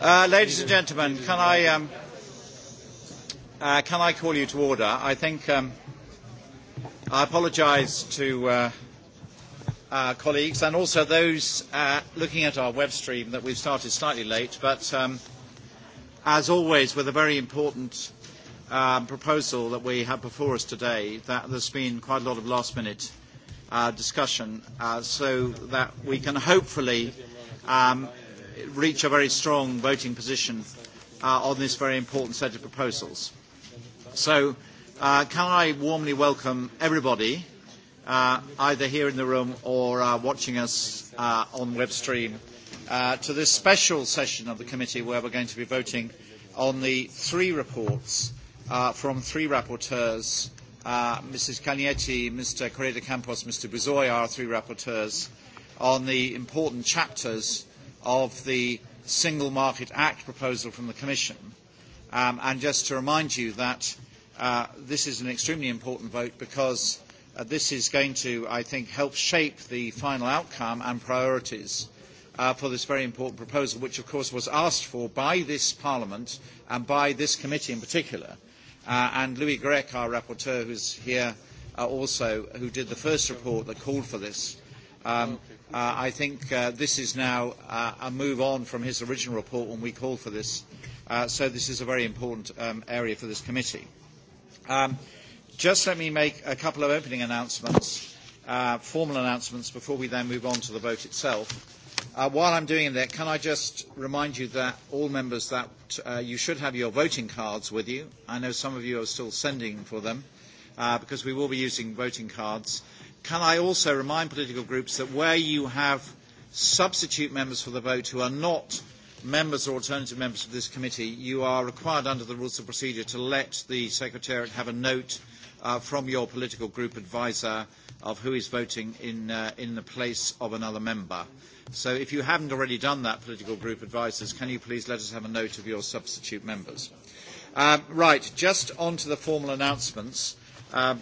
Uh, ladies and gentlemen, can I, um, uh, can I call you to order? I think um, I apologise to uh, our uh, colleagues and also those uh, looking at our web stream that we've started slightly late, but um, as always, with a very important um, proposal that we have before us today, that there's been quite a lot of last-minute uh, discussion, uh, so that we can hopefully um, reach a very strong voting position uh, on this very important set of proposals. So uh, can I warmly welcome everybody, uh, either here in the room or uh, watching us uh, on web stream, uh, to this special session of the committee where we're going to be voting on the three reports uh, from three rapporteurs, uh, Mrs. Cagnetti, Mr. Correa de Campos, Mr. Buzoy, our three rapporteurs, on the important chapters of the Single Market Act proposal from the Commission. Um, and just to remind you that uh, this is an extremely important vote because uh, this is going to, I think, help shape the final outcome and priorities uh, for this very important proposal, which, of course, was asked for by this Parliament and by this committee in particular. Uh, and Louis Grech, our rapporteur, who's here uh, also, who did the first report that called for this, uh, Um, uh, I think uh, this is now uh, a move on from his original report when we called for this, uh, so this is a very important um, area for this committee. Um, just let me make a couple of opening announcements, uh, formal announcements, before we then move on to the vote itself. Uh, while I'm doing that, can I just remind you that all members that uh, you should have your voting cards with you. I know some of you are still sending for them uh, because we will be using voting cards. Uh, Can I also remind political groups that where you have substitute members for the vote who are not members or alternative members of this committee, you are required under the rules of procedure to let the Secretariat have a note uh, from your political group advisor of who is voting in, uh, in the place of another member. So if you haven't already done that, political group advisors, can you please let us have a note of your substitute members? Uh, right, just on to the formal announcements. Uh,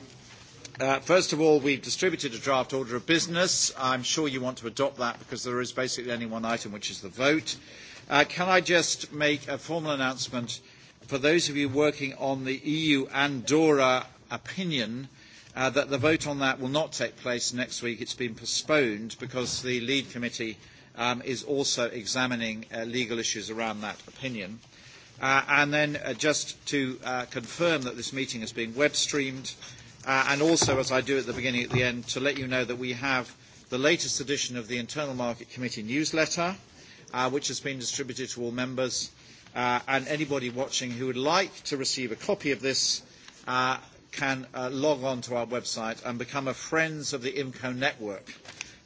Uh, first of all, we've distributed a draft order of business. I'm sure you want to adopt that because there is basically only one item, which is the vote. Uh, can I just make a formal announcement for those of you working on the EU Andorra opinion uh, that the vote on that will not take place next week. It's been postponed because the lead committee um, is also examining uh, legal issues around that opinion. Uh, and then uh, just to uh, confirm that this meeting is being web streamed, uh, uh, and also, as I do at the beginning at the end, to let you know that we have the latest edition of the Internal Market Committee newsletter, uh, which has been distributed to all members. Uh, and anybody watching who would like to receive a copy of this uh, can uh, log on to our website and become a Friends of the IMCO network.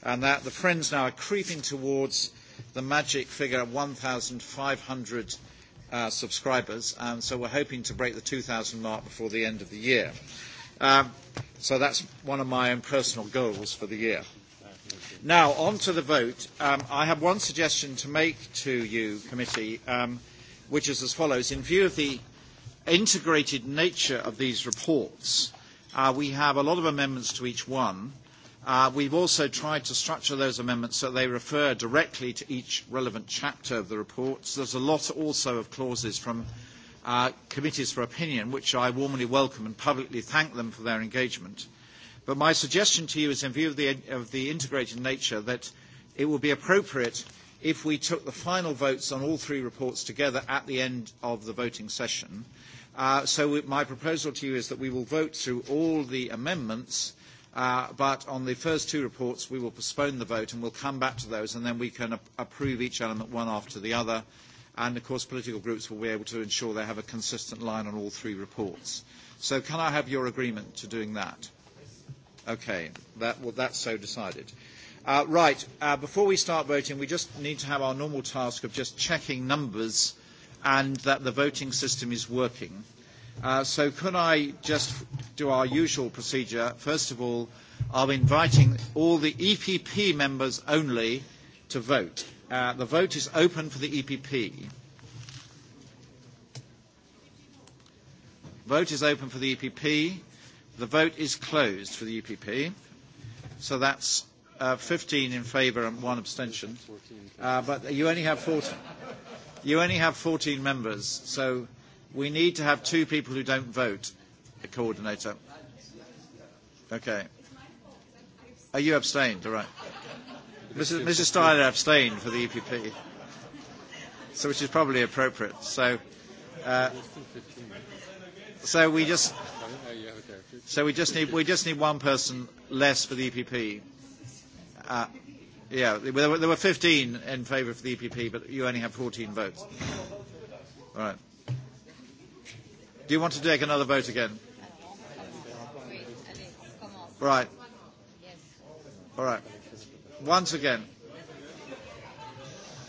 And that the Friends now are creeping towards the magic figure 1,500 uh, subscribers. And so we're hoping to break the 2,000 mark before the end of the year. Uh, Um, so that's one of my own personal goals for the year. Now, on to the vote. Um, I have one suggestion to make to you, committee, um, which is as follows. In view of the integrated nature of these reports, uh, we have a lot of amendments to each one. Uh, we've also tried to structure those amendments so they refer directly to each relevant chapter of the report. So there's a lot also of clauses from uh, committees for opinion, which I warmly welcome and publicly thank them for their engagement. But my suggestion to you is in view of the, of the integrated nature that it would be appropriate if we took the final votes on all three reports together at the end of the voting session. Uh, so we, my proposal to you is that we will vote through all the amendments, uh, but on the first two reports we will postpone the vote and we'll come back to those and then we can ap- approve each element one after the other And of course, political groups will be able to ensure they have a consistent line on all three reports. So can I have your agreement to doing that? Okay, that, well, that's so decided. Uh, right, uh, before we start voting, we just need to have our normal task of just checking numbers and that the voting system is working. Uh, so could I just do our usual procedure? First of all, I'm inviting all the EPP members only to vote. Uh, the vote is open for the EPP. Vote is open for the EPP. The vote is closed for the EPP. So that's uh, 15 in favour and one abstention. Uh, but you only have 14, you only have 14 members, so we need to have two people who don't vote, a coordinator. Okay. Are you abstained? All right. Mrs. Mrs. Steiner abstained for the EPP, so which is probably appropriate. So, uh, so we just so we just need we just need one person less for the EPP. Uh, yeah, there were, there were 15 in favour of the EPP, but you only have 14 votes. All right. Do you want to take another vote again? Right. All right once again.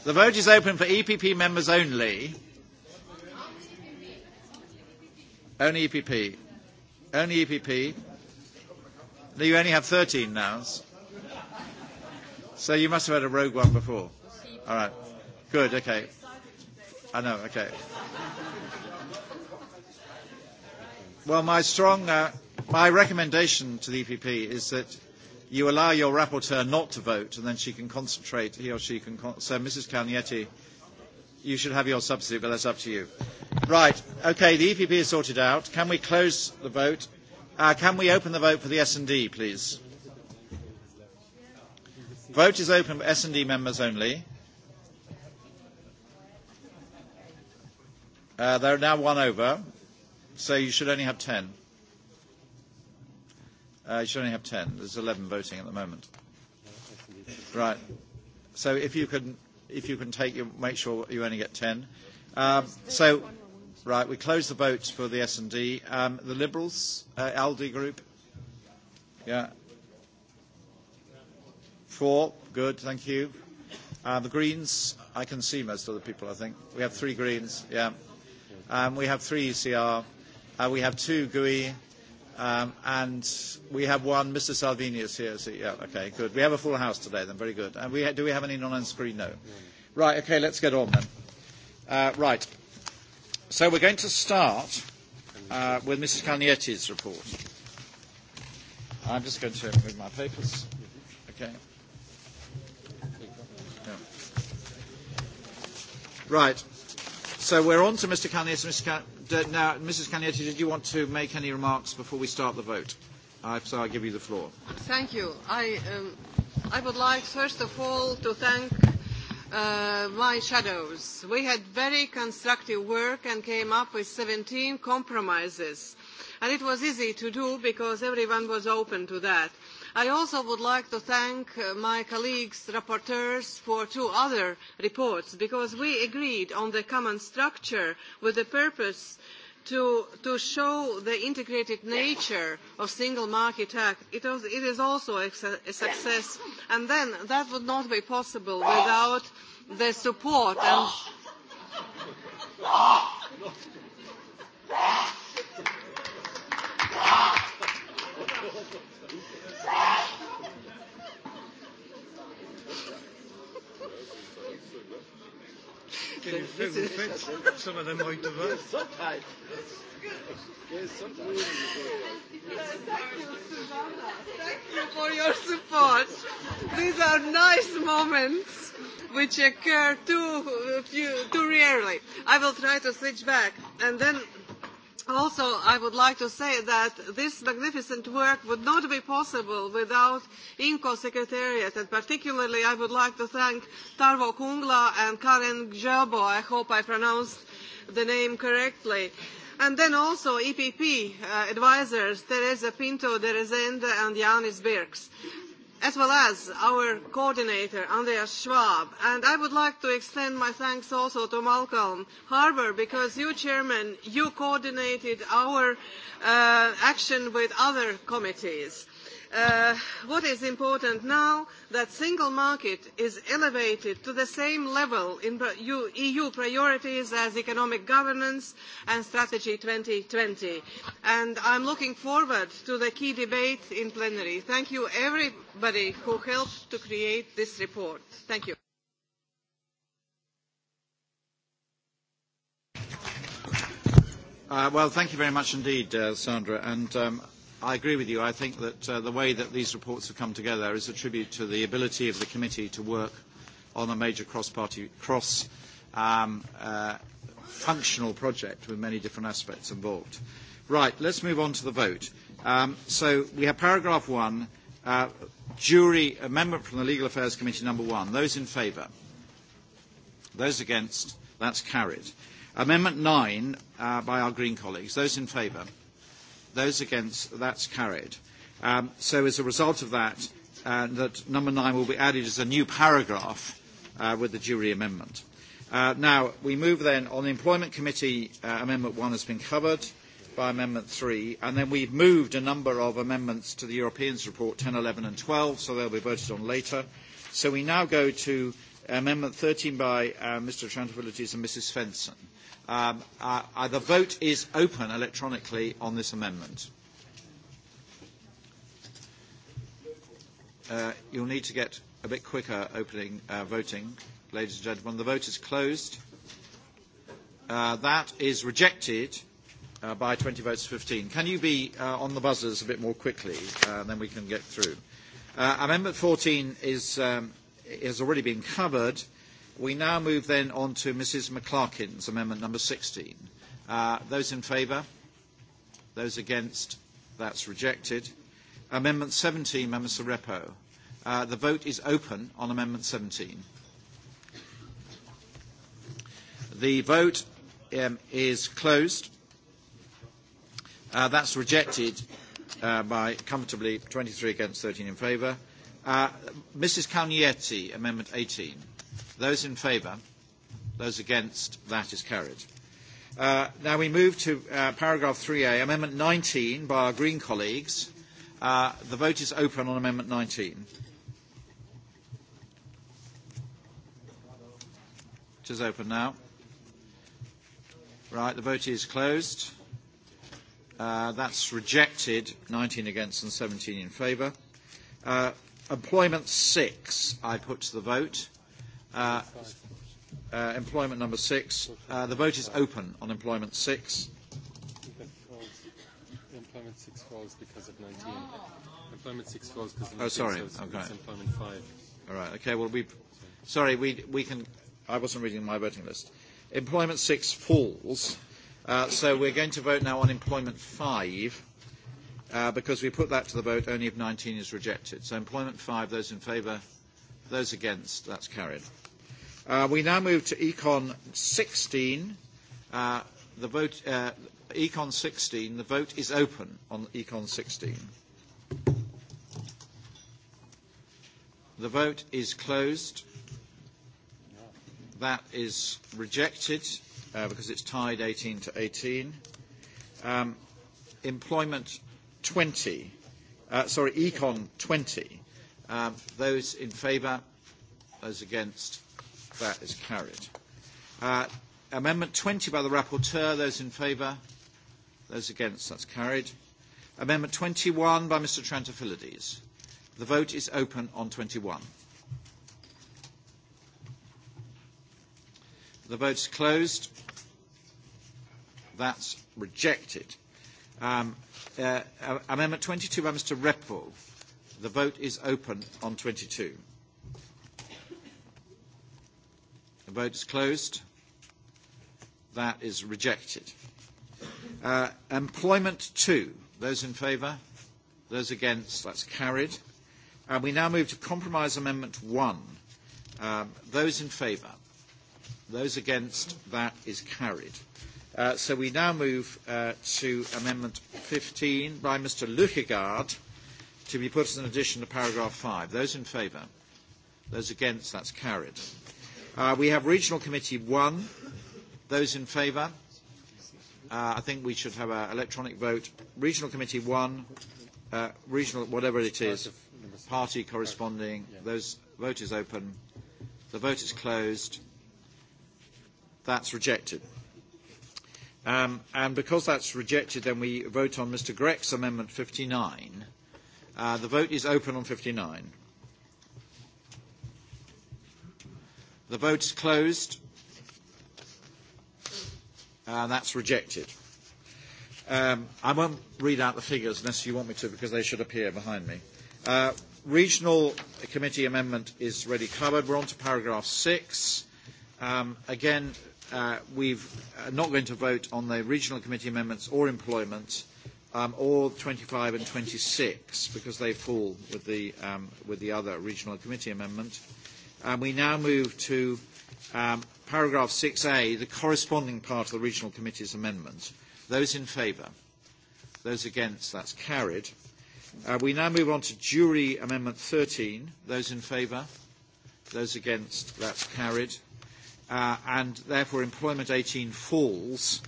The vote is open for EPP members only. Only EPP. Only EPP. No, you only have 13 now. So you must have had a rogue one before. All right. Good, okay. I know, okay. Well, my strong, uh, my recommendation to the EPP is that you allow your rapporteur not to vote, and then she can concentrate, he or she can... Con- so, Mrs Calnietti, you should have your substitute, but that's up to you. Right, okay, the EPP is sorted out. Can we close the vote? Uh, can we open the vote for the S&D, please? Vote is open for S&D members only. Uh, they're now one over, so you should only have ten. Uh, you should only have 10. There's 11 voting at the moment. Right. So if you can, if you can take your, make sure you only get 10. Um, so, right, we close the vote for the S&D. Um, the Liberals, uh, ALDE group. Yeah. Four. Good. Thank you. Uh, the Greens, I can see most of the people, I think. We have three Greens. Yeah. Um, we have three ECR. Uh, we have two GUI Um, and we have one, Mr. Salvini is here. So yeah, okay, good. We have a full house today then, very good. And we ha- do we have any non-on-screen? No. Right, okay, let's get on then. Uh, right. So we're going to start uh, with Mrs. Calnietti's report. I'm just going to move my papers. Okay. Yeah. Right. So we're on to Mr. Calnietti. Mr. Cal- uh, now, Mrs. Cagnetti, did you want to make any remarks before we start the vote? I, so I'll give you the floor. Thank you. I, um, I would like, first of all, to thank uh, my shadows. We had very constructive work and came up with 17 compromises. And it was easy to do because everyone was open to that. Uh, I also would like to thank uh, my colleagues, rapporteurs, for two other reports, because we agreed on the common structure with the purpose to, to show the integrated nature of single market act, it, was, it is also a, a success. And then that would not be possible without the support and Quel effet vous faites sur Madame Reutova Thank you for your support. These are nice moments which occur too, uh, few, too rarely. I will try to switch back and then also, I would like to say that this magnificent work would not be possible without INCO Secretariat, and particularly I would like to thank Tarvo Kungla and Karen Gjabo. I hope I pronounced the name correctly. And then also EPP uh, advisors, Teresa Pinto de Rezende and Yanis Birks as well as our coordinator, Andreas Schwab. And I would like to extend my thanks also to Malcolm Harbour, because you, Chairman, you coordinated our uh, action with other committees. Uh, what is important now that single market is elevated to the same level in EU e priorities as economic governance and strategy 2020. And I'm looking forward to the key debate in plenary. Thank you everybody who helped to create this report. Thank you. Uh, well, thank you very much indeed, uh, Sandra. And um, I agree with you. I think that uh, the way that these reports have come together is a tribute to the ability of the committee to work on a major cross-party, cross, um, uh, functional project with many different aspects involved. Right, let's move on to the vote. Um, so we have paragraph one, uh, jury amendment from the Legal Affairs Committee number one. Those in favour? Those against? That's carried. Amendment nine uh, by our Green colleagues. Those in favour? Those against, that's carried. Um, so as a result of that, uh, that number nine will be added as a new paragraph uh, with the jury amendment. Uh, now, we move then on the Employment Committee, uh, Amendment 1 has been covered by Amendment 3, and then we've moved a number of amendments to the Europeans report 10, 11 and 12, so they'll be voted on later. So we now go to Amendment 13 by uh, Mr. Trantafilides and Mrs. Svensson. Uh, Um, uh, uh, the vote is open electronically on this amendment. Uh, you'll need to get a bit quicker opening uh, voting, ladies and gentlemen. The vote is closed. Uh, that is rejected uh, by 20 votes to 15. Can you be uh, on the buzzers a bit more quickly, uh, and then we can get through? Uh, amendment 14 is, um, has already been covered. Uh, We now move then on to Mrs. McClarkin's amendment number 16. Uh, those in favour? Those against? That's rejected. Amendment 17, Member Sarepo. Uh, the vote is open on Amendment 17. The vote um, is closed. Uh, that's rejected uh, by comfortably 23 against 13 in favour. Uh, Mrs. Calnietti, Amendment 18. Those in favour? Those against? That is carried. Uh, now we move to uh, paragraph 3A, Amendment 19 by our Green colleagues. Uh, the vote is open on Amendment 19. It is open now. Right, the vote is closed. Uh, that's rejected, 19 against and 17 in favour. Uh, employment 6, I put to the vote. Uh, uh, employment number six. Uh, the vote is open on employment six. Employment six falls because of 19. Employment six falls because of 19. Oh, sorry. So it's, okay. it's employment five. All right. Okay. Well, we. Sorry, we we can. I wasn't reading my voting list. Employment six falls. Uh, so we're going to vote now on employment five. Uh, because we put that to the vote, only if 19 is rejected. So employment 5, those in favour, Those against? That's carried. Uh, we now move to Econ 16. Uh, the vote, uh, Econ 16, the vote is open on Econ 16. The vote is closed. That is rejected uh, because it's tied 18 to 18. Um, employment 20, uh, sorry, Econ 20. Um, those in favour? Those against? That is carried. Uh, amendment 20 by the rapporteur. Those in favour? Those against? That's carried. Amendment 21 by Mr Trantafilides. The vote is open on 21. The vote's closed. That's rejected. Um, uh, uh, amendment 22 by Mr Repville. The vote is open on 22. The vote is closed. That is rejected. Uh, employment 2. Those in favour? Those against? That's carried. Uh, we now move to Compromise Amendment 1. Um, those in favour? Those against? That is carried. Uh, so we now move uh, to Amendment 15 by Mr Lukegaard. Uh, to be put as an addition to paragraph 5. Those in favour? Those against? That's carried. Uh, we have Regional Committee 1. Those in favour? Uh, I think we should have an electronic vote. Regional Committee 1, uh, regional, whatever it is, party corresponding. Those vote is open. The vote is closed. That's rejected. Um, and because that's rejected, then we vote on Mr. Greck's Amendment 59. Uh, the vote is open on 59. The vote's closed. Uh, that's rejected. Um, I won't read out the figures unless you want me to because they should appear behind me. Uh, regional committee amendment is already covered. We're on to paragraph 6. Um, again, uh, we've uh, not going to vote on the regional committee amendments or employment um, or 25 and 26, because they fall with the, um, with the other regional committee amendment. And um, we now move to um, paragraph 6A, the corresponding part of the regional committee's amendment. Those in favour? Those against? That's carried. Uh, we now move on to jury amendment 13. Those in favour? Those against? That's carried. Uh, and therefore employment 18 falls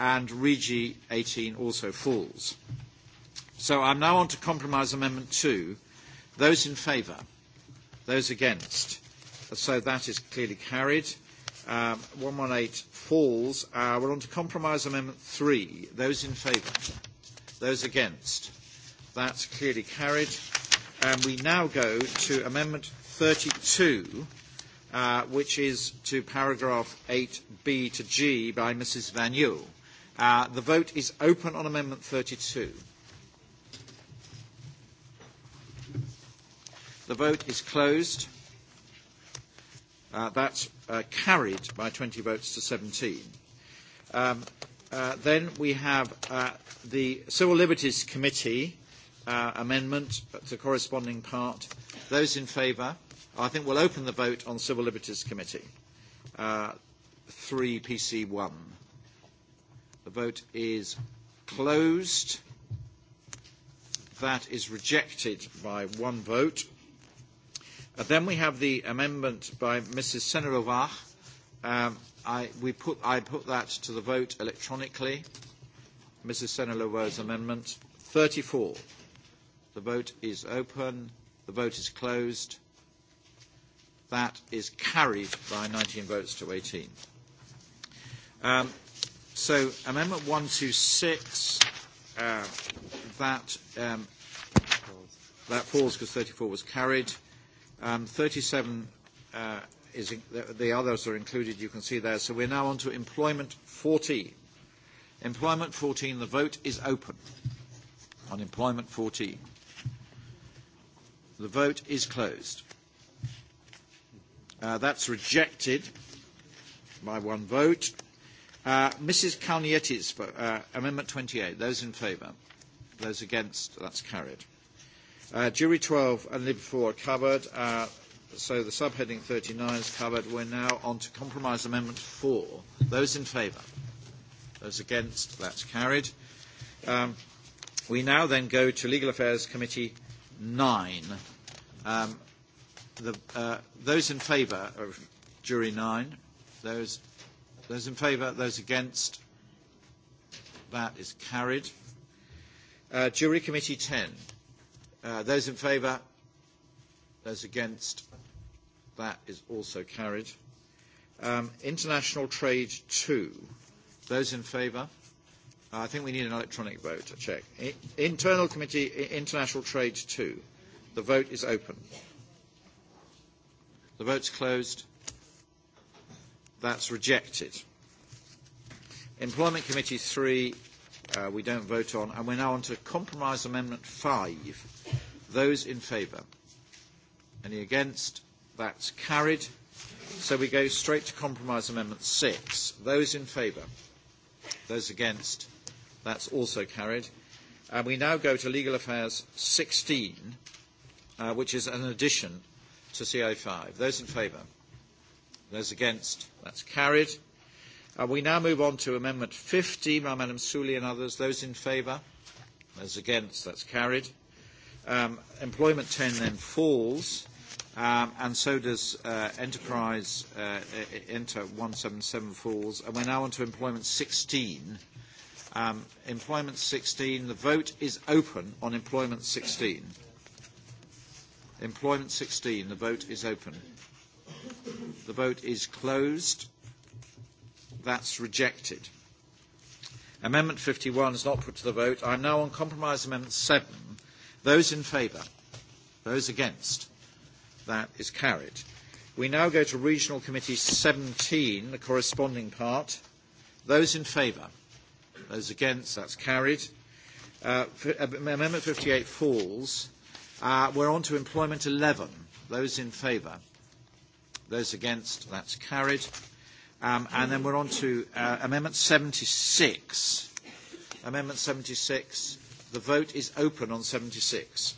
and Regi 18 also falls. So I'm now on to Compromise Amendment 2. Those in favour? Those against? So that is clearly carried. Um, 118 falls. Uh, we're on to Compromise Amendment 3. Those in favour? Those against? That's clearly carried. And we now go to Amendment 32, uh, which is to paragraph 8b to g by Mrs. Van Yule. Uh, the vote is open on Amendment 32. The vote is closed. Uh, that's uh, carried by 20 votes to 17. Um, uh, then we have uh, the Civil Liberties Committee uh, amendment, the corresponding part. Those in favour, I think we'll open the vote on Civil Liberties Committee, uh, 3PC1. The vote is closed. That is rejected by one vote. Uh, then we have the amendment by Mrs. Senelovach. Um, I, we put, I put that to the vote electronically. Mrs. Senelovach's amendment. 34. The vote is open. The vote is closed. That is carried by 19 votes to 18. Um, So Amendment 126, uh, that, um, that falls because 34 was carried. Um, 37 uh, is in, the, the others are included, you can see there. So we're now on to Employment 14. Employment 14, the vote is open on Employment 14. The vote is closed. Uh, that's rejected by one vote. Uh, Mrs. Kalnietis, uh, Amendment 28. Those in favour? Those against? That's carried. Uh, jury 12 and Lib 4 are covered. Uh, so the subheading 39 is covered. We're now on to Compromise Amendment 4. Those in favour? Those against? That's carried. Um, we now then go to Legal Affairs Committee 9. Um, the, uh, those in favour of jury 9? Those Those in favour, those against, that is carried. Uh, Jury Committee 10. Uh, those in favour, those against, that is also carried. Um, international Trade 2. Those in favour? Uh, I think we need an electronic vote to check. I, Internal Committee, I, International Trade 2. The vote is open. The vote's closed. That's rejected. Employment Committee 3, uh, we don't vote on. And we're now on to Compromise Amendment 5. Those in favour? Any against? That's carried. So we go straight to Compromise Amendment 6. Those in favour? Those against? That's also carried. And we now go to Legal Affairs 16, uh, which is an addition to CI5. Those in favour? Those against? That's carried. Uh, we now move on to Amendment 50 by Madam Souli and others. Those in favour? Those against? That's carried. Um, employment 10 then falls, um, and so does uh, Enterprise uh, Enter 177 falls. And we're now on to Employment 16. Um, employment 16, the vote is open on Employment 16. Employment 16, the vote is open. The vote is closed. That's rejected. Amendment 51 is not put to the vote. I'm now on Compromise Amendment 7. Those in favour? Those against? That is carried. We now go to Regional Committee 17, the corresponding part. Those in favour? Those against? That's carried. Uh, uh amendment 58 falls. Uh, we're on to Employment 11. Those in favour? Those against, that's carried. Um, and then we're on to uh, Amendment 76. Amendment 76. The vote is open on 76.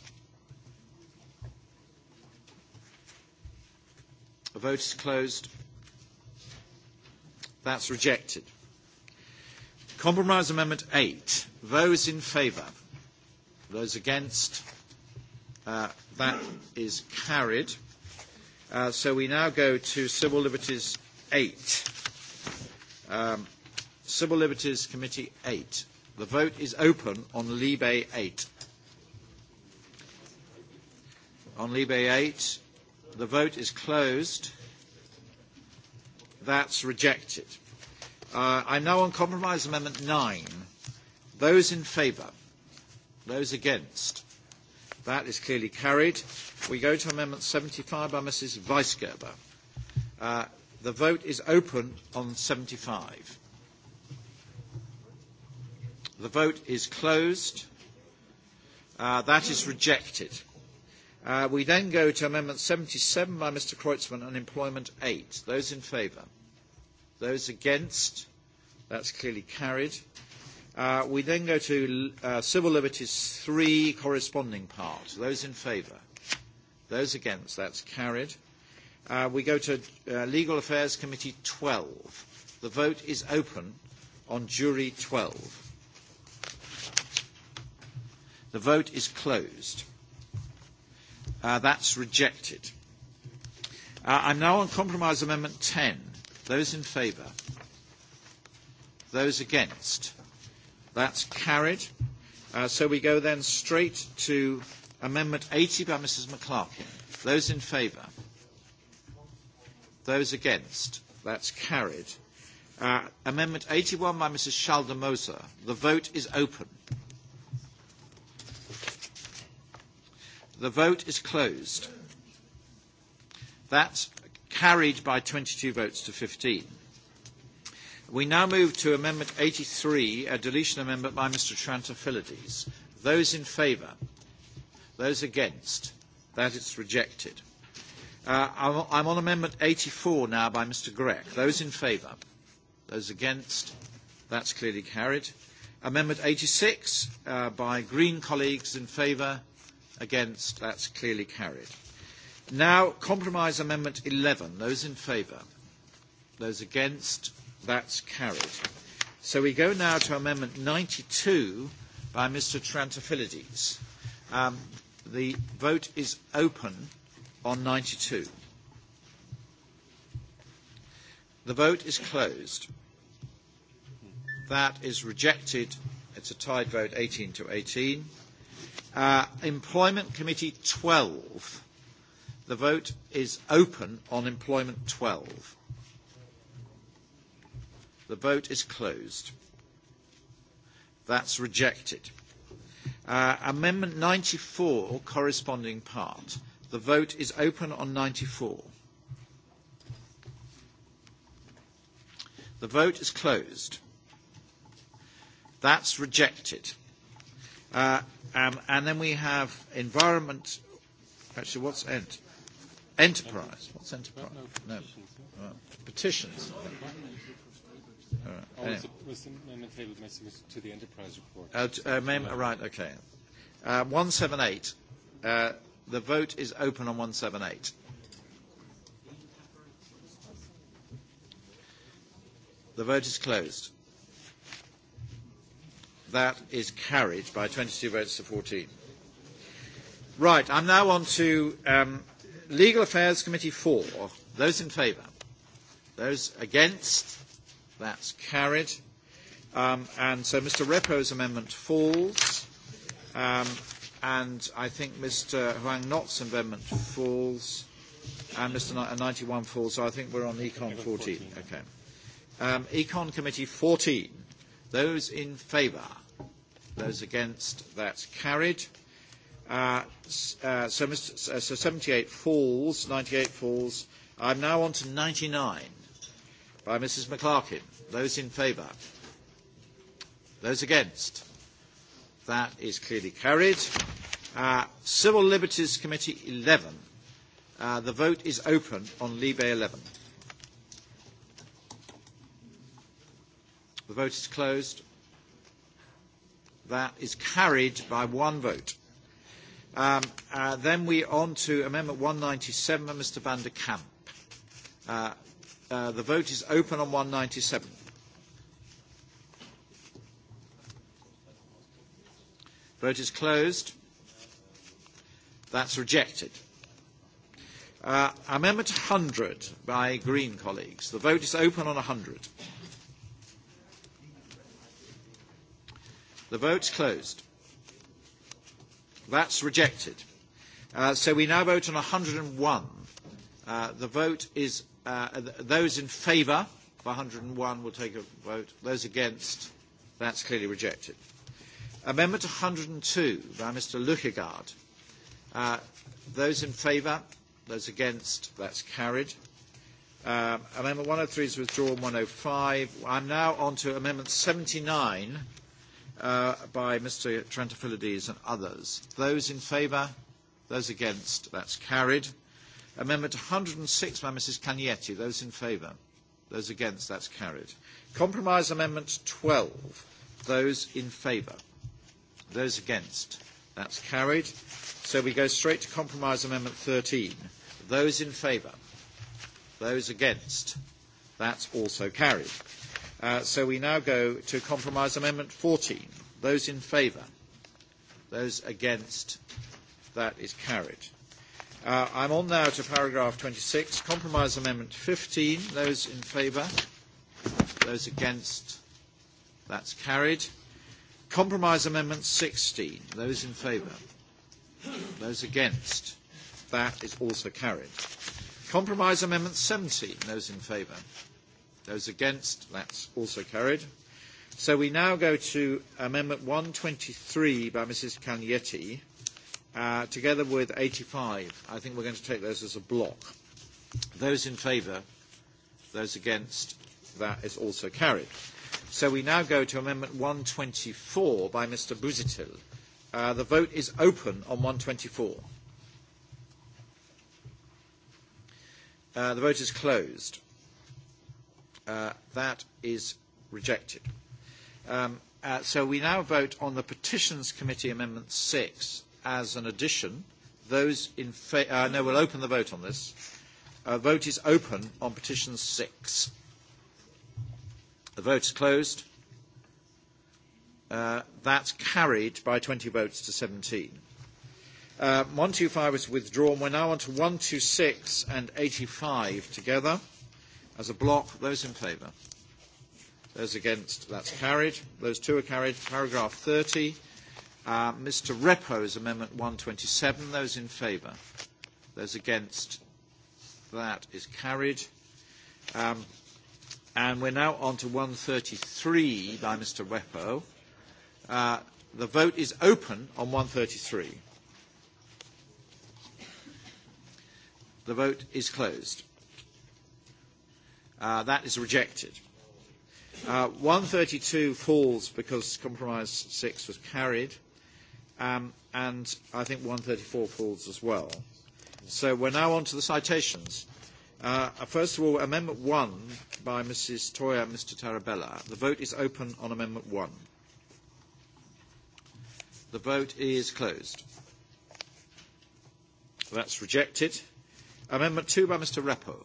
The vote is closed. That's rejected. Compromise Amendment 8. Those in favour. Those against. Uh, that is carried. Uh, so we now go to Civil Liberties 8. Um, Civil Liberties Committee 8. The vote is open on Libe 8. On Libe 8, the vote is closed. That's rejected. Uh, I'm now on Compromise Amendment 9. Those in favour? Those against? That is clearly carried. We go to Amendment 75 by Mrs. Weisgerber. Uh, the vote is open on 75. The vote is closed. Uh, that is rejected. Uh, we then go to Amendment 77 by Mr. Kreutzmann on Employment 8. Those in favour? Those against? That's clearly carried. Uh, we then go to uh, Civil Liberties 3, corresponding part. Those in favour? Those against? That's carried. Uh, we go to uh, Legal Affairs Committee 12. The vote is open on Jury 12. The vote is closed. Uh, that's rejected. Uh, I'm now on Compromise Amendment 10. Those in favour? Those against? That's carried. Uh, so we go then straight to Amendment 80 by Mrs. McClarkin. Those in favour? Those against? That's carried. Uh, amendment 81 by Mrs. Schaldemoser. The vote is open. The vote is closed. That's carried by 22 votes to 15. We now move to Amendment 83, a deletion amendment by Mr. Trantafilides. Those in favour? Those against? That is rejected. Uh, I'm, I'm on Amendment 84 now by Mr. Grech. Those in favour? Those against? That's clearly carried. Amendment 86 uh, by Green colleagues in favour? Against? That's clearly carried. Now, Compromise Amendment 11. Those in favour? Those against? That's carried. So we go now to Amendment 92 by Mr. Trantafilides. Um, the vote is open on 92. The vote is closed. That is rejected. It's a tied vote, 18 to 18. Uh, Employment Committee 12. The vote is open on Employment 12. The vote is closed. That's rejected. Uh, amendment 94, corresponding part. The vote is open on 94. The vote is closed. That's rejected. Uh, um, and then we have environment. Actually, what's ent? Enterprise. What's enterprise? No. no. Uh, petitions. Uh, anyway. Was the amendment tabled to the enterprise report? Uh, to, uh, mem- no. Uh, right, okay. Uh, 178. Uh, the vote is open on 178. The vote is closed. That is carried by 22 votes to 14. Right, I'm now on to um, Legal Affairs Committee 4. Those in favour? Those against? That's carried. Um, and so Mr. Repo's amendment falls. Um, and I think Mr. Huang Not's amendment falls. And Mr. N 91 falls. So I think we're on Econ 14. 14. Okay. Um, Econ Committee 14. Those in favour? Those against? That's carried. Uh, uh, so, Mr., uh, so 78 falls, 98 falls. I'm now on to 99 by Mrs McClarkin. Those in favour? Those against? That is clearly carried. Uh, Civil Liberties Committee 11. Uh, the vote is open on Libe 11. The vote is closed. That is carried by one vote. Um, uh, then we on to Amendment 197, Mr. Van de Kamp. Uh, Uh, the vote is open on 197. Vote is closed. That's rejected. Uh, amendment 100 by Green colleagues. The vote is open on 100. The vote's closed. That's rejected. Uh, so we now vote on 101. Uh, the vote is Uh, th those in favour of 101 will take a vote. Those against, that's clearly rejected. Amendment 102 by Mr Lukegaard. Uh, those in favour, those against, that's carried. Uh, amendment 103 is withdrawn, 105. I'm now on to Amendment 79 uh, by Mr Trentafilides and others. Those in favour, those against, that's carried. Amendment 106 by Mrs. Cagnetti. Those in favour? Those against? That's carried. Compromise Amendment 12. Those in favour? Those against? That's carried. So we go straight to Compromise Amendment 13. Those in favour? Those against? That's also carried. Uh, so we now go to Compromise Amendment 14. Those in favour? Those against? That is carried. Uh, I'm on now to paragraph 26, compromise amendment 15. Those in favour? Those against? That's carried. Compromise amendment 16. Those in favour? Those against? That is also carried. Compromise amendment 17. Those in favour? Those against? That's also carried. So we now go to amendment 123 by Mrs. Cagnetti uh, together with 85. I think we're going to take those as a block. Those in favour, those against, that is also carried. So we now go to Amendment 124 by Mr. Buzitil. Uh, the vote is open on 124. Uh, the vote is closed. Uh, that is rejected. Um, uh, so we now vote on the Petitions Committee Amendment 6 as an addition. Those in fa- uh, no, we'll open the vote on this. Uh, vote is open on petition six. The vote is closed. Uh, that's carried by 20 votes to 17. Uh, 125 is withdrawn. We're now on to 126 and 85 together as a block. Those in favour? Those against? That's carried. Those two are carried. Paragraph 30 Uh, Mr. Repo's Amendment 127. Those in favour? Those against? That is carried. Um, and we're now on to 133 by Mr. Repo. Uh, the vote is open on 133. The vote is closed. Uh, that is rejected. Uh, 132 falls because compromise 6 was carried. Uh, Um, and I think 134 falls as well. So we're now on to the citations. Uh, first of all, Amendment 1 by Mrs. Toya and Mr. Tarabella. The vote is open on Amendment 1. The vote is closed. That's rejected. Amendment 2 by Mr. Repo.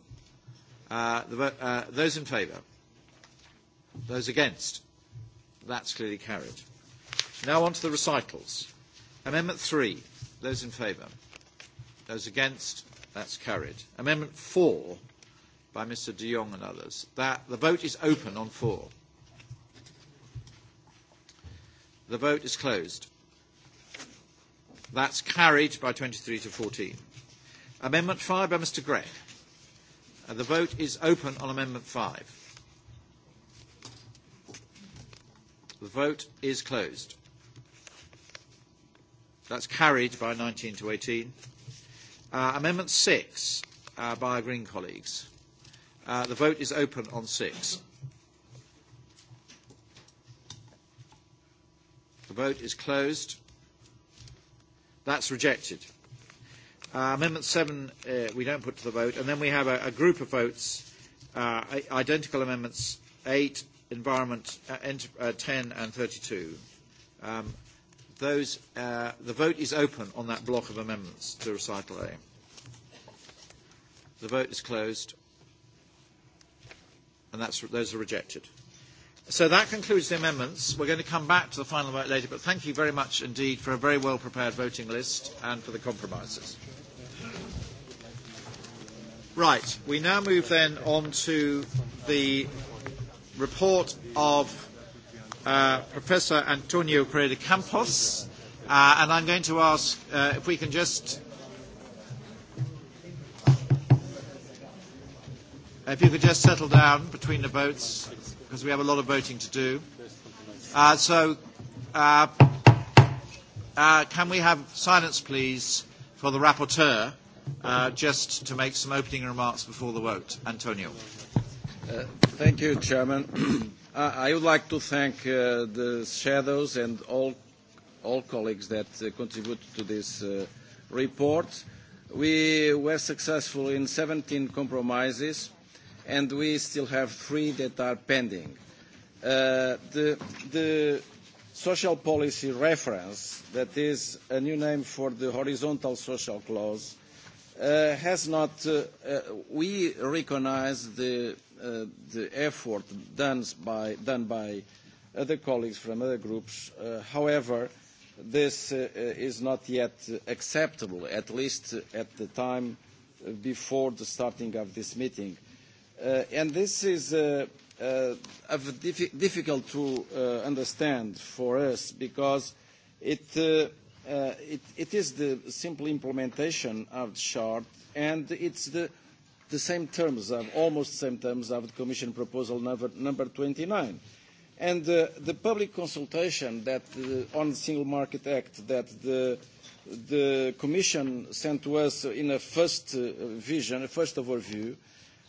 Uh, the vote, uh, those in favour? Those against? That's clearly carried. Now on to the recitals. Amendment 3. Those in favour? Those against? That's carried. Amendment 4 by Mr de Jong and others. That the vote is open on 4. The vote is closed. That's carried by 23 to 14. Amendment 5 by Mr Gregg. Uh, the vote is open on Amendment 5. The vote is closed. That's carried by 19 to 18. Uh, amendment 6 uh, by our Green colleagues. Uh, the vote is open on 6. The vote is closed. That's rejected. Uh, amendment 7 uh, we don't put to the vote. And then we have a, a group of votes, uh, identical amendments 8, environment uh, ent- uh, 10 and 32. Um, Those, uh, the vote is open on that block of amendments to recital A. The vote is closed, and that's, those are rejected. So that concludes the amendments. We're going to come back to the final vote later, but thank you very much indeed for a very well-prepared voting list and for the compromises. Right, we now move then on to the report of uh, Professor Antonio Pereira Campos, uh, and I'm going to ask uh, if we can just If you could just settle down between the votes, because we have a lot of voting to do. Uh, so, uh, uh, can we have silence, please, for the rapporteur, uh, just to make some opening remarks before the vote? Antonio. Uh, thank you, Chairman. I would like to thank uh, the shadows and all, all colleagues that uh, contributed to this uh, report. We were successful in 17 compromises, and we still have three that are pending. Uh, the, the social policy reference, that is a new name for the horizontal social clause, uh, has not, uh, uh, we recognize the uh, the effort done by, done by other colleagues from other groups. Uh, however, this uh, uh, is not yet acceptable, at least at the time before the starting of this meeting. Uh, and this is uh, uh, of diffi difficult to uh, understand for us because it, uh, uh, it, it is the simple implementation of the chart and it's the the same terms, of, uh, almost the same terms of the Commission proposal number, number 29. And uh, the public consultation that uh, on the Single Market Act that the, the Commission sent to us in a first uh, vision, a first overview,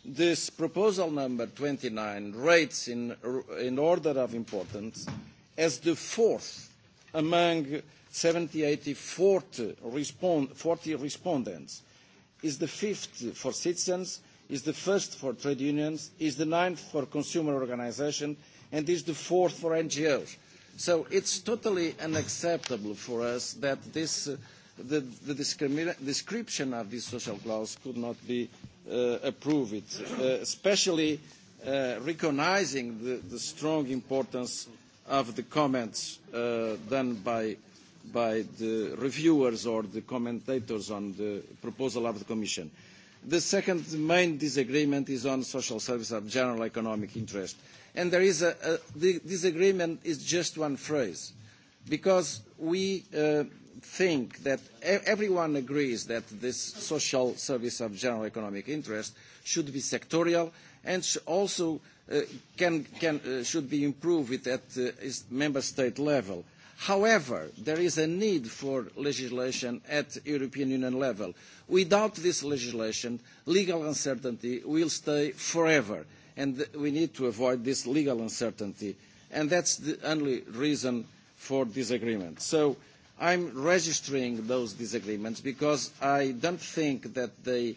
this proposal number 29 rates in, in order of importance as the fourth among 70, 80, 40, respond, 40 respondents is the fifth for citizens, is the first for trade unions, is the ninth for consumer organizations, and is the fourth for NGOs. So it's totally unacceptable for us that this, uh, the, the description of this social clause could not be uh, approved, uh, especially uh, recognizing the, the strong importance of the comments uh, done by by the reviewers or the commentators on the proposal of the Commission. The second main disagreement is on social services of general economic interest. And there is a, a the disagreement is just one phrase, because we uh, think that e, everyone agrees that this social service of general economic interest should be sectorial and sh also uh, can, can, uh, should be improved at uh, member state level. Uh, However, there is a need for legislation at European Union level. Without this legislation, legal uncertainty will stay forever, and we need to avoid this legal uncertainty. And that's the only reason for disagreement. So I'm registering those disagreements because I don't think that they,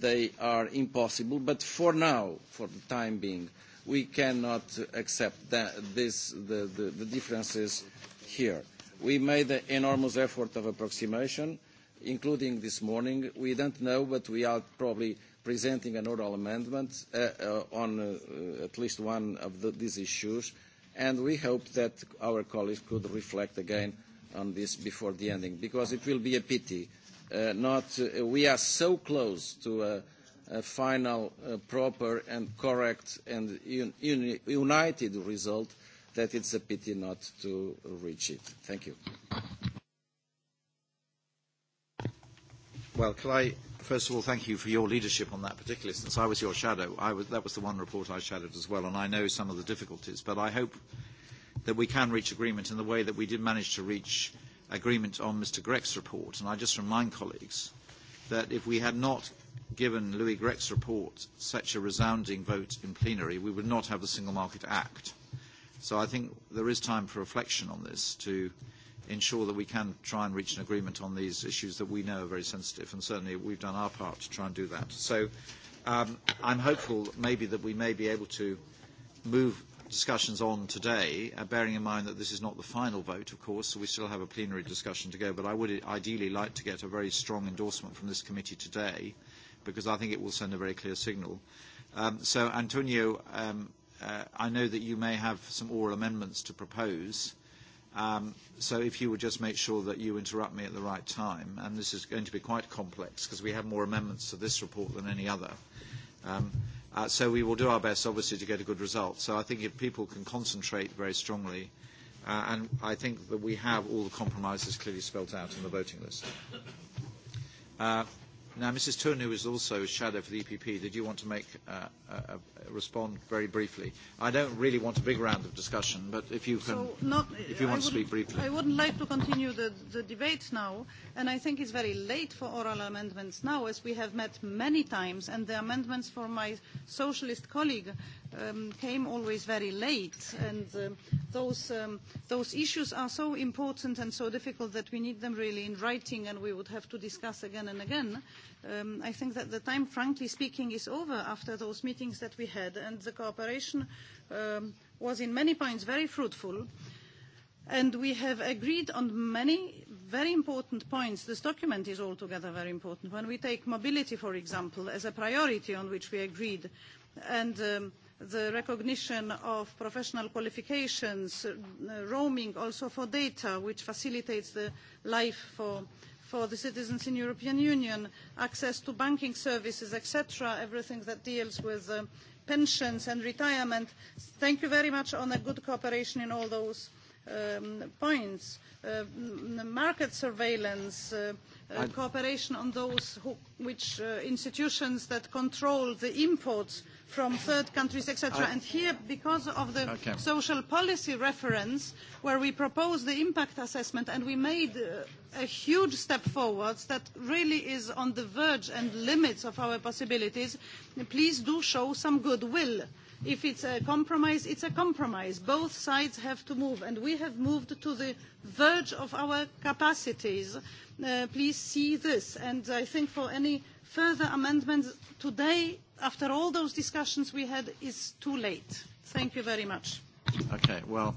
they are impossible, but for now, for the time being, we cannot accept that this, the, the, the differences here. We made an enormous effort of approximation, including this morning. We don't know, but we are probably presenting an oral amendment uh, uh, on uh, at least one of the, these issues, and we hope that our colleagues could reflect again on this before the ending, because it will be a pity. Uh, not, uh, we are so close to a, a final, uh, proper and correct and un, un, united result uh, that it's a pity not to reach it. Thank you. Well, could I first of all thank you for your leadership on that particular instance. I was your shadow. I was, that was the one report I shadowed as well, and I know some of the difficulties. But I hope that we can reach agreement in the way that we did manage to reach agreement on Mr. Greck's report. And I just remind colleagues that if we had not given Louis Greck's report such a resounding vote in plenary, we would not have the Single Market Act. So I think there is time for reflection on this to ensure that we can try and reach an agreement on these issues that we know are very sensitive, and certainly we've done our part to try and do that. So um, I'm hopeful maybe that we may be able to move discussions on today, uh, bearing in mind that this is not the final vote, of course, so we still have a plenary discussion to go, but I would ideally like to get a very strong endorsement from this committee today, because I think it will send a very clear signal. Um, so, Antonio, um, uh, I know that you may have some oral amendments to propose. Um, so if you would just make sure that you interrupt me at the right time, and this is going to be quite complex because we have more amendments to this report than any other. Um, uh, so we will do our best, obviously, to get a good result. So I think if people can concentrate very strongly, uh, and I think that we have all the compromises clearly spelled out in the voting list. Uh, Now, Mrs. Turner is also a shadow for the EPP. Did you want to make uh, uh, respond very briefly? I don't really want a big round of discussion, but if you can, so not, if you want to speak briefly. I wouldn't like to continue the, the debate now, and I think it's very late for oral amendments now, as we have met many times, and the amendments for my socialist colleague um, came always very late. And um, those, um, those issues are so important and so difficult that we need them really in writing and we would have to discuss again and again. Um, I think that the time, frankly speaking, is over after those meetings that we had. And the cooperation um, was in many points very fruitful. And we have agreed on many very important points. This document is altogether very important. When we take mobility, for example, as a priority on which we agreed, and um, the recognition of professional qualifications, uh, roaming also for data, which facilitates the life for, for the citizens in European Union, access to banking services, etc., everything that deals with uh, pensions and retirement. Thank you very much on a good cooperation in all those um, points. Uh, market surveillance, uh, uh, cooperation on those who, which uh, institutions that control the imports from third countries, etc. I... And here, because of the okay. social policy reference, where we proposed the impact assessment and we made uh, a huge step forwards that really is on the verge and limits of our possibilities, please do show some goodwill. If it's a compromise, it's a compromise. Both sides have to move, and we have moved to the verge of our capacities. Uh, please see this. And I think for any further amendments today after all those discussions we had, it's too late. Thank you very much. Okay. Well,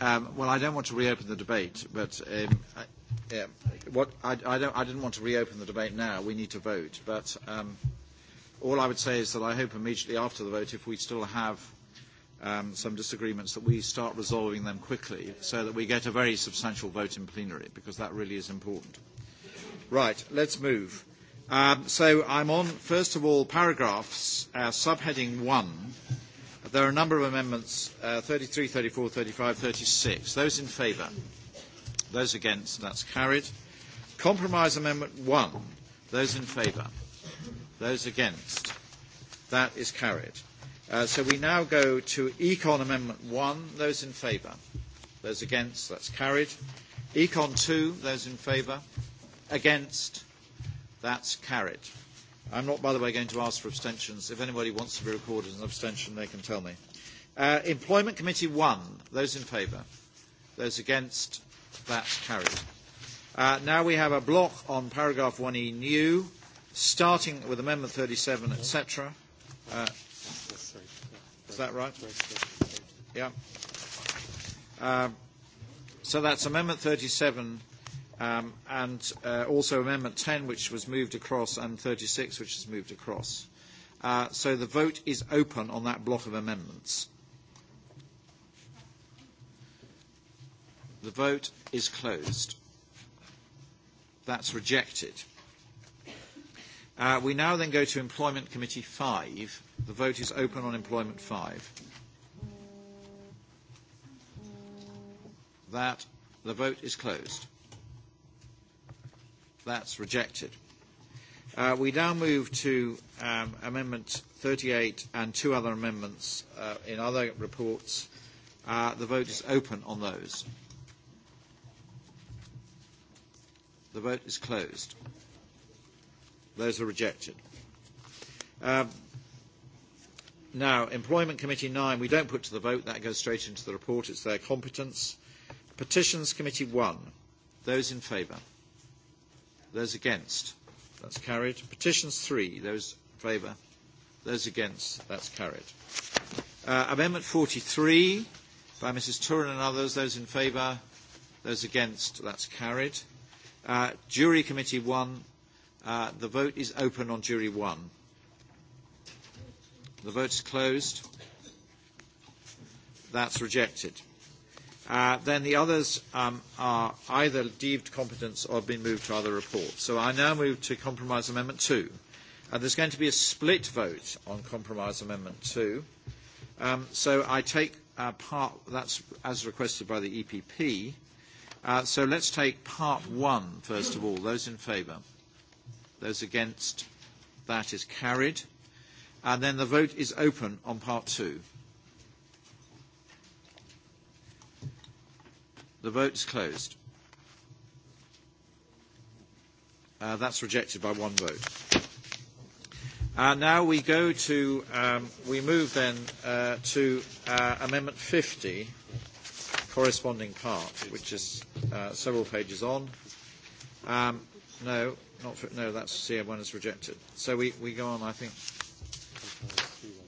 um, well, I don't want to reopen the debate, but um, I, yeah, what I, I, don't, I didn't want to reopen the debate now. We need to vote. But um, all I would say is that I hope immediately after the vote, if we still have um, some disagreements, that we start resolving them quickly so that we get a very substantial vote in plenary, because that really is important. Right, let's move. Um, so I'm on, first of all, paragraphs, uh, subheading 1. There are a number of amendments, uh, 33, 34, 35, 36. Those in favour? Those against? That's carried. Compromise Amendment 1. Those in favour? Those against? That is carried. Uh, so we now go to Econ Amendment 1. Those in favour? Those against? That's carried. Econ 2. Those in favour? Against? That's carried. I'm not, by the way, going to ask for abstentions. If anybody wants to be recorded as an abstention, they can tell me. Uh, Employment Committee 1, those in favour. Those against, that's carried. Uh, now we have a block on paragraph 1E e, new, starting with Amendment 37, etc. Uh, is that right? Yeah. Uh, so that's Amendment 37 um, and uh, also Amendment 10, which was moved across, and 36, which is moved across. Uh, so the vote is open on that block of amendments. The vote is closed. That's rejected. Uh, we now then go to Employment Committee 5. The vote is open on Employment 5. That, the vote is closed. That's rejected. Uh, we now move to um, Amendment 38 and two other amendments uh, in other reports. Uh, the vote is open on those. The vote is closed. Those are rejected. Um, now, Employment Committee 9, we don't put to the vote. That goes straight into the report. It's their competence. Petitions Committee 1, those in favour. Those against? That's carried. Petitions 3. Those in favour? Those against? That's carried. Uh, amendment 43 by Mrs Turin and others. Those in favour? Those against? That's carried. Uh, jury Committee 1. Uh, the vote is open on Jury 1. The vote's closed. That's rejected. Uh, then the others um, are either deemed competence or have been moved to other reports. So I now move to Compromise Amendment 2. Uh, there's going to be a split vote on Compromise Amendment 2. Um, so I take uh, part, that's as requested by the EPP. Uh, so let's take part one, first of all. Those in favour? Those against? That is carried. And then the vote is open on part two. The vote's closed. Uh, that's rejected by one vote. Uh, now we go to, um, we move then uh, to uh, Amendment 50, corresponding part, which is uh, several pages on. Um, no, not for, no, that's CM1 is rejected. So we, we go on, I think.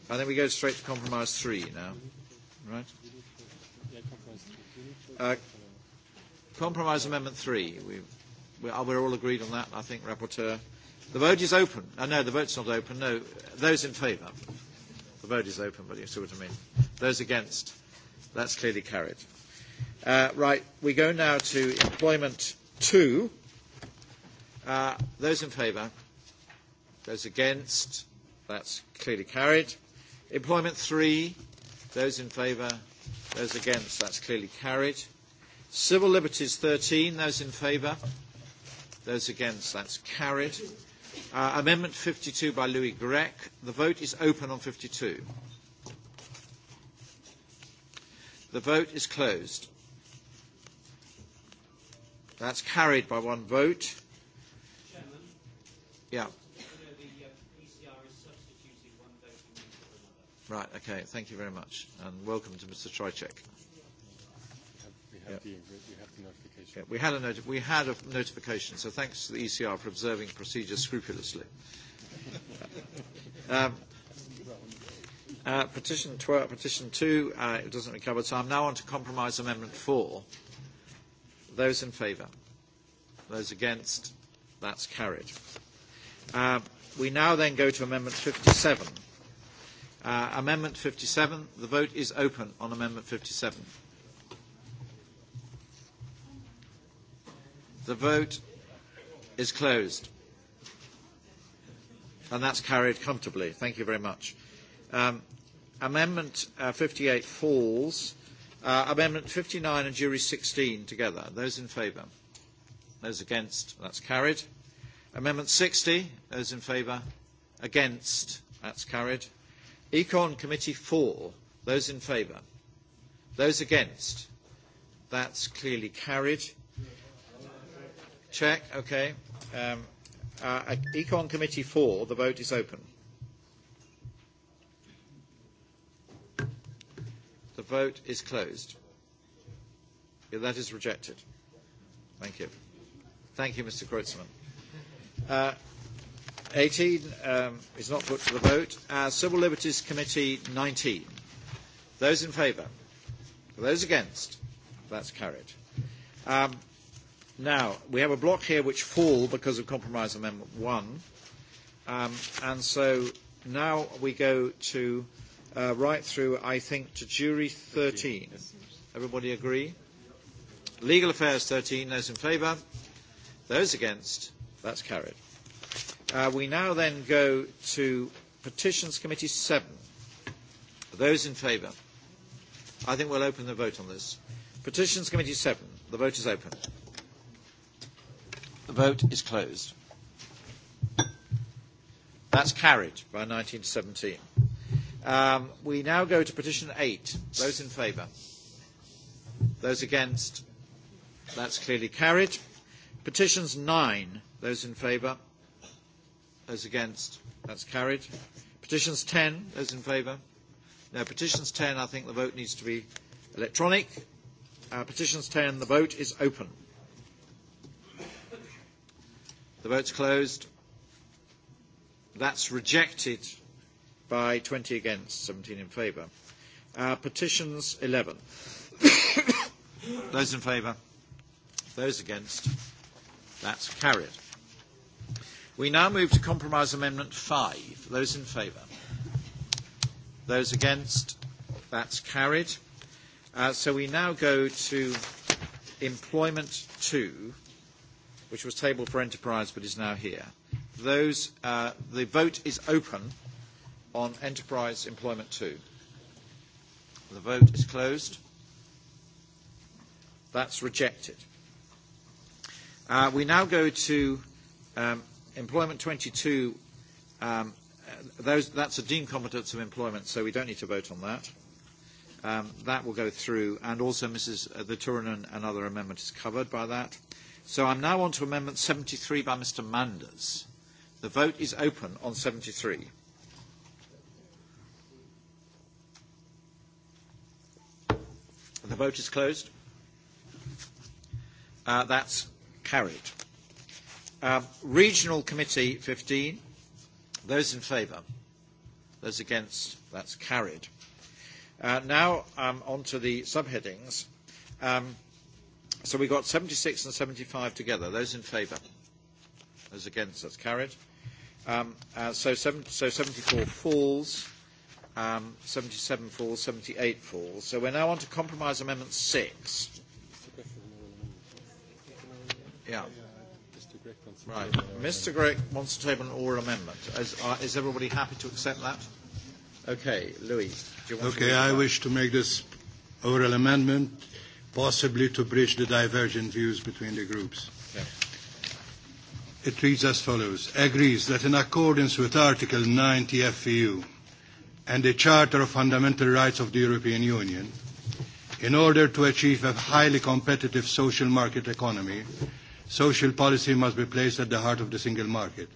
I think we go straight to compromise three now, right? Uh, Compromise Amendment 3. We've, we're, we're all agreed on that, I think, Rapporteur. The vote is open. Oh, no, the vote's not open. No, those in favour. The vote is open, but you see what I mean. Those against. That's clearly carried. Uh, right, we go now to Employment 2. Uh, those in favour. Those against. That's clearly carried. Employment 3. Those in favour. Those against. That's clearly carried. Uh, Civil liberties 13, those in favour? Those against? That's carried. Uh, amendment 52 by Louis Grech. The vote is open on 52. The vote is closed. That's carried by one vote. Chairman, yeah. Uh, right, okay, thank you very much, and welcome to Mr. Tricek have yep. the, we have the notification. Yep. We, had a noti- we had a notification, so thanks to the ECR for observing procedure scrupulously. um, uh, petition, tw- uh, petition 2, uh, it doesn't recover, so I'm now on to Compromise Amendment 4. Those in favour? Those against? That's carried. Uh, we now then go to Amendment 57. Uh, amendment 57, the vote is open on Amendment 57. The vote is closed. And that's carried comfortably. Thank you very much. Um, amendment uh, 58 falls. Uh, amendment 59 and jury 16 together. Those in favour? Those against? That's carried. Amendment 60. Those in favour? Against? That's carried. Econ Committee 4. Those in favour? Those against? That's clearly carried. Check. Okay. Um, uh, uh Econ Committee 4, the vote is open. The vote is closed. Yeah, that is rejected. Thank you. Thank you, Mr. Kreutzmann. Uh, 18 um, is not put to the vote. Uh, Civil Liberties Committee 19. Those in favour? Those against? That's carried. Um, Now, we have a block here which fall because of Compromise Amendment 1. Um, and so now we go to uh, right through, I think, to Jury 13. Yes. Everybody agree? Legal Affairs 13, those in favour. Those against, that's carried. Uh, we now then go to Petitions Committee 7. Those in favour? I think we'll open the vote on this. Petitions Committee 7. The vote is open. The vote is closed. That's carried by 1917. Um, we now go to petition 8. Those in favour? Those against? That's clearly carried. Petitions 9. Those in favour? Those against? That's carried. Petitions 10. Those in favour? No, petitions 10, I think the vote needs to be electronic. Uh, petitions 10, the vote is open. The vote's closed. That's rejected by 20 against, 17 in favour. Uh, petitions 11. Those in favour? Those against? That's carried. We now move to Compromise Amendment 5. Those in favour? Those against? That's carried. Uh, so we now go to Employment 2 which was tabled for enterprise but is now here. Those, uh, the vote is open on enterprise employment 2. The vote is closed. That's rejected. Uh, we now go to um, employment 22. Um, those, that's a deemed competence of employment, so we don't need to vote on that. Um, that will go through, and also Mrs. Uh, the Turunen and other amendment is covered by that. Uh, So I'm now on to Amendment 73 by Mr. Manders. The vote is open on 73. The vote is closed. Uh, that's carried. Um, Regional Committee 15. Those in favour? Those against? That's carried. Uh, now um, on to the subheadings. Um, So we've got 76 and 75 together. Those in favour? Those against? That's carried. Um, uh, so, seven, so 74 falls. Um, 77 falls. 78 falls. So we're now on to compromise amendment 6. Yeah. Right. Mr. Grech wants to table an oral amendment. Is, uh, is everybody happy to accept that? Okay, Louis, do you want okay, to... Okay, I that? wish to make this oral amendment possibly to bridge the divergent views between the groups. Yeah. It reads as follows. Agrees that in accordance with Article 90 FEU and the Charter of Fundamental Rights of the European Union, in order to achieve a highly competitive social market economy, social policy must be placed at the heart of the single market.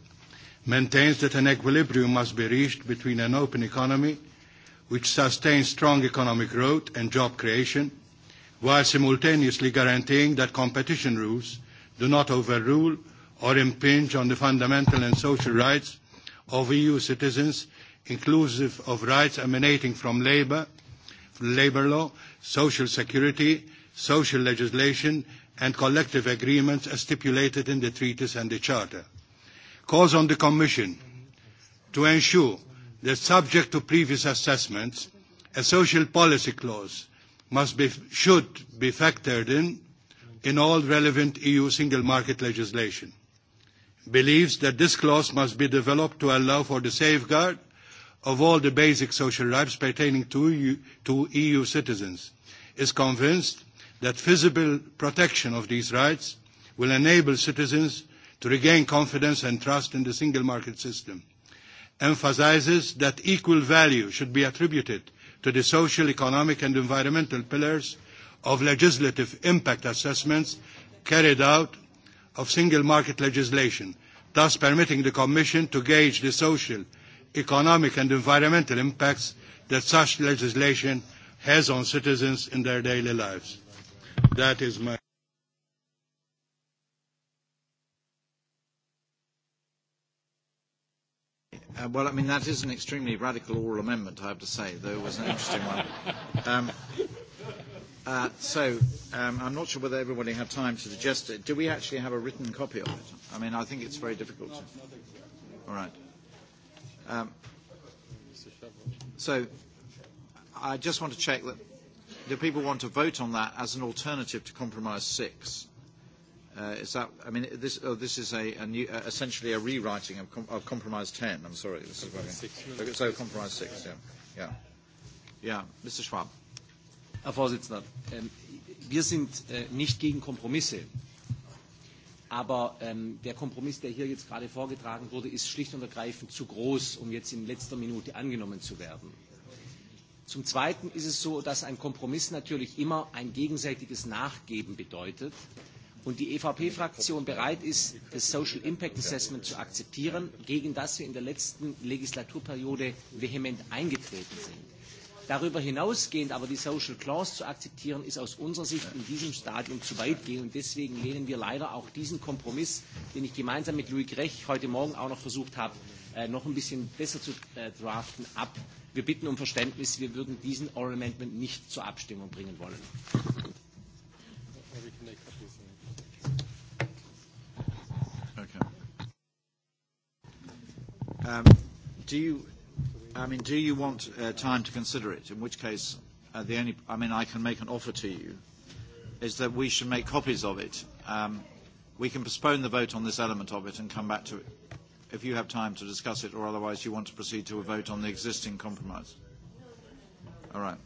Maintains that an equilibrium must be reached between an open economy, which sustains strong economic growth and job creation, while simultaneously guaranteeing that competition rules do not overrule or impinge on the fundamental and social rights of EU citizens, inclusive of rights emanating from labour, labour law, social security, social legislation, and collective agreements as stipulated in the treaties and the Charter. Calls on the Commission to ensure that, subject to previous assessments, a social policy clause must be, should be factored in in all relevant EU single market legislation. Believes that this clause must be developed to allow for the safeguard of all the basic social rights pertaining to EU, to EU citizens. Is convinced that feasible protection of these rights will enable citizens to regain confidence and trust in the single market system. Emphasizes that equal value should be attributed to the social, economic and environmental pillars of legislative impact assessments carried out of single market legislation, thus permitting the Commission to gauge the social, economic and environmental impacts that such legislation has on citizens in their daily lives. That is my Uh, well, I mean, that is an extremely radical oral amendment, I have to say, though it was an interesting one. Um, uh, so um, I'm not sure whether everybody had time to digest it. Do we actually have a written copy of it? I mean, I think it's very difficult. To... All right. Um, so I just want to check that do people want to vote on that as an alternative to compromise six? Uh, is that, I mean, this, oh, this is a, a new, uh, essentially a rewriting of, com- of Compromise 10. I'm sorry. This is compromise is six. Okay, so Compromise 6, yeah. Yeah. Yeah, Mr. Schwab. Herr Vorsitzender, ähm, wir sind äh, nicht gegen Kompromisse. Aber ähm, der Kompromiss, der hier jetzt gerade vorgetragen wurde, ist schlicht und ergreifend zu groß, um jetzt in letzter Minute angenommen zu werden. Zum Zweiten ist es so, dass ein Kompromiss natürlich immer ein gegenseitiges Nachgeben bedeutet. Äh, und die EVP-Fraktion bereit ist, das Social Impact Assessment zu akzeptieren, gegen das wir in der letzten Legislaturperiode vehement eingetreten sind. Darüber hinausgehend aber die Social Clause zu akzeptieren, ist aus unserer Sicht in diesem Stadium zu weit gehen. Und deswegen lehnen wir leider auch diesen Kompromiss, den ich gemeinsam mit Louis Grech heute Morgen auch noch versucht habe, äh, noch ein bisschen besser zu äh, draften, ab. Wir bitten um Verständnis. Wir würden diesen Oral Amendment nicht zur Abstimmung bringen wollen. Um, do you, I mean, do you want uh, time to consider it? In which case, uh, the only, I mean, I can make an offer to you, is that we should make copies of it. Um, we can postpone the vote on this element of it and come back to it if you have time to discuss it, or otherwise you want to proceed to a vote on the existing compromise. All right.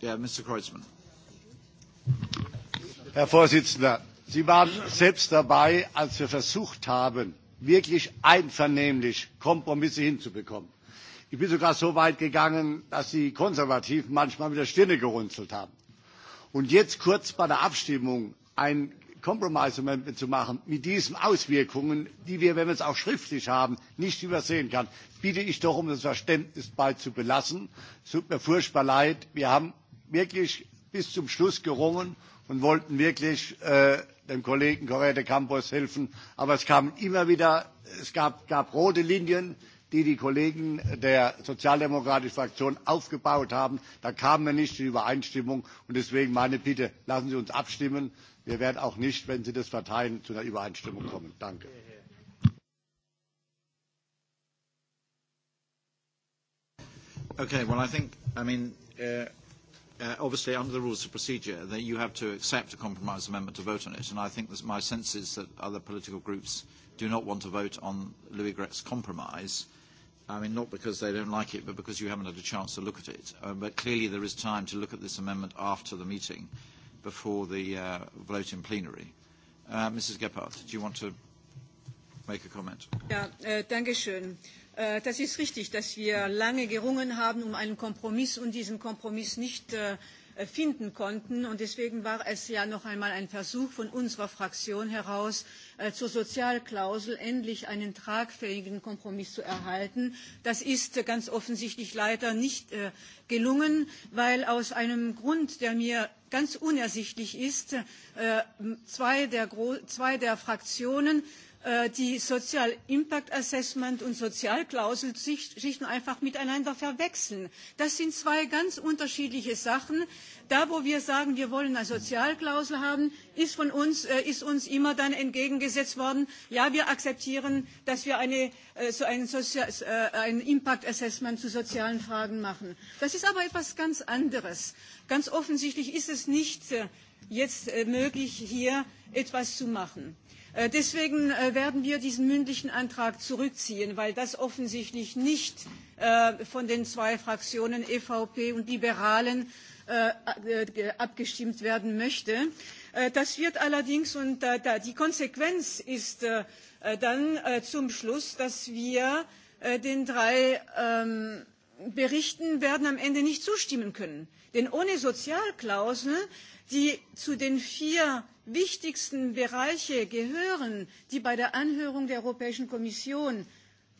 Yeah, Mr. Kreutzmann. Herr Vorsitzender, Sie waren selbst dabei, als wir versucht haben, wirklich einvernehmlich Kompromisse hinzubekommen. Ich bin sogar so weit gegangen, dass die Konservativen manchmal mit der Stirne gerunzelt haben. Und jetzt kurz bei der Abstimmung ein Compromise Amendment zu machen mit diesen Auswirkungen, die wir, wenn wir es auch schriftlich haben, nicht übersehen kann, bitte ich doch um das Verständnis bei zu belassen. Es tut mir furchtbar leid. Wir haben wirklich bis zum Schluss gerungen und wollten wirklich äh, dem Kollegen Correa de Campos helfen. Aber es kamen immer wieder, es gab, gab rote Linien, die die Kollegen der sozialdemokratischen Fraktion aufgebaut haben. Da kamen wir nicht in Übereinstimmung. Und deswegen meine Bitte, lassen Sie uns abstimmen. Wir werden auch nicht, wenn Sie das verteilen, zu einer Übereinstimmung kommen. Danke. Okay, well, I think, I mean, uh, uh, obviously under the rules of procedure that you have to accept a compromise amendment to vote on it. And I think that my sense is that other political groups do not want to vote on Louis Grech's compromise. I mean, not because they don't like it, but because you haven't had a chance to look at it. Um, but clearly there is time to look at this amendment after the meeting, before the uh, vote in plenary. Uh, Mrs. Gephardt, do you want to make a comment? Ja, äh, danke schön. Äh, Äh, das ist richtig, dass wir lange gerungen haben um einen Kompromiss und diesen Kompromiss nicht äh, finden konnten. Und deswegen war es ja noch einmal ein Versuch von unserer Fraktion heraus, äh, zur Sozialklausel endlich einen tragfähigen Kompromiss zu erhalten. Das ist ganz offensichtlich leider nicht gelungen, weil aus einem Grund, der mir ganz unersichtlich ist, zwei der, Gro zwei der Fraktionen Äh, die Social Impact Assessment und Sozialklauselschichten einfach miteinander verwechseln. Das sind zwei ganz unterschiedliche Sachen. Da, wo wir sagen, wir wollen eine Sozialklausel haben, ist, von uns, äh, ist uns immer dann entgegengesetzt worden, ja, wir akzeptieren, dass wir eine, äh, so ein, Sozial, ein Impact Assessment zu sozialen Fragen machen. Das ist aber etwas ganz anderes. Ganz offensichtlich ist es nicht jetzt möglich, hier etwas zu machen. Äh, deswegen äh, werden wir diesen mündlichen Antrag zurückziehen, weil das offensichtlich nicht äh, von den zwei Fraktionen EVP und Liberalen abgestimmt werden möchte. Das wird allerdings und die Konsequenz ist dann zum Schluss, dass wir den drei ähm, berichten, werden am Ende nicht zustimmen können. Denn ohne Sozialklausel, die zu den vier wichtigsten Bereiche gehören, die bei der Anhörung der Europäischen Kommission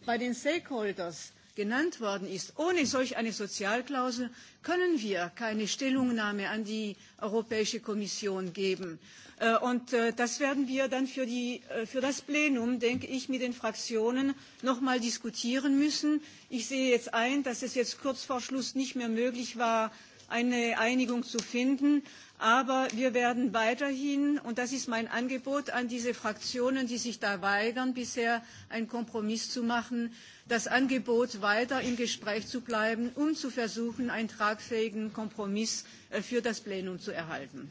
bei den Stakeholders genannt worden ist, ohne solch eine Sozialklausel können wir keine Stellungnahme an die Europäische Kommission geben. Äh, und äh, das werden wir dann für, die, äh, für das Plenum, denke ich, mit den Fraktionen noch mal diskutieren müssen. Ich sehe jetzt ein, dass es jetzt kurz vor Schluss nicht mehr möglich war, eine Einigung zu finden. Aber wir werden weiterhin, und das ist mein Angebot an diese Fraktionen, die sich da weigern, bisher einen Kompromiss zu machen, das Angebot weiter im Gespräch zu bleiben, um zu versuchen, einen tragfähigen Kompromiss für das Plenum zu erhalten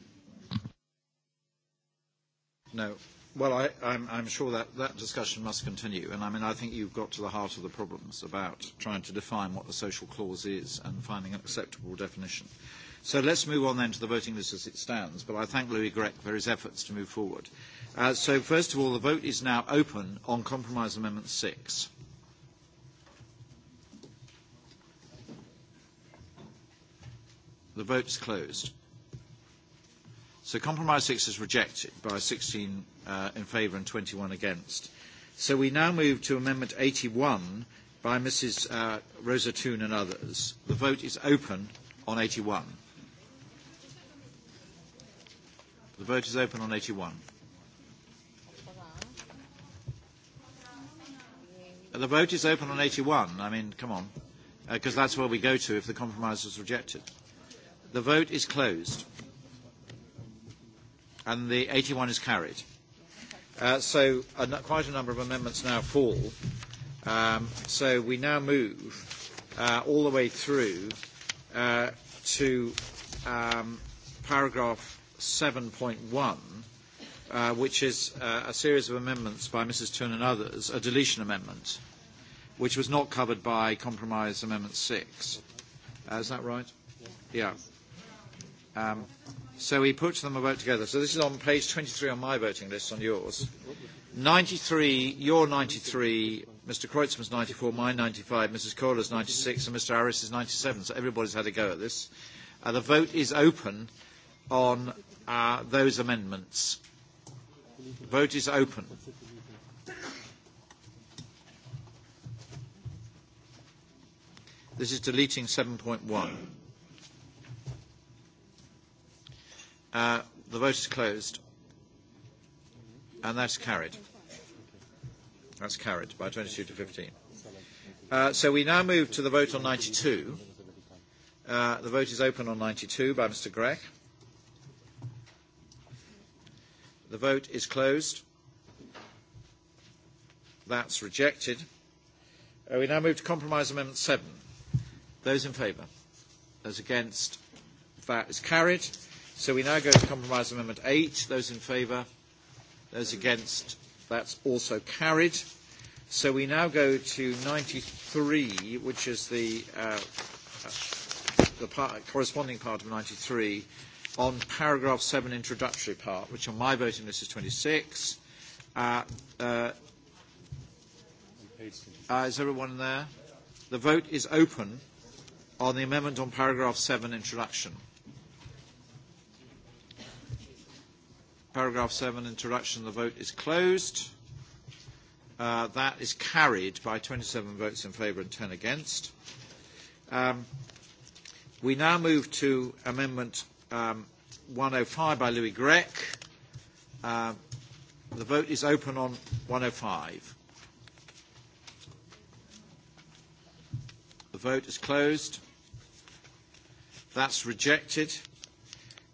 no. Well, I, I'm, I'm sure that, that discussion must continue. And I mean, I think you've got to the heart of the problems about trying to define what the social clause is and finding an acceptable definition. So let's move on then to the voting list as it stands. But I thank Louis Grech for his efforts to move forward. Uh, so first of all, the vote is now open on Compromise Amendment 6. The vote's closed. So compromise 6 is rejected by 16 uh, in favour and 21 against. So we now move to amendment 81 by Mrs. Uh, Rosa Toon and others. The vote is open on 81. The vote is open on 81. The vote is open on 81. I mean, come on, because uh, that's where we go to if the compromise is rejected. The vote is closed and the 81 is carried. Uh, so uh, quite a number of amendments now fall. Um, so we now move uh, all the way through uh, to um, paragraph 7.1, uh, which is uh, a series of amendments by Mrs. Toon and others, a deletion amendment, which was not covered by Compromise Amendment 6. Uh, is that right? Yeah. Um, So we put them about together. So this is on page 23 on my voting list, on yours. 93, your 93, Mr. Kreutzmann's 94, mine 95, Mrs. Kohler's 96, and Mr. Harris is 97. So everybody's had a go at this. Uh, the vote is open on uh, those amendments. Vote is open. This is deleting 7.1. Uh, the vote is closed. And that's carried. That's carried by 22 to 15. Uh, so we now move to the vote on 92. Uh, the vote is open on 92 by Mr. Grech. The vote is closed. That's rejected. Uh, we now move to Compromise Amendment 7. Those in favour? Those against? That is carried. So we now go to compromise amendment 8. Those in favour? Those against? That's also carried. So we now go to 93, which is the, uh, the part, corresponding part of 93, on paragraph 7 introductory part, which on my voting list is 26. Uh, uh, uh, is everyone there? The vote is open on the amendment on paragraph 7 introduction. Paragraph 7, introduction, the vote is closed. Uh, that is carried by 27 votes in favour and 10 against. Um, we now move to Amendment um, 105 by Louis Grech. Uh, the vote is open on 105. The vote is closed. That's rejected.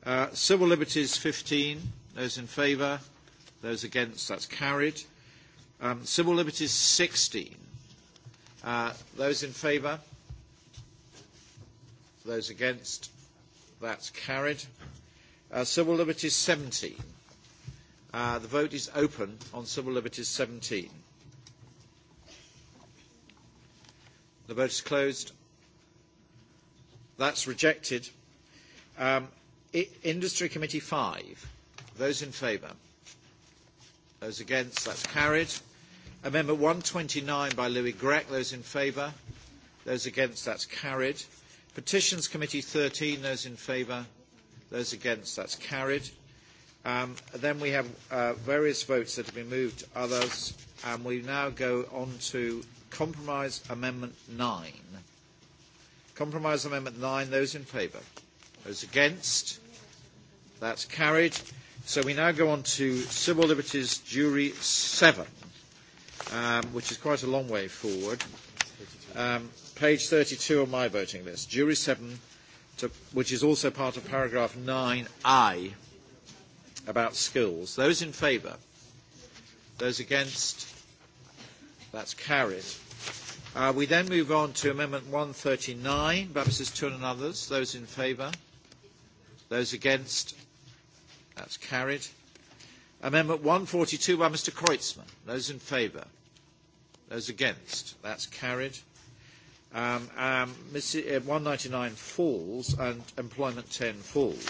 Uh, Civil Liberties 15. Those in favour? Those against? That's carried. Um, Civil Liberties 16. Uh, those in favour? Those against? That's carried. Uh, Civil Liberties 17. Uh, the vote is open on Civil Liberties 17. The vote is closed. That's rejected. Um, I- Industry Committee 5. Those in favour? Those against? That's carried. Amendment 129 by Louis Grech. Those in favour? Those against? That's carried. Petitions Committee 13. Those in favour? Those against? That's carried. Um, then we have uh, various votes that have been moved, others, and we now go on to Compromise Amendment 9. Compromise Amendment 9, those in favour. Those against? That's carried. So we now go on to Civil Liberties Jury 7, um, which is quite a long way forward. Um, page 32 on my voting list. Jury 7, to, which is also part of paragraph 9i about skills. Those in favour? Those against? That's carried. Uh, we then move on to Amendment 139 by Mrs. Toon and others. Those in favour? Those against? That's carried. Amendment 142 by Mr Kreutzmann. Those in favour? Those against? That's carried. Um, um, 199 uh, falls and employment 10 falls.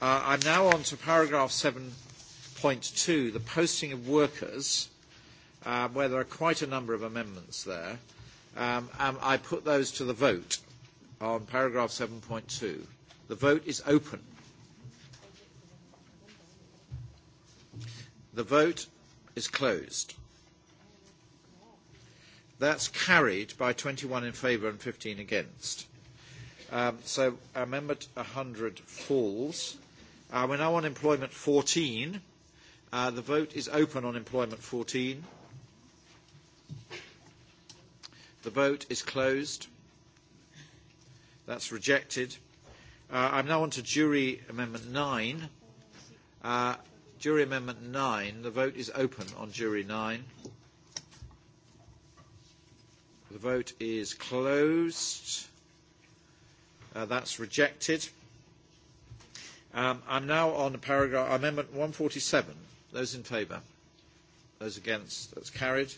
Uh, I'm now on to paragraph 7.2, the posting of workers, uh, where there are quite a number of amendments there. Um, um, I put those to the vote on paragraph 7.2. The vote is open. The vote is closed. That's carried by 21 in favour and 15 against. Um, so Amendment 100 falls. Uh, we're now on Employment 14. Uh, the vote is open on Employment 14. The vote is closed. That's rejected. Uh, I'm now on to Jury Amendment 9. Uh, Jury Amendment 9. The vote is open on Jury 9. The vote is closed. Uh, that's rejected. Um, I'm now on paragraph amendment 147. Those in favour. Those against. That's carried.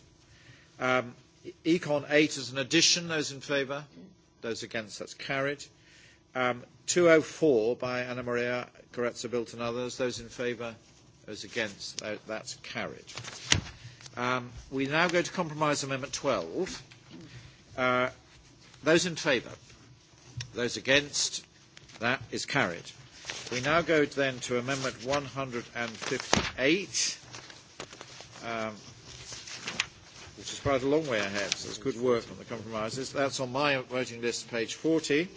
Um, e- Econ 8 as an addition. Those in favour. Those against. That's carried. Um, 204 by Anna Maria Goretza-Bilt and others. Those in favour. Those against, that's carried. Um, we now go to compromise amendment 12. Uh, those in favour? Those against? That is carried. We now go then to amendment 158, um, which is quite a long way ahead, so it's good work on the compromises. That's on my voting list, page 40.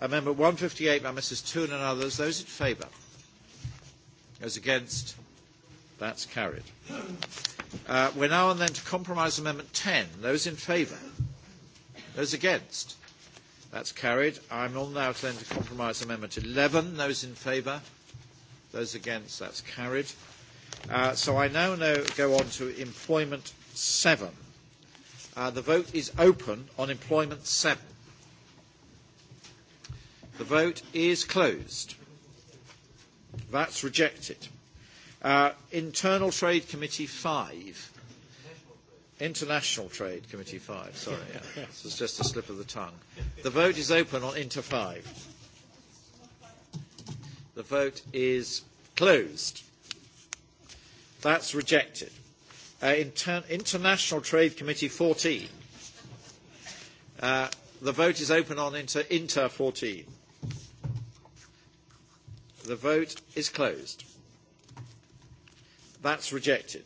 Amendment 158 by Mrs. Toon and others. Those in favour? As against? That's carried. Uh, we're now on then to Compromise Amendment 10. Those in favour? Those against? That's carried. I'm on now to then to Compromise Amendment 11. Those in favour? Those against? That's carried. Uh, so I now know, go on to Employment 7. Uh, the vote is open on Employment 7. The vote is closed. That's rejected. Uh, Internal Trade Committee 5. International Trade Committee 5, sorry. Yeah. This was just a slip of the tongue. The vote is open on Inter 5. The vote is closed. That's rejected. Uh, inter- International Trade Committee 14. Uh, the vote is open on Inter, Inter 14. The vote is closed. That's rejected.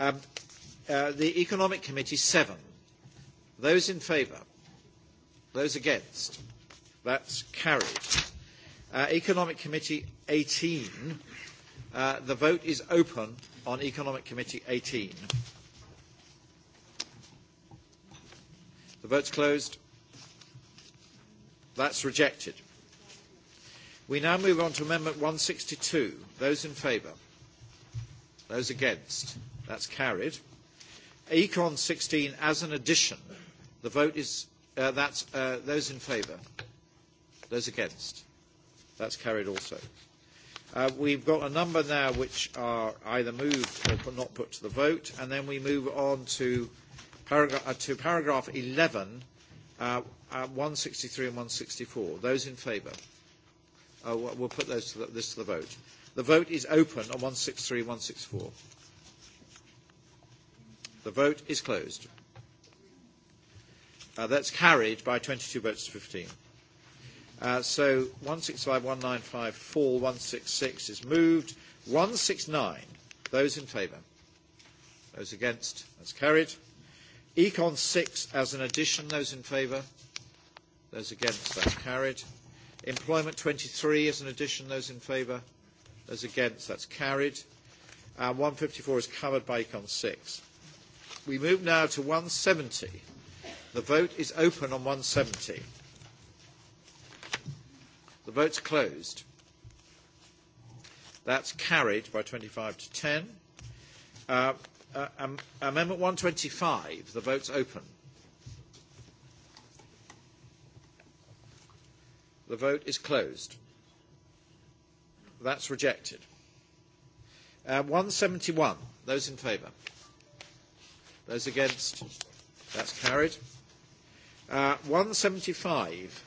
Um, uh, the Economic Committee, seven. Those in favour? Those against? That's carried. Uh, Economic Committee 18. Uh, the vote is open on Economic Committee 18. The vote's closed. That's rejected. We now move on to Amendment 162. Those in favour? Those against? That's carried. Econ 16 as an addition. The vote is, uh, that's, uh, those in favour? Those against? That's carried also. Uh, we've got a number now which are either moved or not put to the vote, and then we move on to, paragra- uh, to paragraph 11, uh, uh, 163 and 164. Those in favour? uh, we'll put those to the, this to the vote. The vote is open on 163, 164. The vote is closed. Uh, that's carried by 22 votes to 15. Uh, so 165, 195 fall, 166 is moved. 169, those in favour. Those against, that's carried. Econ 6 as an addition, those in favour. Those against, that's carried. Employment 23 is an addition. Those in favour? Those against? That's carried. Uh, 154 is covered by Econ 6. We move now to 170. The vote is open on 170. The vote's closed. That's carried by 25 to 10. Uh, uh, um, amendment 125. The vote's open. The vote is closed. That's rejected. Uh, 171. Those in favour? Those against? That's carried. Uh, 175.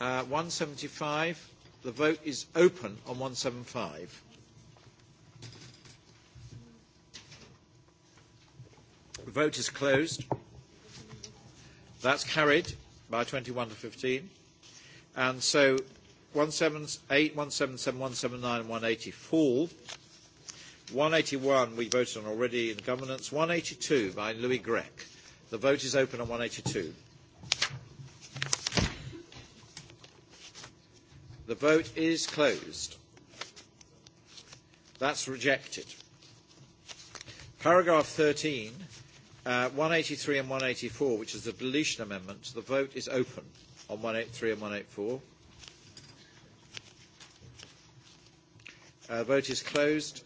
Uh, 175. The vote is open on 175. The vote is closed. That's carried by 21 to 15. And so 178, 177, 179, and 180 fall. 181 we voted on already in governance. 182 by Louis Grech. The vote is open on 182. The vote is closed. That's rejected. Paragraph 13 Uh, 183 and 184, which is the deletion amendments, the vote is open on 183 and 184. Uh, vote is closed.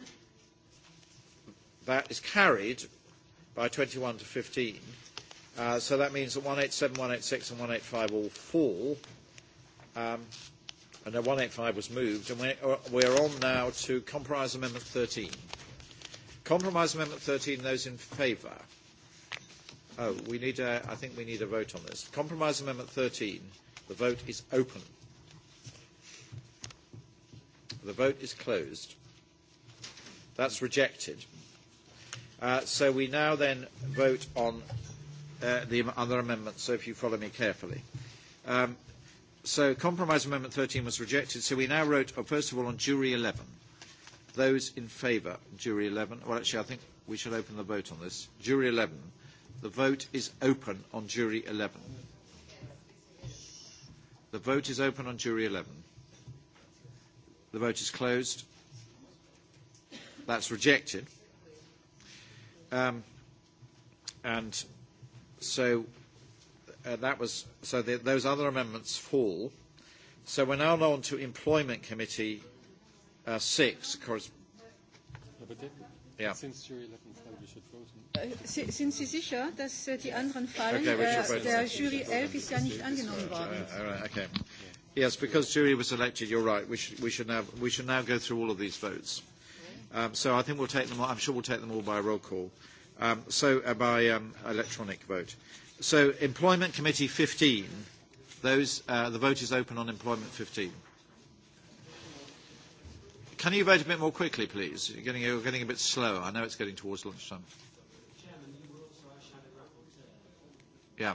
That is carried by 21 to 15. Uh, so that means that 187, 186 and 185 all fall. Um, and then 185 was moved. And we're uh, on now to Compromise Amendment 13. Compromise Amendment 13, those in favour? Oh, we need a, I think we need a vote on this. Compromise Amendment 13. The vote is open. The vote is closed. That's rejected. Uh, so we now then vote on uh, the other amendments, so if you follow me carefully. Um, so Compromise Amendment 13 was rejected, so we now wrote, oh, first of all, on Jury 11. Those in favour, Jury 11. Well, actually, I think we should open the vote on this. Jury 11. The vote is open on jury 11. The vote is open on jury 11. The vote is closed. That's rejected. Um, and so uh, that was so the, those other amendments fall. So we're now on to Employment Committee uh, six. Of course. Yeah. Since jury 11 fell, we should vote. Uh, sind Sie sicher, dass uh, die anderen fallen? Okay, uh, der Jury 11 ist ja nicht angenommen worden. Uh, all right, okay. Yes, because jury was elected, you're right. We should, we should, now, we should now go through all of these votes. Um, so I think we'll take them all, I'm sure we'll take them all by roll call. Um, so uh, by um, electronic vote. So Employment Committee 15, those, uh, the vote is open on Employment 15. Can you vote a bit more quickly, please? You're getting, you're getting a bit slow. I know it's getting towards lunchtime. Chairman, you were also our shadow rapporteur.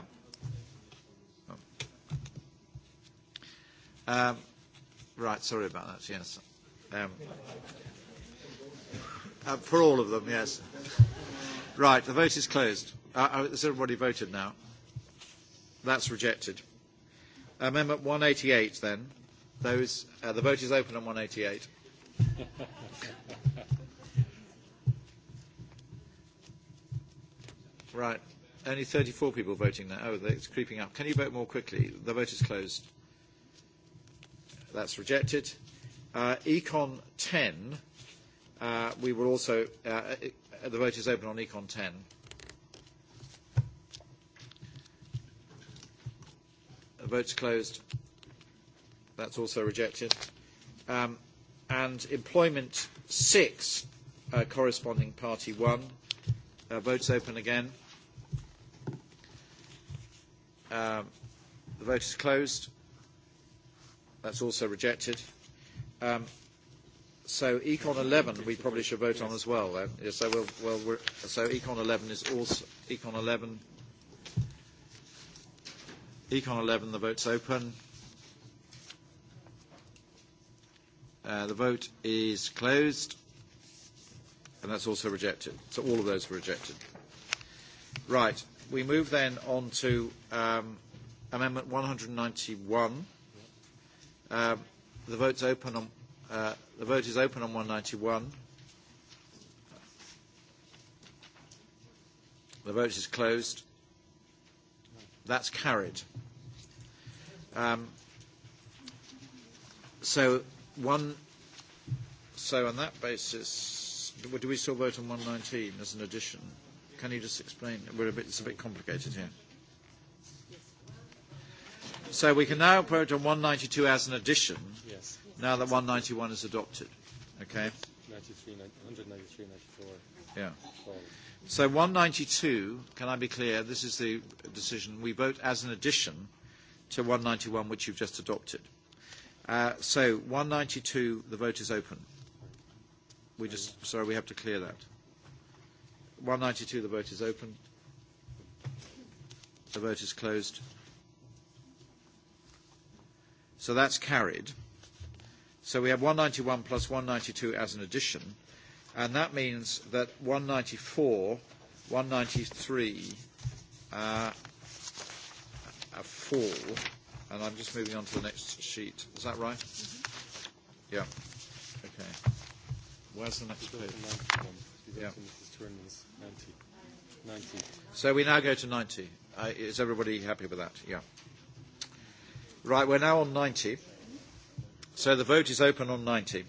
Yeah. Oh. Um, right, sorry about that, yes. Um, uh, for all of them, yes. Right, the vote is closed. Uh, uh has everybody voted now? That's rejected. Amendment 188 then. Those, uh, the vote is open on 188. right. Only 34 people voting now. Oh, it's creeping up. Can you vote more quickly? The vote is closed. That's rejected. Uh, Econ 10, uh, we will also, uh, the vote is open on Econ 10. The vote's closed. That's also rejected. Um, and employment six, uh, corresponding party one. Uh, votes open again. Um, the vote is closed. That's also rejected. Um, so Econ 11, we probably should vote on as well. Then. Yeah, so, we'll, well, we're, so Econ 11 is also Econ 11. Econ 11, the vote's open. Uh, the vote is closed, and that's also rejected. So all of those were rejected. Right. We move then on to um, Amendment 191. Um, the vote's open on uh, the vote is open on 191. The vote is closed. That's carried. Um, so One, so on that basis, do we still vote on 119 as an addition? Can you just explain? We're a bit, it's a bit complicated here. So we can now vote on 192 as an addition. Yes. Now that 191 is adopted. Okay? 93, 193, 94. Yeah. So 192, can I be clear? This is the decision. We vote as an addition to 191, which you've just adopted. Uh, so 192, the vote is open. We just, sorry, we have to clear that. 192, the vote is open. The vote is closed. So that's carried. So we have 191 plus 192 as an addition, and that means that 194, 193 uh, fall And I'm just moving on to the next sheet. Is that right? Mm-hmm. Yeah. Okay. Where's the next page? Yeah. So we now go to 90. Uh, is everybody happy with that? Yeah. Right, we're now on 90. So the vote is open on 90.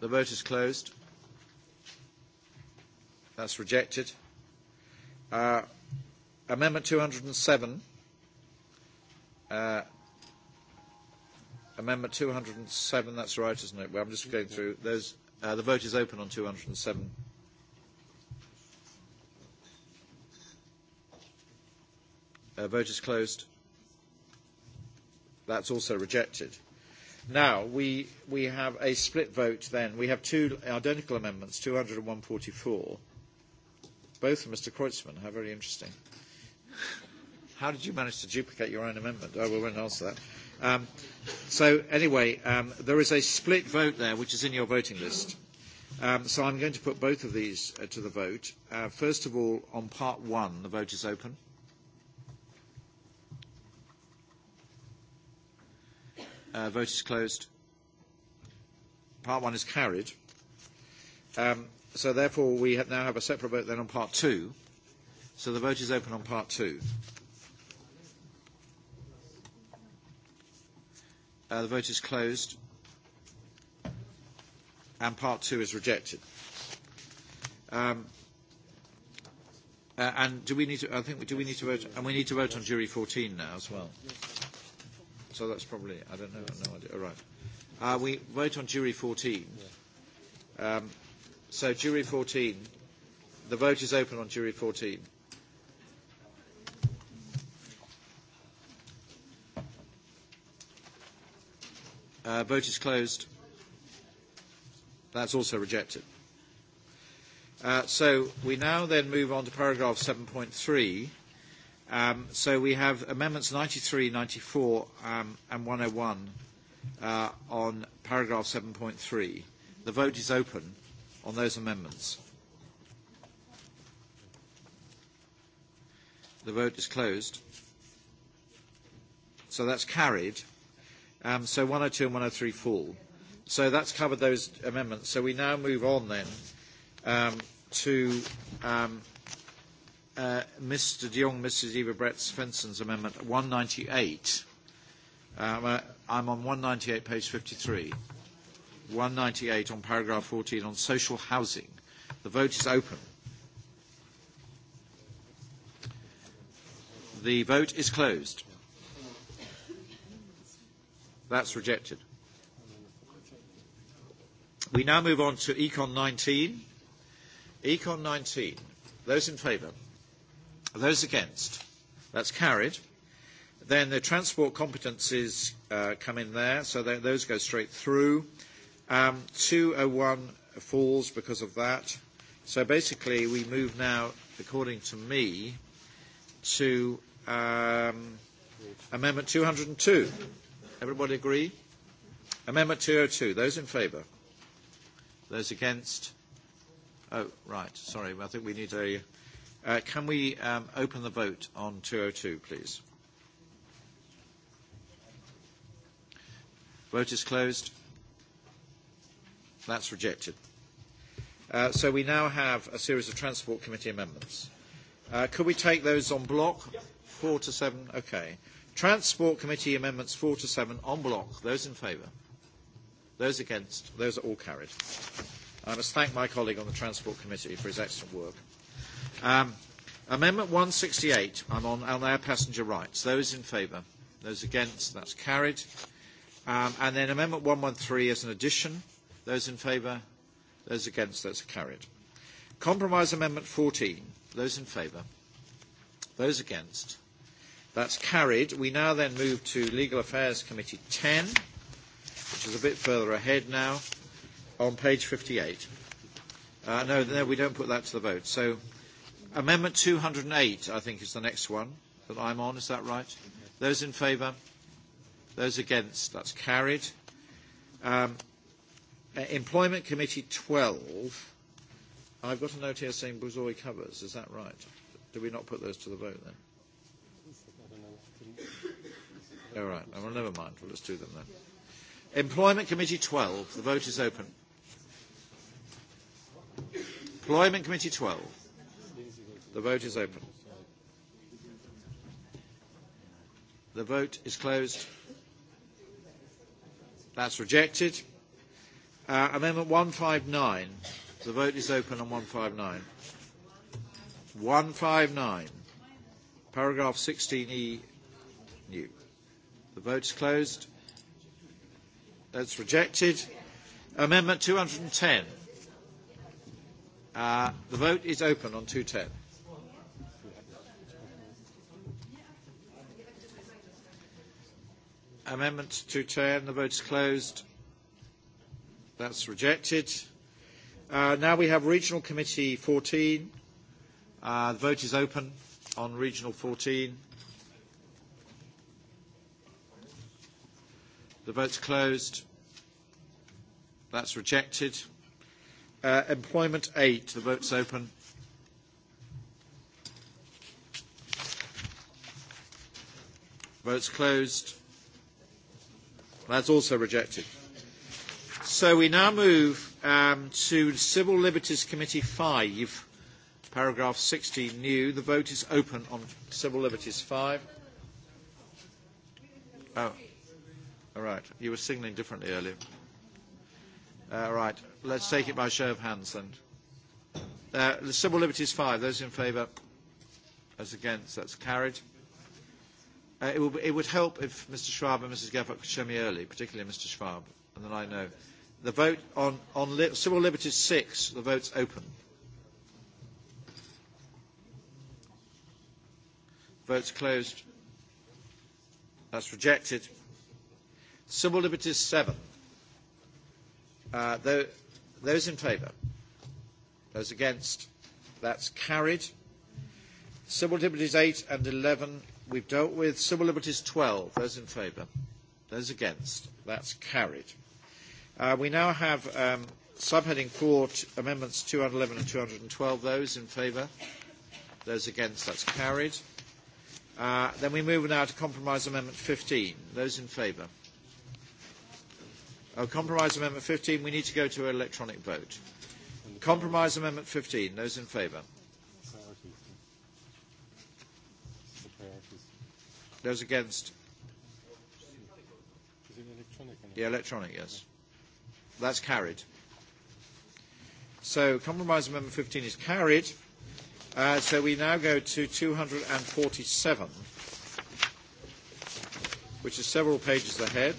The vote is closed. That's rejected. Uh, amendment 207. Uh, amendment 207, that's right, isn't it? Well, I'm just going through. There's, uh, the vote is open on 207. Uh, vote is closed. That's also rejected. Now, we, we have a split vote then. We have two identical amendments, 200 and 144 both from Mr. Kreutzmann. How very interesting. How did you manage to duplicate your own amendment? Oh, we won't answer that. Um, so anyway, um, there is a split vote there, which is in your voting list. Um, so I'm going to put both of these uh, to the vote. Uh, first of all, on part one, the vote is open. Uh, vote is closed. Part one is carried. Um, So therefore, we have now have a separate vote then on part two. So the vote is open on part two. Uh, the vote is closed, and part two is rejected. Um, uh, and do we need to? I think do we need to vote? And we need to vote on jury 14 now as well. So that's probably I don't know. No idea. All right. Uh, we vote on jury 14. Um, So jury 14. The vote is open on jury 14. Uh, vote is closed. That's also rejected. Uh, so we now then move on to paragraph 7.3. Um, so we have amendments 93, 94 um, and 101 uh, on paragraph 7.3. The vote is open on those amendments. The vote is closed. So that's carried. Um, so 102 and 103 fall. So that's covered those amendments. So we now move on then um, to um, uh, Mr. De Jong, Mrs. Eva Brett Svensson's amendment 198. Um, uh, I'm on 198, page 53. 198 on paragraph 14 on social housing. The vote is open. The vote is closed. That's rejected. We now move on to Econ 19. Econ 19. Those in favour? Those against? That's carried. Then the transport competencies uh, come in there, so th- those go straight through. Uh, Um, 201 falls because of that. So basically, we move now, according to me, to um, Amendment 202. Everybody agree? Amendment 202. Those in favour? Those against? Oh, right. Sorry. I think we need a. Uh, can we um, open the vote on 202, please? Vote is closed. That's rejected. Uh, so we now have a series of Transport Committee amendments. Uh, could we take those on block? Yep. Four to seven? Okay. Transport Committee amendments four to seven on block. Those in favour? Those against? Those are all carried. I must thank my colleague on the Transport Committee for his excellent work. Um, amendment 168, I'm on, on air passenger rights. Those in favour? Those against? That's carried. Um, and then Amendment 113 as an addition. Those in favour? Those against? That's carried. Compromise Amendment 14. Those in favour? Those against? That's carried. We now then move to Legal Affairs Committee 10, which is a bit further ahead now, on page 58. Uh, no, no, we don't put that to the vote. So Amendment 208, I think, is the next one that I'm on. Is that right? Those in favour? Those against? That's carried. Um, Uh, Employment Committee 12. I've got a note here saying Buzoi covers. Is that right? Do we not put those to the vote then? All oh, right. Well, never mind. Well, let's do them then. Employment Committee 12. The vote is open. Employment Committee 12. The vote is open. The vote is closed. That's rejected. Uh, amendment 159. The vote is open on 159. 159. Paragraph 16E new. The vote's closed. That's rejected. Amendment 210. Uh, the vote is open on 210. Amendment 210. The vote's closed. That's rejected. Uh, now we have Regional Committee 14. Uh, the vote is open on Regional 14. The vote's closed. That's rejected. Uh, employment 8. The vote's open. Vote's closed. That's also rejected. So we now move um, to Civil Liberties Committee 5, paragraph 16 new. The vote is open on Civil Liberties 5. Oh, all right. You were signalling differently earlier. All uh, right. Let's take it by show of hands then. Uh, the Civil Liberties 5, those in favour, as against, that's carried. Uh, it, will, it would help if Mr Schwab and Mrs Gafford could show me early, particularly Mr Schwab, and then I know. The vote on, on li- Civil Liberties 6, the vote's open. Vote's closed. That's rejected. Civil Liberties 7. Uh, th- those in favour? Those against? That's carried. Civil Liberties 8 and 11 we've dealt with. Civil Liberties 12. Those in favour? Those against? That's carried. Uh, we now have um, subheading 4, t- amendments 211 and 212. Those in favour? Those against? That's carried. Uh, then we move now to compromise amendment 15. Those in favour? Uh, compromise amendment 15, we need to go to an electronic vote. Compromise amendment 15. Those in favour? Those against? Is it electronic? Yeah, electronic, yes. Yeah. That's carried. So compromise amendment 15 is carried. Uh, so we now go to 247, which is several pages ahead.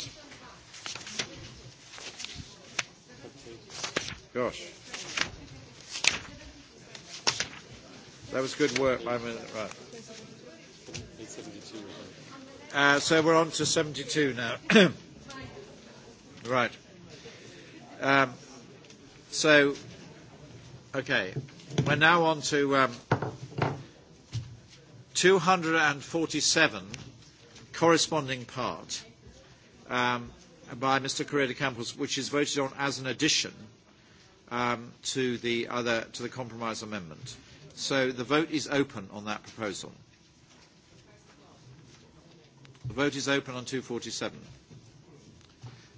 Gosh. That was good work by minute. Right. Uh, so we're on to 72 now. right. Um, so, okay, we're now on to um, 247, corresponding part, um, by Mr. Correa de Campos, which is voted on as an addition um, to the other to the compromise amendment. So the vote is open on that proposal. The vote is open on 247.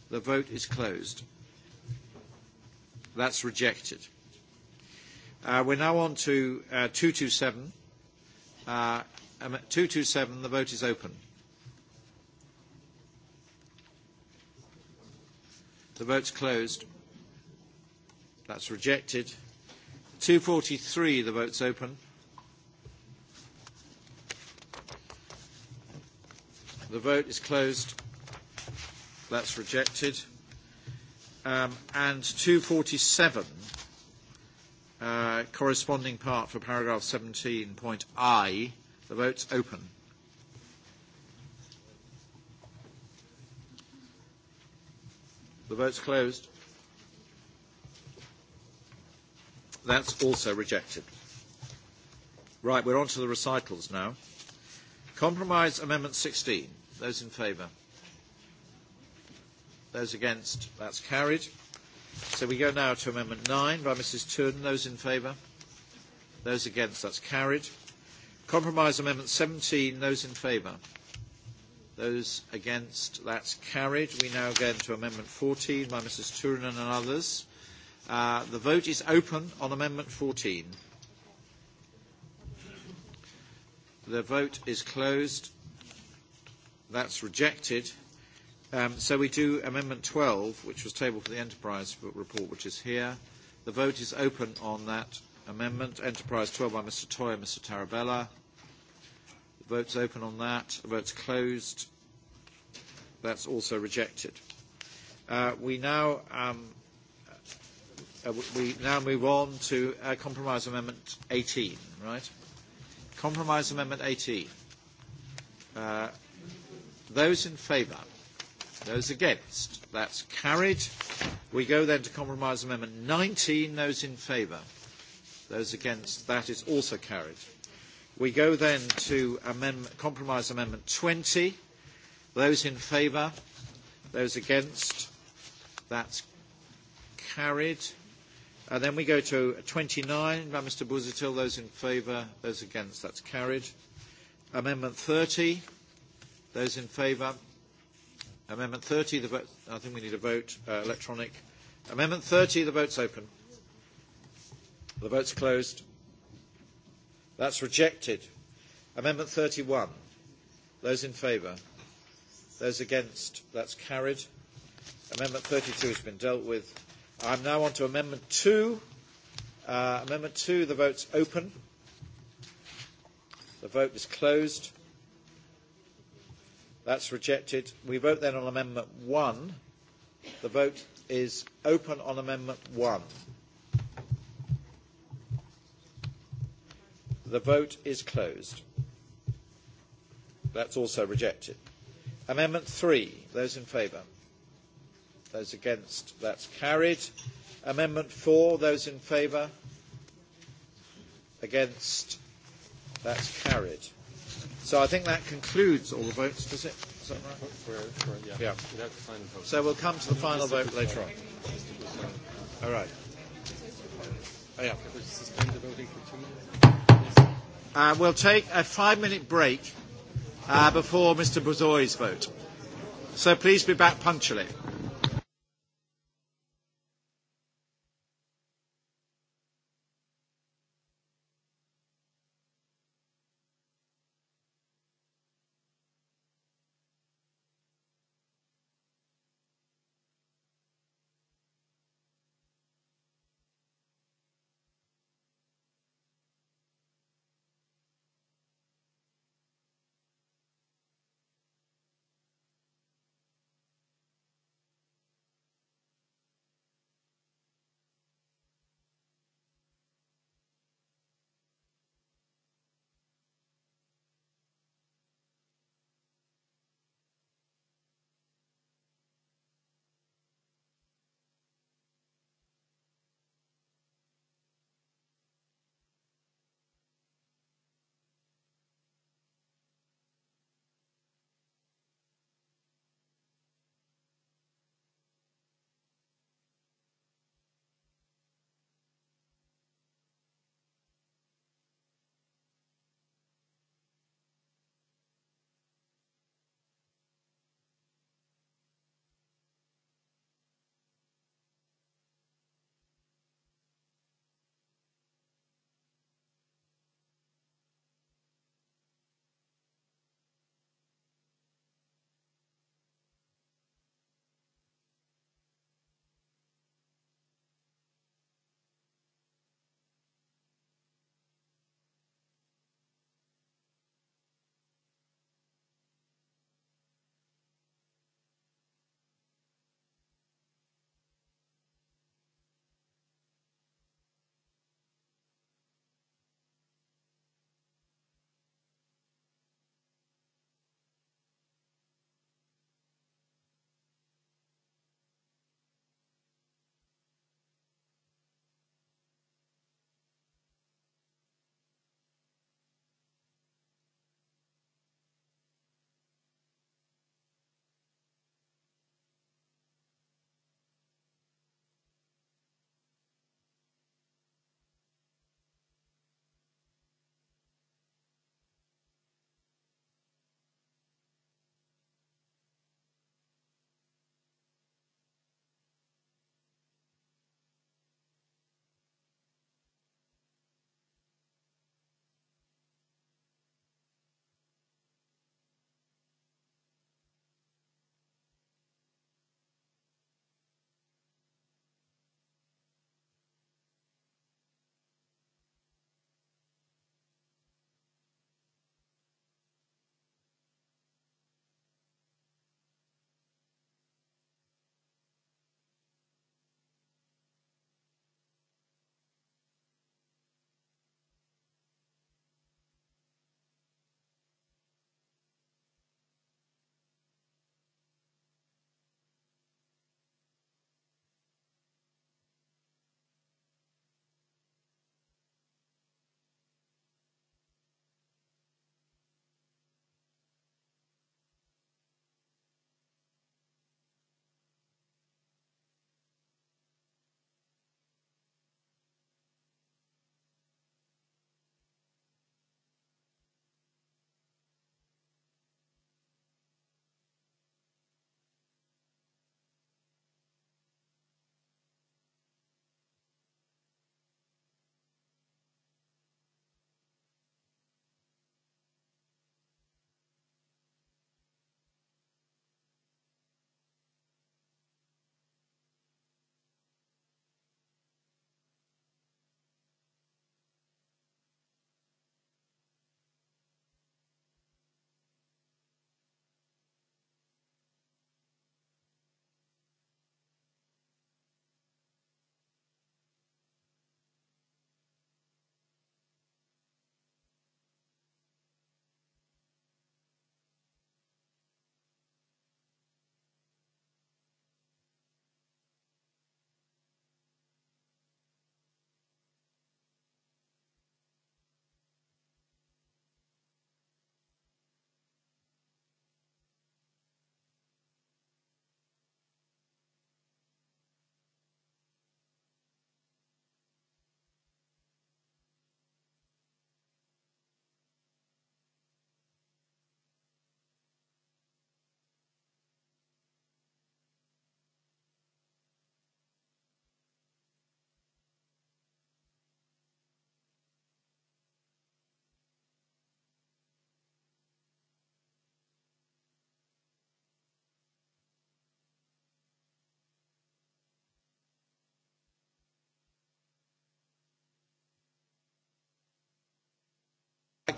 The vote is closed. That's rejected. Uh, we're now on to uh, 227. Uh, 227, the vote is open. The vote's closed. That's rejected. 243, the vote's open. The vote is closed. That's rejected um, and 247, uh, corresponding part for paragraph 17, point I. The vote's open. The vote's closed. That's also rejected. Right, we're on to the recitals now. Compromise Amendment 16. Those in favour? Those against? That's carried. So we go now to Amendment 9 by Mrs. Turden. Those in favour? Those against? That's carried. Compromise Amendment 17. Those in favour? Those against? That's carried. We now go to Amendment 14 by Mrs. Turunen and others. Uh, the vote is open on Amendment 14. The vote is closed. That's rejected. Um, so we do Amendment 12, which was tabled for the Enterprise report, which is here. The vote is open on that amendment. Enterprise 12 by Mr. Toy and Mr. Tarabella. The vote's open on that. The vote's closed. That's also rejected. Uh, we now um, uh, we now move on to uh, Compromise Amendment 18, right? Compromise Amendment 18. Uh, those in favour? Those against? That's carried. We go then to compromise amendment 19. Those in favour? Those against? That is also carried. We go then to amendment, compromise amendment 20. Those in favour? Those against? That's carried. Uh, then we go to 29 by Mr. Busuttil. Those in favour? Those against? That's carried. Amendment 30. Those in favour? Amendment 30, the vote, I think we need a vote, uh, electronic. Amendment 30, the vote's open. The vote's closed. That's rejected. Amendment 31. Those in favour? Those against? That's carried. Amendment 32 has been dealt with. I'm now on to Amendment 2. Uh, amendment 2, the vote's open. The vote is closed. That's rejected. We vote then on Amendment 1. The vote is open on Amendment 1. The vote is closed. That's also rejected. Amendment 3. Those in favour? Those against? That's carried. Amendment 4. Those in favour? Against? That's carried. So I think that concludes all the votes, does it? Is that right? For, for, yeah. yeah. Without the final vote. So we'll come to the final vote later on. All right. Oh, yeah. Suspend the voting for two minutes. Uh, we'll take a five-minute break uh, before Mr. Brazoi's vote. So please be back punctually.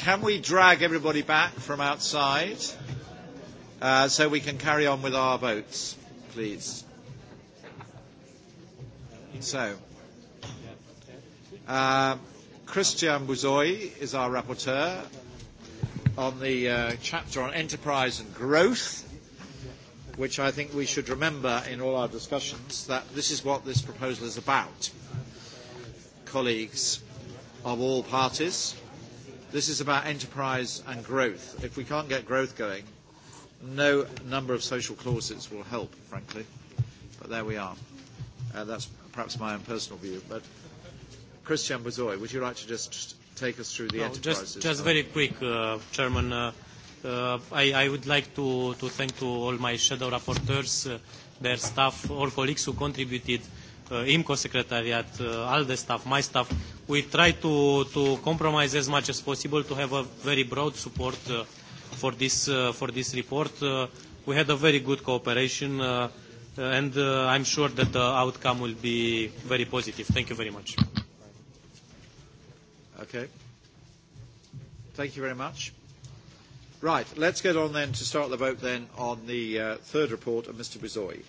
can we drag everybody back from outside uh, so we can carry on with our votes, please? So, uh, Christian Bouzoy is our rapporteur on the uh, chapter on enterprise and growth, which I think we should remember in all our discussions that this is what this proposal is about. Colleagues of all parties, This is about enterprise and growth. If we can't get growth going, no number of social clauses will help, frankly. But there we are. Uh, that's perhaps my own personal view. But Christian Bozoy, would you like to just take us through the no, enterprises? Just, just oh. very quick, uh, Chairman. Uh, uh, I, I would like to, to thank to all my shadow rapporteurs, uh, their staff, all colleagues who contributed uh, uh, IMCO secretariat, uh, ALDE staff, my staff, we try to, to compromise as much as possible to have a very broad support uh, for, this, uh, for this report. Uh, we had a very good cooperation uh, uh, and uh, I'm sure that the outcome will be very positive. Thank you very much. Okay. Thank you very much. Right, let's get on then to start the vote then on the uh, third report of Mr. Bizoy.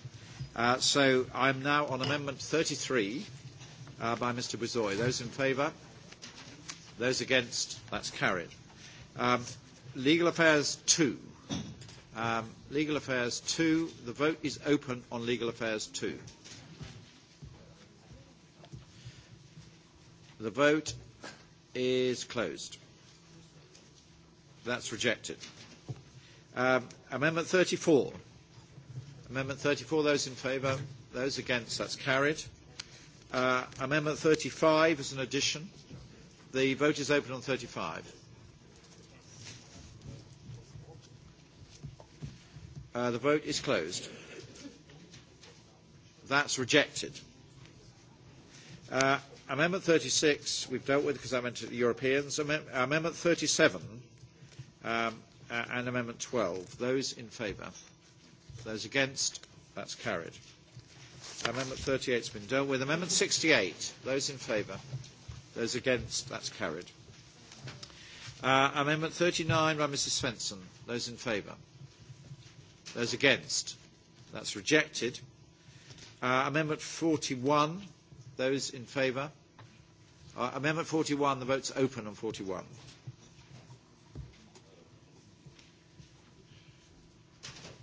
Uh, so I'm now on Amendment 33 uh, by Mr. Bizoy. Those in favour? Those against? That's carried. Um, Legal Affairs 2. Um, Legal Affairs 2. The vote is open on Legal Affairs 2. The vote is closed. That's rejected. Um, amendment 34. Amendment 34, those in favour, those against, that's carried. Uh, amendment 35 is an addition. The vote is open on 35. Uh, the vote is closed. That's rejected. Uh, amendment 36 we've dealt with because I meant the Europeans. Amem- amendment 37 um, uh, and Amendment 12. Those in favour? Those against? That's carried. Amendment 38 has been dealt with. Amendment 68. Those in favour? Those against? That's carried. Uh, amendment 39 by Mrs Svensson. Those in favour? Those against? That's rejected. Uh, amendment 41. Those in favour? Uh, amendment 41. The vote's open on 41.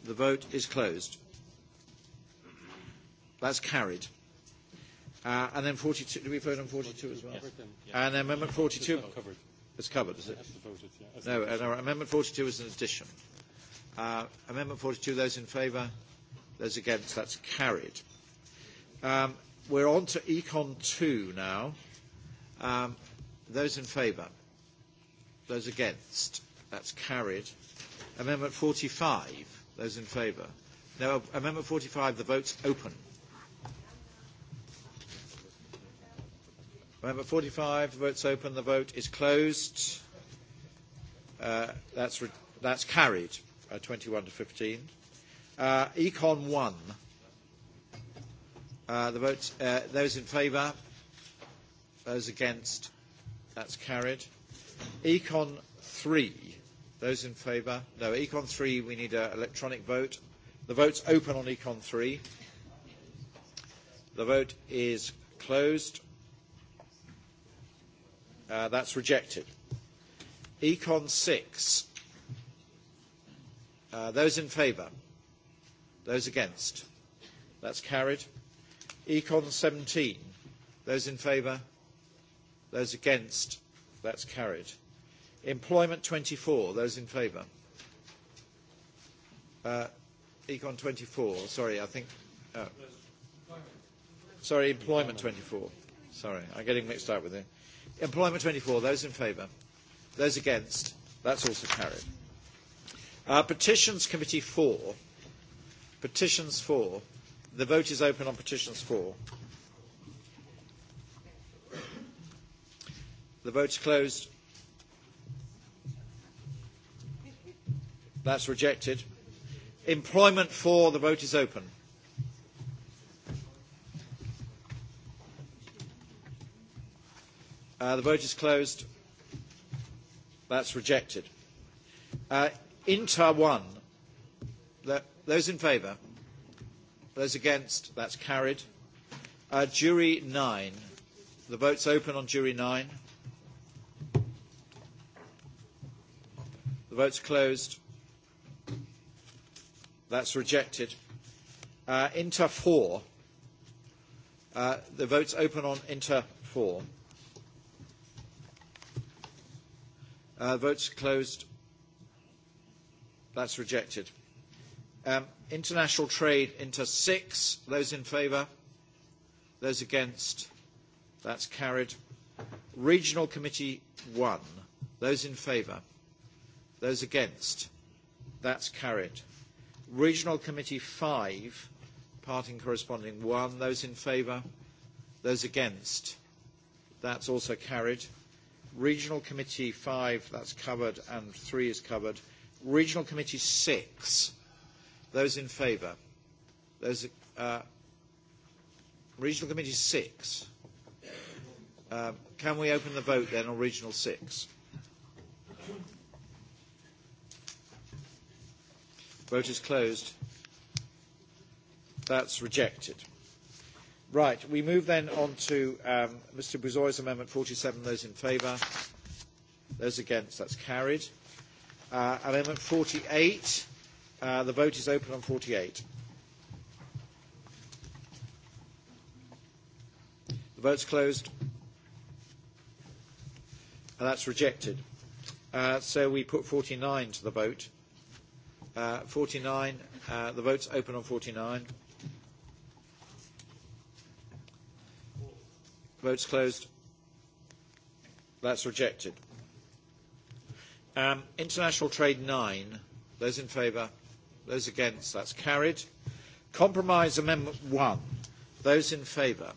The vote is closed. That's carried. Uh, and then 42, do we vote on 42 as well? Yes. Yeah. And Amendment 42? It's covered. It's covered, is it? That's voted, yeah. That's no, no, Amendment 42 is an addition. Uh, amendment 42, those in favour, those against, that's carried. Um, we're on to Econ 2 now. Um, those in favour, those against, that's carried. Amendment 45, Those in favour? Now, Amendment 45, the vote's open. Amendment 45, the vote's open, the vote is closed. Uh, that's, re- that's carried, uh, 21 to 15. Uh, Econ 1. Uh, the votes, uh, those in favour, those against, that's carried. Econ 3. Those in favour? No. Econ 3, we need an electronic vote. The vote's open on Econ 3. The vote is closed. Uh, that's rejected. Econ 6. Uh, those in favour? Those against? That's carried. Econ 17. Those in favour? Those against? That's carried. Employment 24, those in favour. Uh, Econ 24, sorry, I think. Uh, sorry, Employment 24. Sorry, I'm getting mixed up with it. Employment 24, those in favour. Those against, that's also carried. Uh, petitions Committee 4. Petitions 4. The vote is open on Petitions 4. The vote's closed. That's rejected. Employment 4, the vote is open. Uh, the vote is closed. That's rejected. Uh, Inter 1, the, those in favour? Those against? That's carried. Uh, jury 9, the vote's open on jury 9. The vote's closed. That's rejected. Uh, Inter 4. Uh, the vote's open on Inter 4. Uh, votes closed. That's rejected. Um, international trade, Inter 6. Those in favour? Those against? That's carried. Regional Committee 1. Those in favour? Those against? That's carried. Regional Committee 5, part in corresponding 1. Those in favour? Those against? That's also carried. Regional Committee 5, that's covered, and 3 is covered. Regional Committee 6, those in favour? Those, uh, Regional Committee 6. Um, uh, can we open the vote then on Regional 6? Vote is closed. That's rejected. Right, we move then on to um, Mr Buzoy's Amendment 47. Those in favour? Those against? That's carried. Uh, amendment 48. Uh, the vote is open on 48. The vote's closed. And that's rejected. Uh, so we put 49 to the vote. Uh, 49, uh, the vote's open on 49. Vote's closed. That's rejected. Um, international trade 9. Those in favour? Those against? That's carried. Compromise Amendment 1. Those in favour?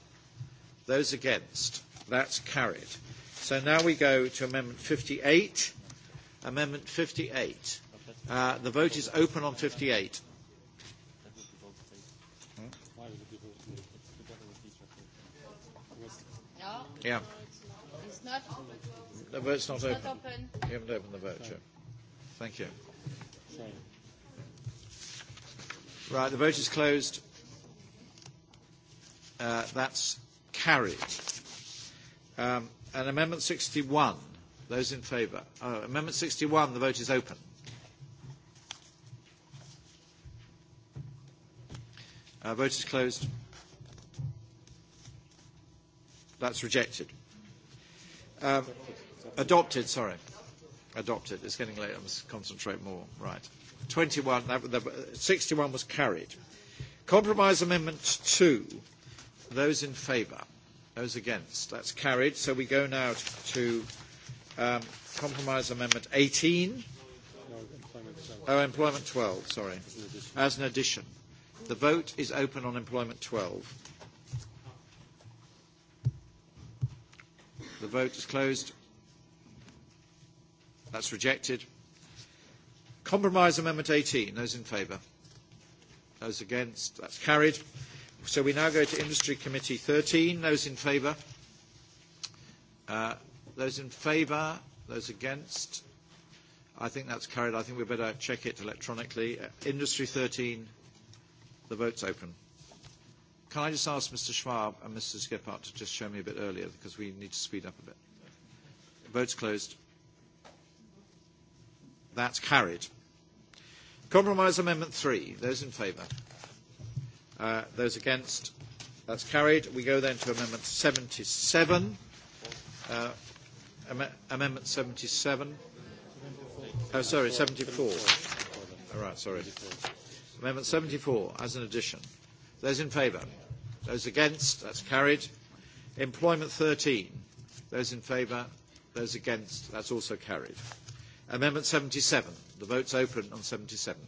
Those against? That's carried. So now we go to Amendment 58. Amendment 58. Uh, the vote is open on 58. No. Hmm? Yeah. It's not. The vote's not it's open. Not open. You haven't opened the vote yet. Thank you. Sorry. Right, the vote is closed. Uh, that's carried. Um, and Amendment 61, those in favour. Uh, amendment 61, the vote is open. Uh, vote is closed. That's rejected. Um, adopted, sorry. Adopted. It's getting late. I must concentrate more. Right. 21, that, the, 61 was carried. Compromise Amendment 2. Those in favour. Those against. That's carried. So we go now to um, Compromise Amendment 18. No, employment 12. Oh, Employment 12, sorry. As an addition. As an addition. The vote is open on employment 12. The vote is closed. That's rejected. Compromise Amendment 18. Those in favour? Those against? That's carried. So we now go to Industry Committee 13. Those in favour? Uh, those in favour? Those against? I think that's carried. I think we better check it electronically. Uh, Industry 13. The vote's open. Can I just ask Mr. Schwab and Mrs. Gephardt to just show me a bit earlier because we need to speed up a bit. Vote's closed. That's carried. Compromise Amendment 3. Those in favour? Uh, those against? That's carried. We go then to Amendment 77. Uh, am- amendment 77. Oh, sorry, 74. All right, sorry. 74. Amendment 74 as an addition. Those in favour? Those against? That's carried. Employment 13. Those in favour? Those against? That's also carried. Amendment 77. The vote's open on 77.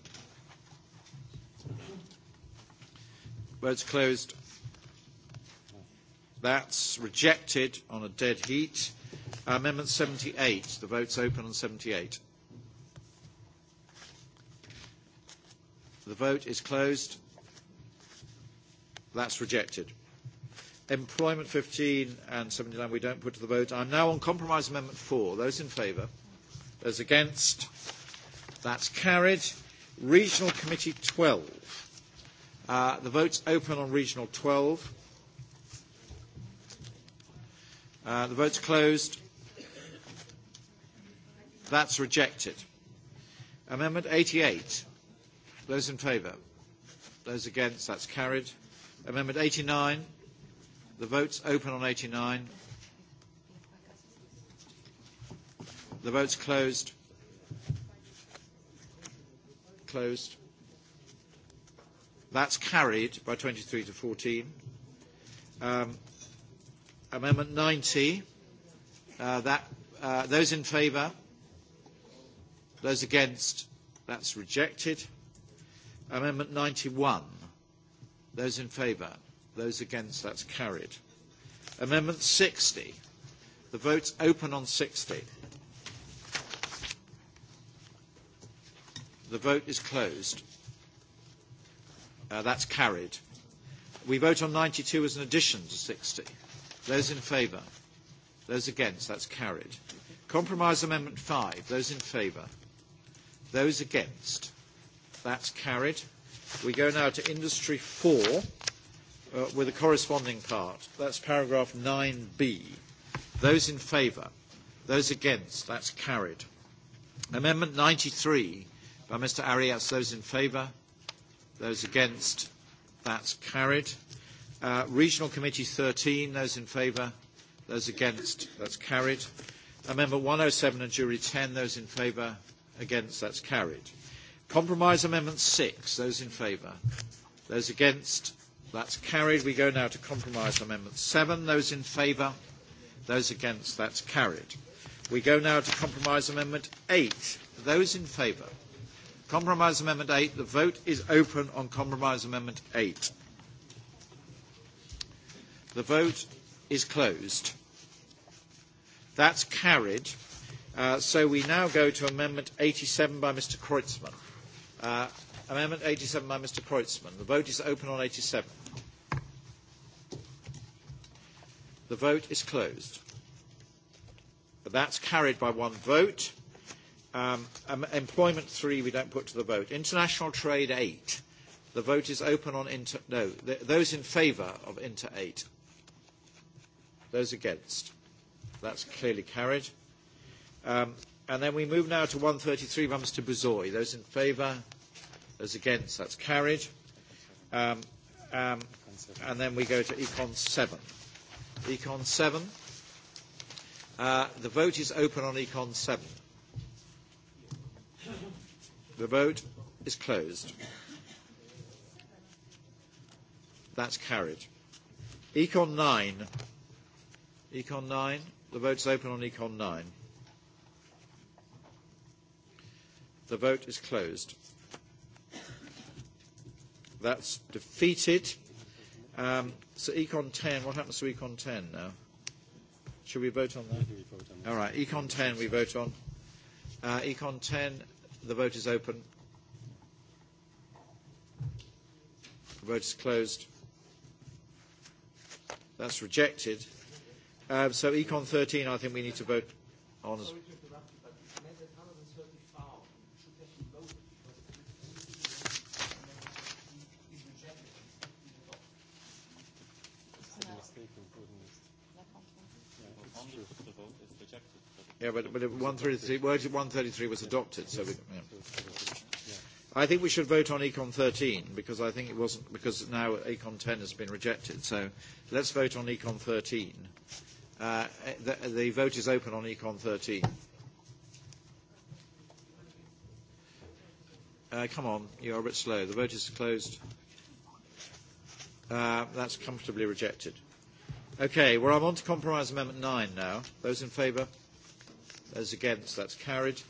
Vote's closed. That's rejected on a dead heat. Amendment 78. The vote's open on 78. The vote is closed. That's rejected. Employment 15 and 79 we don't put to the vote. I'm now on Compromise Amendment 4. Those in favour? Those against? That's carried. Regional Committee 12. Uh, the vote's open on Regional 12. Uh, the vote's closed. That's rejected. Amendment 88. Those in favour? Those against? That's carried. Amendment 89. The vote's open on 89. The vote's closed. Closed. That's carried by 23 to 14. Um, amendment 90. Uh, that, uh, those in favour? Those against? That's rejected. Amendment 91. Those in favour? Those against? That's carried. Amendment 60. The vote's open on 60. The vote is closed. Uh, that's carried. We vote on 92 as an addition to 60. Those in favour? Those against? That's carried. Compromise Amendment 5. Those in favour? Those against? That's carried. We go now to industry four uh, with a corresponding part. That's paragraph 9b. Those in favour. Those against. That's carried. Amendment 93 by Mr Arias. Those in favour. Those against. That's carried. Uh, Regional Committee 13. Those in favour. Those against. That's carried. Amendment 107 and Jury 10. Those in favour. Against. That's carried. Compromise Amendment 6, those in favour. Those against, that's carried. We go now to Compromise Amendment 7, those in favour. Those against, that's carried. We go now to Compromise Amendment 8. Those in favour? Compromise Amendment 8. The vote is open on Compromise Amendment 8. The vote is closed. That's carried. Uh, so we now go to Amendment 87 by Mr Kreutzmann. Uh, amendment 87 by Mr. Kreutzmann. The vote is open on 87. The vote is closed. But that's carried by one vote. Um, um, employment 3 we don't put to the vote. International Trade 8. The vote is open on Inter... No, th those in favour of Inter 8. Those against. That's clearly carried. Um, And then we move now to 133 by Mr. Buzoy. Those in favour? Those against? That's carried. Um, um, and then we go to Econ 7. Econ 7. Uh, the vote is open on Econ 7. The vote is closed. That's carried. Econ 9. Econ 9. The vote's open on Econ 9. The vote is closed. That's defeated. Um, so Econ 10, what happens to Econ 10 now? Should we vote on that? Vote on All right, Econ 10 we vote on. Uh, Econ 10, the vote is open. The vote is closed. That's rejected. Um, so Econ 13, I think we need to vote on. As- Yeah, but, but 133, word 133 was adopted, so we, yeah. I think we should vote on Econ 13 because I think it wasn't because now Econ 10 has been rejected. So let's vote on Econ 13. Uh, the, the vote is open on Econ 13. Uh, come on, you are a bit slow. The vote is closed. Uh, that's comfortably rejected. Okay, well, I'm on to compromise amendment 9 now. Those in favour? Those against, that's carried.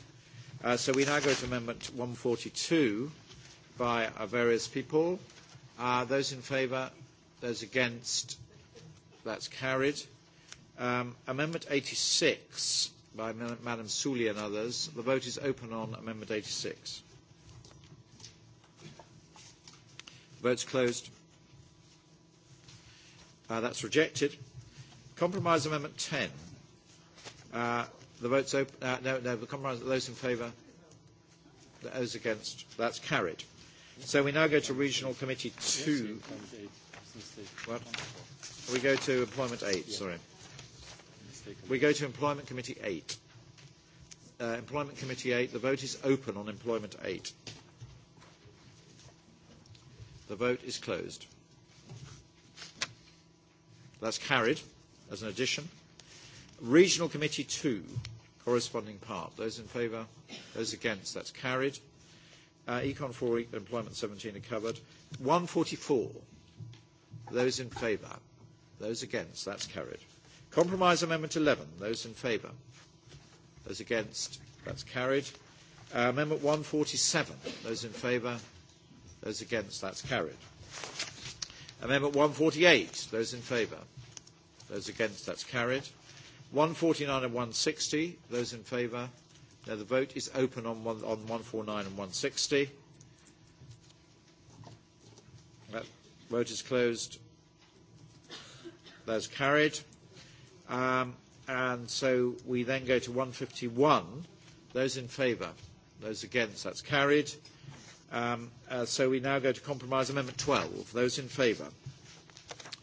Uh, so we now go to Amendment 142 by our various people. Uh, those in favour, those against, that's carried. Um, amendment 86 by Madam Souli and others. The vote is open on Amendment 86. Vote's closed. Uh, that's rejected. Compromise Amendment 10. Uh, The vote's open. Uh, no, no, the compromise. Those in favour? Those against? That's carried. So we now go to Regional Committee 2. What? We go to Employment 8, sorry. We go to Employment Committee 8. Uh, Employment Committee 8, the vote is open on Employment 8. The vote is closed. That's carried as an addition. Regional Committee 2 corresponding part. Those in favour? Those against? That's carried. Uh, Econ 4, Employment 17 are covered. 144. Those in favour? Those against? That's carried. Compromise Amendment 11. Those in favour? Those against? That's carried. Uh, amendment 147. Those in favour? Those against? That's carried. Amendment 148. Those in favour? Those against? That's carried. 149 and 160. Those in favour? Now the vote is open on, one, on 149 and 160. That vote is closed. That's carried. Um, and so we then go to 151. Those in favour? Those against? That's carried. Um, uh, so we now go to compromise amendment 12. Those in favour?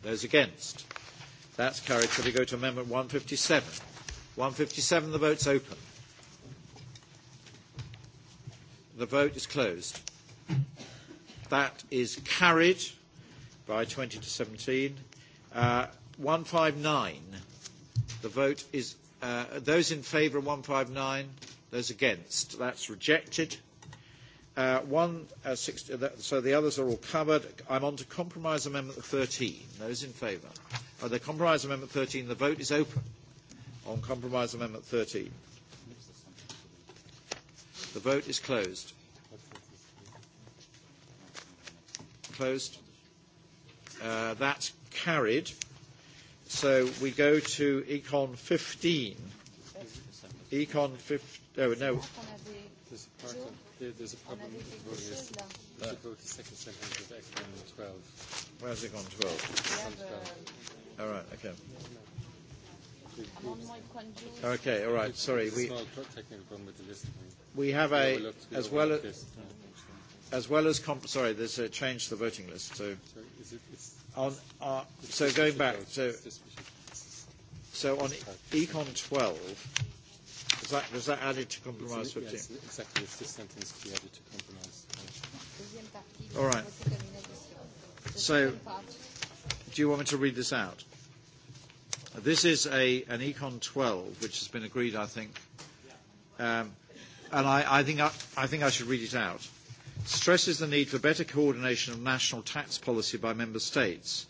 Those against? That's carried. Shall we go to Amendment 157? 157, the vote's open. The vote is closed. That is carried by 20 to 17. Uh, 159, the vote is... Uh, those in favour of 159, those against, that's rejected. Uh, one, uh, six, uh, so the others are all covered. I'm on to compromise amendment 13. Those in favour? the compromise amendment 13. The vote is open on compromise amendment 13. The vote is closed. Closed. Uh, that's carried. So we go to Econ 15. Econ 15. Oh, no. There's a, part of, there, there's a problem with voting. Is, we should go to second sentence of Econ 12. Where's Econ 12? All right, okay. I'm on my conduit. Okay, all right, sorry. We, we have a, as well as, uh, as well as, comp sorry, there's a change to the voting list. So, on, uh, so going back, so, so on Econ 12, is that, was that added to compromise 15? Yes, exactly, it's this sentence to be added to compromise. All right. So, do you want me to read this out? This is a, an Econ 12, which has been agreed, I think. Um, and I, I, think I, I think I should read it out. Stresses the need for better coordination of national tax policy by member states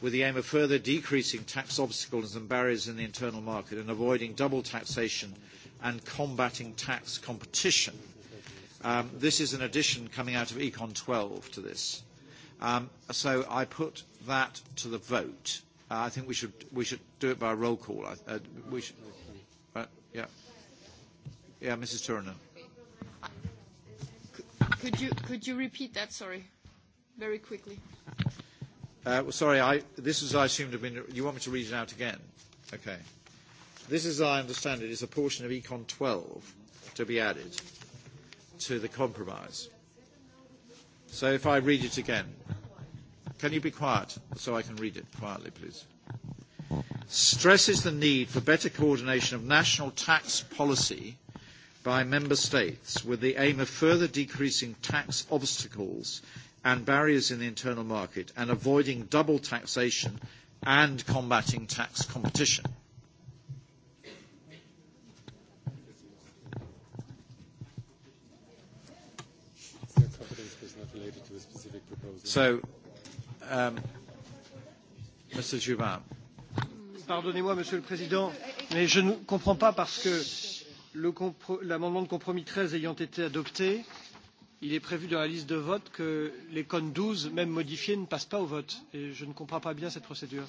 with the aim of further decreasing tax obstacles and barriers in the internal market and avoiding double taxation and combating tax competition. Um, this is an addition coming out of Econ 12 to this. Um, so I put that to the vote. Uh, I think we should, we should do it by roll call. Uh, we should, uh, yeah. Yeah, Mrs. Turner. Could you, could you repeat that? Sorry. Very quickly. Uh, well, sorry, I, this is, I assumed, have been. You want me to read it out again? Okay. This, as I understand it, is a portion of Econ 12 to be added to the compromise. So if I read it again, Can you be quiet so I can read it quietly, please? Stresses the need for better coordination of national tax policy by member states with the aim of further decreasing tax obstacles and barriers in the internal market and avoiding double taxation and combating tax competition. So Um, Mr. Juvin. Pardonnez-moi, Monsieur le Président, mais je ne comprends pas parce que l'amendement de compromis 13 ayant été adopté, il est prévu dans la liste de vote que les CON 12, même modifiés, ne passent pas au vote. Et je ne comprends pas bien cette procédure.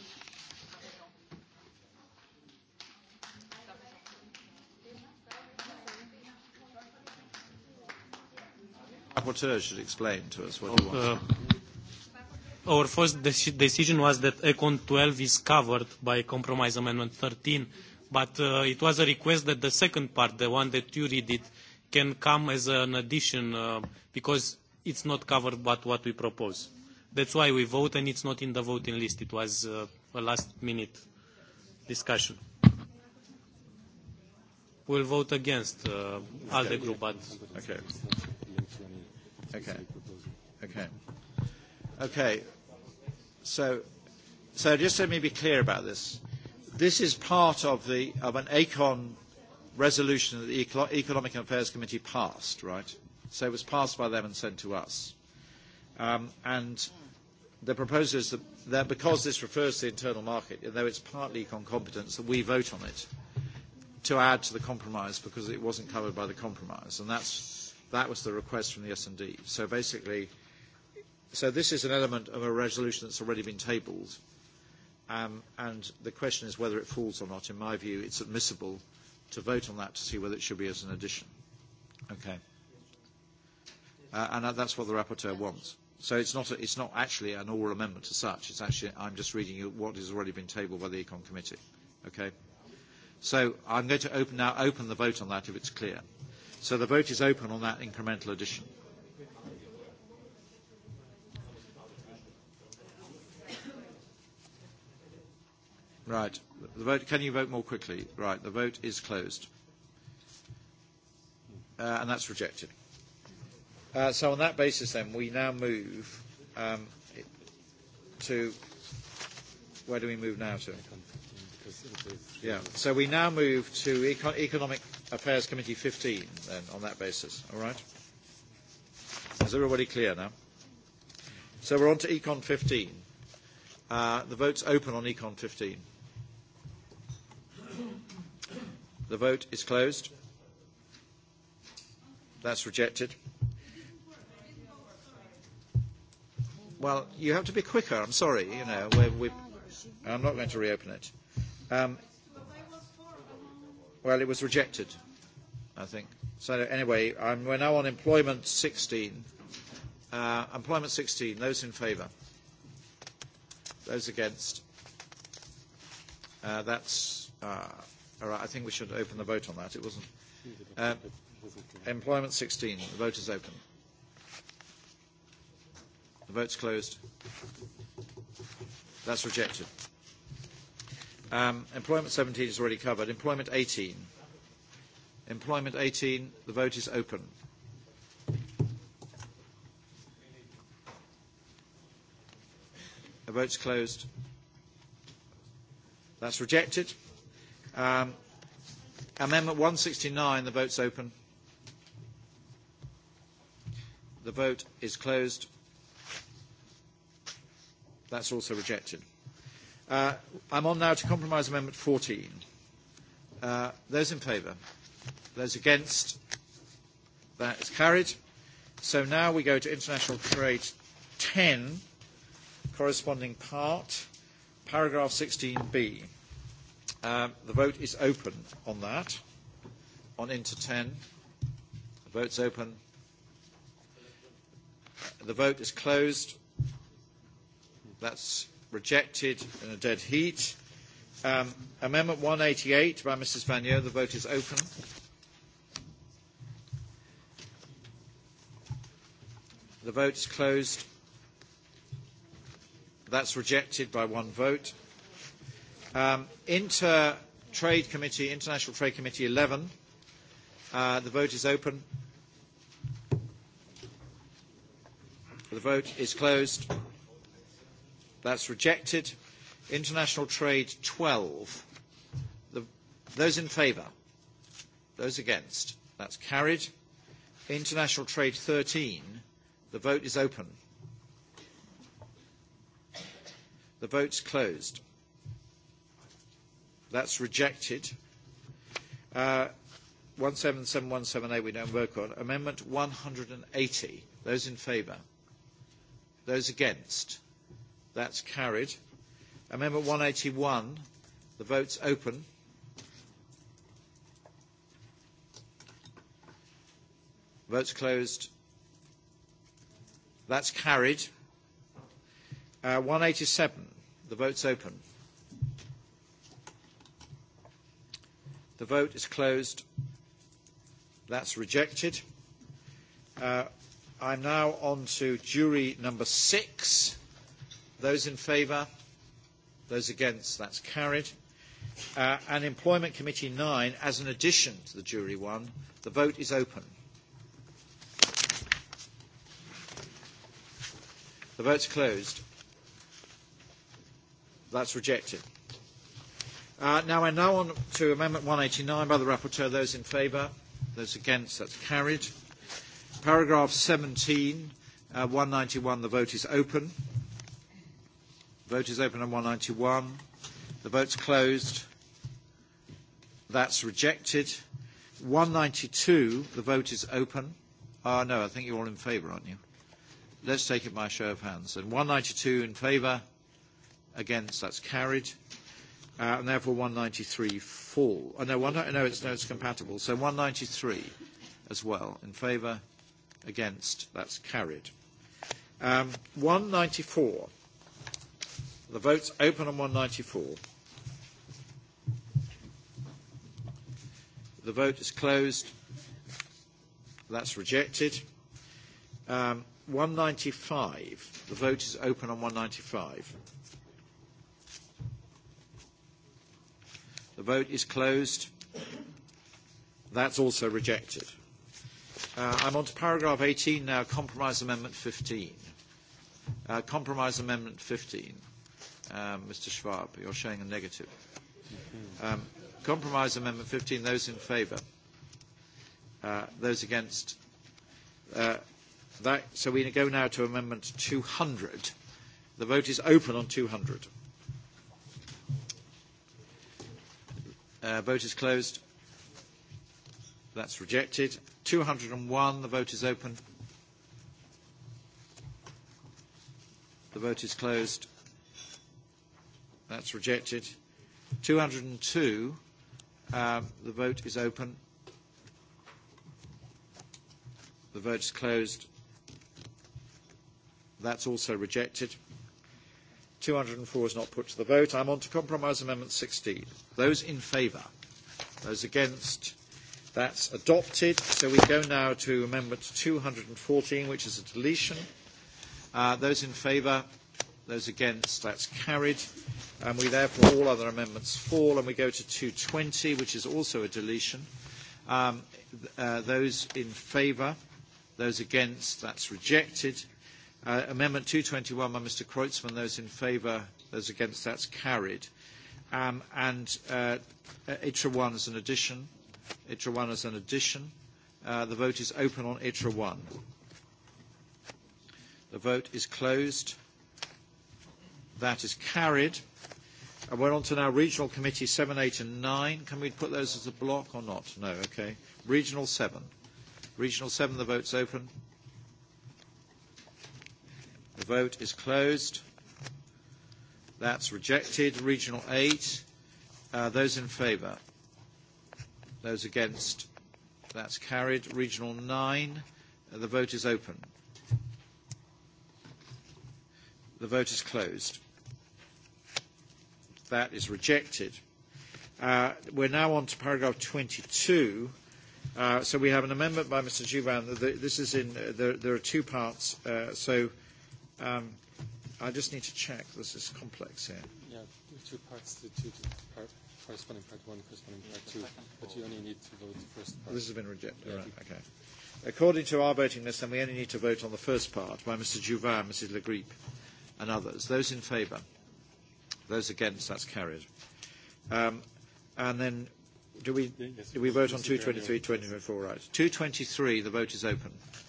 rapporteur should explain to us what you want. Uh, our first dec decision was that Econ 12 is covered by Compromise Amendment 13, but uh, it was a request that the second part, the one that you read it, can come as an addition uh, because it's not covered by what we propose. That's why we vote and it's not in the voting list. It was uh, a last minute discussion. We'll vote against uh, ALDE okay. group, but... Okay. Okay. Okay. Okay. So, so just let me be clear about this. This is part of, the, of an ACON resolution that the Eco- Economic Affairs Committee passed, right? So it was passed by them and sent to us. Um, and the proposal is that, that because this refers to the internal market, though it's partly econ competence, that we vote on it to add to the compromise because it wasn't covered by the compromise. And that's, that was the request from the S&D. So basically, So this is an element of a resolution that's already been tabled. Um, and the question is whether it falls or not. In my view, it's admissible to vote on that to see whether it should be as an addition. Okay. Uh, and that's what the rapporteur wants. So it's not, a, it's not actually an oral amendment as such. It's actually, I'm just reading you what has already been tabled by the Econ Committee. Okay. So I'm going to open, now open the vote on that if it's clear. So the vote is open on that incremental addition. Uh, Right. The vote, can you vote more quickly? Right. The vote is closed. Uh, and that's rejected. Uh, so on that basis then, we now move um, to, where do we move now to? Yeah, so we now move to Econ Economic Affairs Committee 15 then on that basis, all right? Is everybody clear now? So we're on to Econ 15. Uh, the vote's open on Econ 15. The vote is closed. That's rejected. Well, you have to be quicker. I'm sorry. You know, we're, we're, I'm not going to reopen it. Um, well, it was rejected, I think. So anyway, I'm, we're now on employment 16. Uh, employment 16. Those in favour. Those against. Uh, that's. Uh, All right, I think we should open the vote on that. It wasn't. Uh, employment 16. The vote is open. The vote's closed. That's rejected. Um, employment 17 is already covered. Employment 18. Employment 18, the vote is open. The vote's closed. That's rejected. Um, amendment 169, the vote's open. The vote is closed. That's also rejected. Uh, I'm on now to compromise amendment 14. Uh, those in favour? Those against? That is carried. So now we go to international trade 10, corresponding part, paragraph 16b. Uh, the vote is open on that, on into 10. The vote's open. Uh, the vote is closed. That's rejected in a dead heat. Um, amendment 188 by Mrs. Vanier. The vote is open. The vote's closed. That's rejected by one vote. Um, Inter Trade Committee, International Trade Committee 11. Uh, the vote is open. The vote is closed. That's rejected. International Trade 12. The, those in favour? Those against? That's carried. International Trade 13. The vote is open. The vote's closed. That's rejected. Uh, 177, 178 we don't work on. Amendment 180. Those in favour? Those against? That's carried. Amendment 181. The vote's open. Vote's closed. That's carried. Uh, 187. The vote's open. The vote is closed. That's rejected. Uh, I'm now on to jury number six. Those in favour? Those against? That's carried. Uh, and Employment Committee 9, as an addition to the jury 1, the vote is open. The vote's closed. That's rejected. Uh, now I now on to Amendment 189 by the Rapporteur. Those in favour? Those against? That's carried. Paragraph 17, uh, 191, the vote is open. Vote is open on 191. The vote's closed. That's rejected. 192, the vote is open. Uh, no, I think you're all in favour, aren't you? Let's take it by a show of hands. And 192 in favour, against, that's carried. Uh, and therefore 193 fall. Oh, no, one, no, it's, no, it's compatible. So 193 as well. In favour, against, that's carried. Um, 194. The vote's open on 194. The vote is closed. That's rejected. Um, 195. The vote is open on 195. The vote is closed. That's also rejected. Uh, I'm on to paragraph 18 now, Compromise Amendment 15. Uh, compromise Amendment 15. Um, Mr. Schwab, you're showing a negative. Um, compromise Amendment 15, those in favour. Uh, those against. Uh, that, so we go now to Amendment 200. The vote is open on 200. Uh, vote is closed. That's rejected. 201, the vote is open. The vote is closed. That's rejected. 202, um, the vote is open. The vote is closed. That's also rejected. 204 is not put to the vote. I'm on to compromise amendment 16. Those in favour? Those against? That's adopted. So we go now to amendment 214, which is a deletion. Uh, those in favour? Those against? That's carried. And we therefore, all other amendments fall, and we go to 220, which is also a deletion. Um, uh, those in favour? Those against? That's rejected. Uh, amendment 221 by Mr. Kreutzmann, those in favour, those against, that's carried. Um, and uh, uh ITRA 1 as an addition. ITRA 1 as an addition. Uh, the vote is open on ITRA 1. The vote is closed. That is carried. And uh, we're on to now Regional Committee 7, 8 and 9. Can we put those as a block or not? No, okay. Regional 7. Regional 7, the vote's open. The vote is closed. That's rejected. Regional 8. Uh, those in favour? Those against? That's carried. Regional 9. Uh, the vote is open. The vote is closed. That is rejected. Uh, we're now on to paragraph 22. Uh, so we have an amendment by Mr. Juvan. The, this is in, uh, there, there are two parts. Uh, so Um, I just need to check. This is complex here. Yeah, two parts, the two part, corresponding part one, corresponding part two, but you only need to vote the first part. This has been rejected. Yeah, right, okay. According to our voting list, then we only need to vote on the first part by Mr. Juvin, Mrs. Le Grip, and others. Those in favour? Those against? That's carried. Um, and then do we, yes, do we vote on 223, 224? Right. 223, the vote is open. Yes.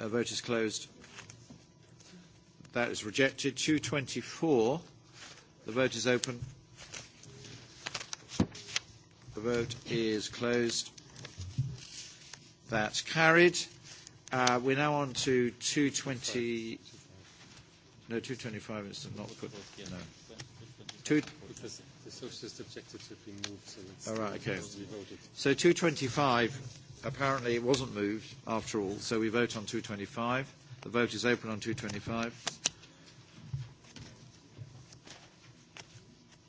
Uh, vote is closed. That is rejected. 224. The vote is open. The vote is closed. That's carried. Uh, we're now on to 220. No, 225 is not put. No. Two, the socialist objectives have been moved, so it's. All right, okay. So 225 apparently it wasn't moved after all, so we vote on 225. The vote is open on 225.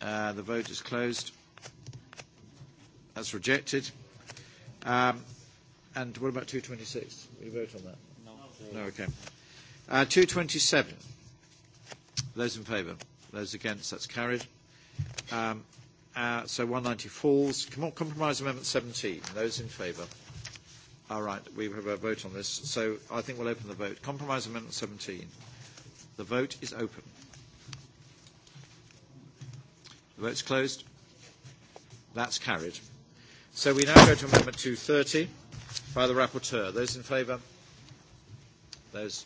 Uh, the vote is closed. That's rejected. Um, and what about 226? We vote on that? No. No, okay. Uh, 227. Those in favour? Those against? That's carried. Um, uh, so 190 falls. Com- compromise Amendment 17. Those in favour? All right, we have a vote on this. So I think we'll open the vote. Compromise Amendment 17. The vote is open. The vote's closed. That's carried. So we now go to Amendment 230 by the rapporteur. Those in favour? Those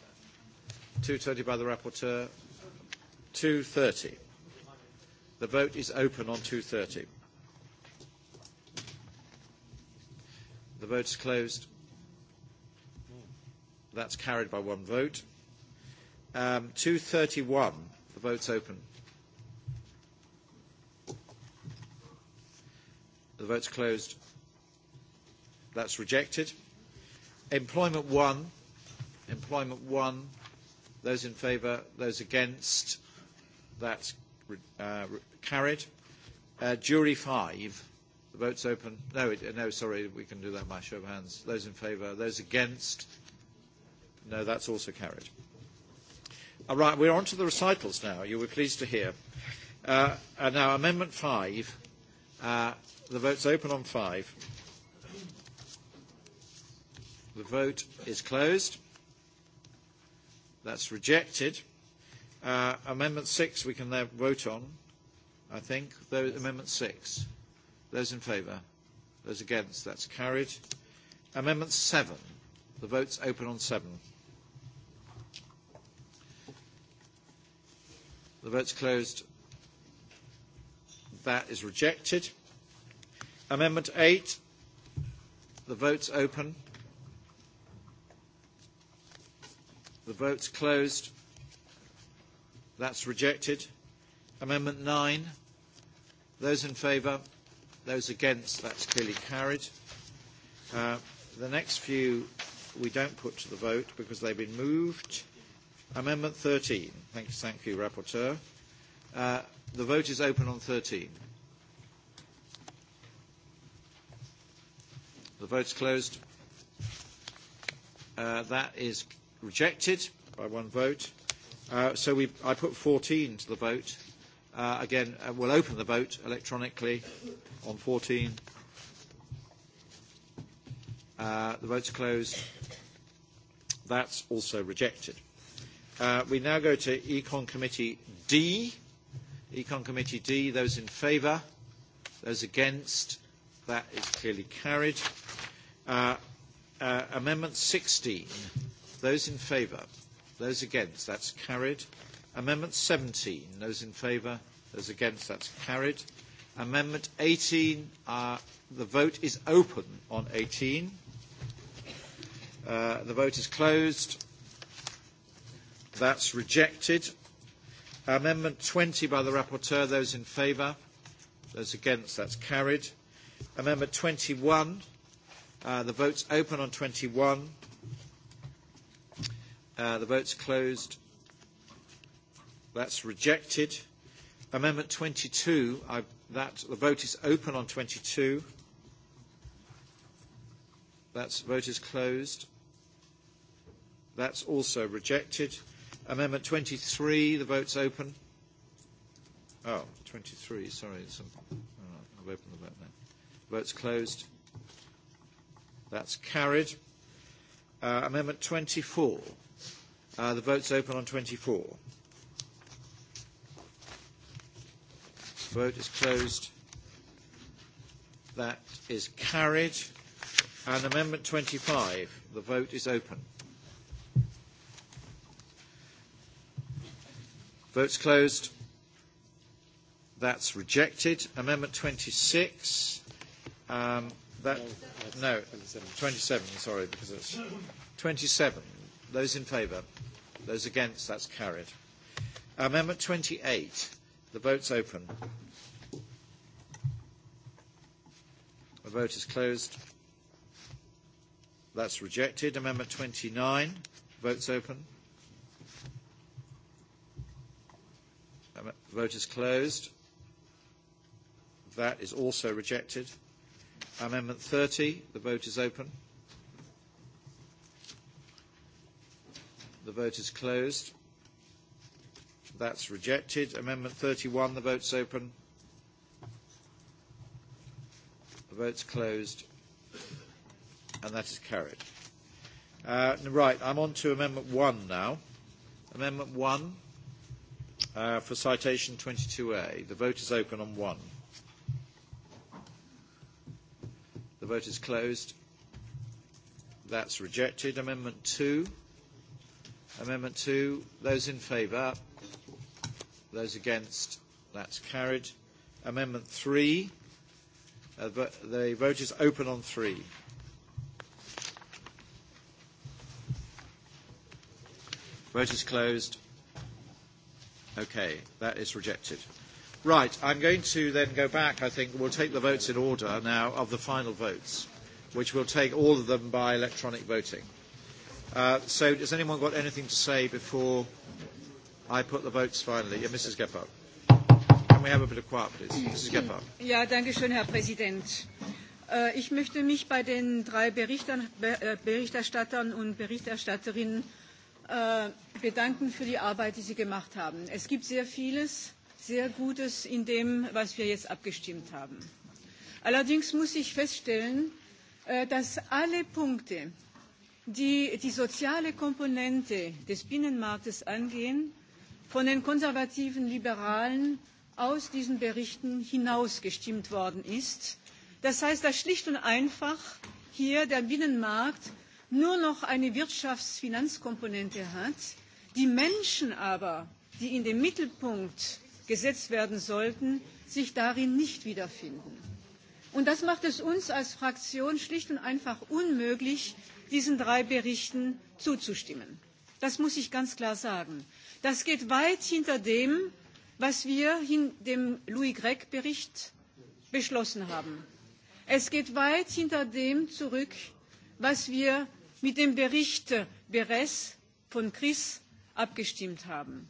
230 by the rapporteur. 230. The vote is open on 230. The vote's closed. That's carried by one vote. Um, 231. The vote's open. The vote's closed. That's rejected. Employment 1. Employment 1. Those in favour, those against. That's uh, carried. Uh, jury 5. The vote's open. No, it, no, sorry, we can do that by show of hands. Those in favour, those against. No, that's also carried. All right, we're on to the recitals now. You'll be pleased to hear. Uh, and now, Amendment 5. Uh, the vote's open on 5. The vote is closed. That's rejected. Uh, amendment 6 we can then vote on, I think. Those, amendment 6. Those in favour? Those against? That's carried. Amendment 7. The vote's open on 7. The vote's closed. That is rejected. Amendment 8. The vote's open. The vote's closed. That's rejected. Amendment 9. Those in favour, those against, that's clearly carried. Uh, the next few we don't put to the vote because they've been moved. Amendment 13. Thank you, thank you Rapporteur. Uh, the vote is open on 13. The vote's closed. Uh, that is rejected by one vote. Uh, so we, I put 14 to the vote. Uh, again, uh, we'll open the vote electronically on 14. Uh, the vote's closed. That's also rejected. Uh, we now go to Econ Committee D. Econ Committee D, those in favour, those against, that is clearly carried. Uh, uh, amendment 16, those in favour, those against, that's carried. Amendment 17, those in favour, those against, that's carried. Amendment 18, uh, the vote is open on 18. Uh, the vote is closed That's rejected. Amendment 20 by the rapporteur. Those in favour? Those against? That's carried. Amendment 21. Uh, the vote's open on 21. Uh, the vote's closed. That's rejected. Amendment 22. I, that, the vote is open on 22. That's vote is closed. That's also rejected. Amendment 23, the vote's open. Oh, 23, sorry. It's, all right, uh, I've opened the vote now. Vote's closed. That's carried. Uh, amendment 24. Uh, the vote's open on 24. Vote is closed. That is carried. And amendment 25. The vote is open. Votes closed. That's rejected. Amendment 26. Um, that, no, no, 27. 27, sorry, because it's 27. Those in favour? Those against? That's carried. Amendment 28. The vote's open. The vote is closed. That's rejected. Amendment 29. Votes open. Vote is closed. That is also rejected. Amendment 30. The vote is open. The vote is closed. That's rejected. Amendment 31. The vote's open. The vote's closed. And that is carried. Uh, right, I'm on to Amendment 1 now. Amendment 1. Uh, for citation 22A, the vote is open on one. The vote is closed. That's rejected. Amendment 2. Amendment 2. Those in favour? Those against? That's carried. Amendment 3. Uh, the vote is open on 3. Vote is closed. Okay, that is rejected. Right, I'm going to then go back, I think. We'll take the votes in order now of the final votes, which we'll take all of them by electronic voting. Uh, so does anyone got anything to say before I put the votes finally? Yeah, Mrs. Gephardt. Can we have a bit of quiet, please? Mrs. Gephardt. Ja, danke schön, Herr Präsident. Äh, ich möchte mich bei den drei Berichtern, äh, Berichterstattern und Berichterstatterinnen bedanken äh, für die Arbeit, die Sie gemacht haben. Es gibt sehr vieles, sehr Gutes in dem, was wir jetzt abgestimmt haben. Allerdings muss ich feststellen, äh, dass alle Punkte, die die soziale Komponente des Binnenmarktes angehen, von den konservativen Liberalen aus diesen Berichten hinausgestimmt worden ist. Das heißt, dass schlicht und einfach hier der Binnenmarkt nur noch eine Wirtschaftsfinanzkomponente hat, die Menschen aber, die in den Mittelpunkt gesetzt werden sollten, sich darin nicht wiederfinden. Und das macht es uns als Fraktion schlicht und einfach unmöglich, diesen drei Berichten zuzustimmen. Das muss ich ganz klar sagen. Das geht weit hinter dem, was wir in dem Louis Gregg Bericht beschlossen haben. Es geht weit hinter dem zurück, was wir mit dem Bericht Beres von Chris abgestimmt haben.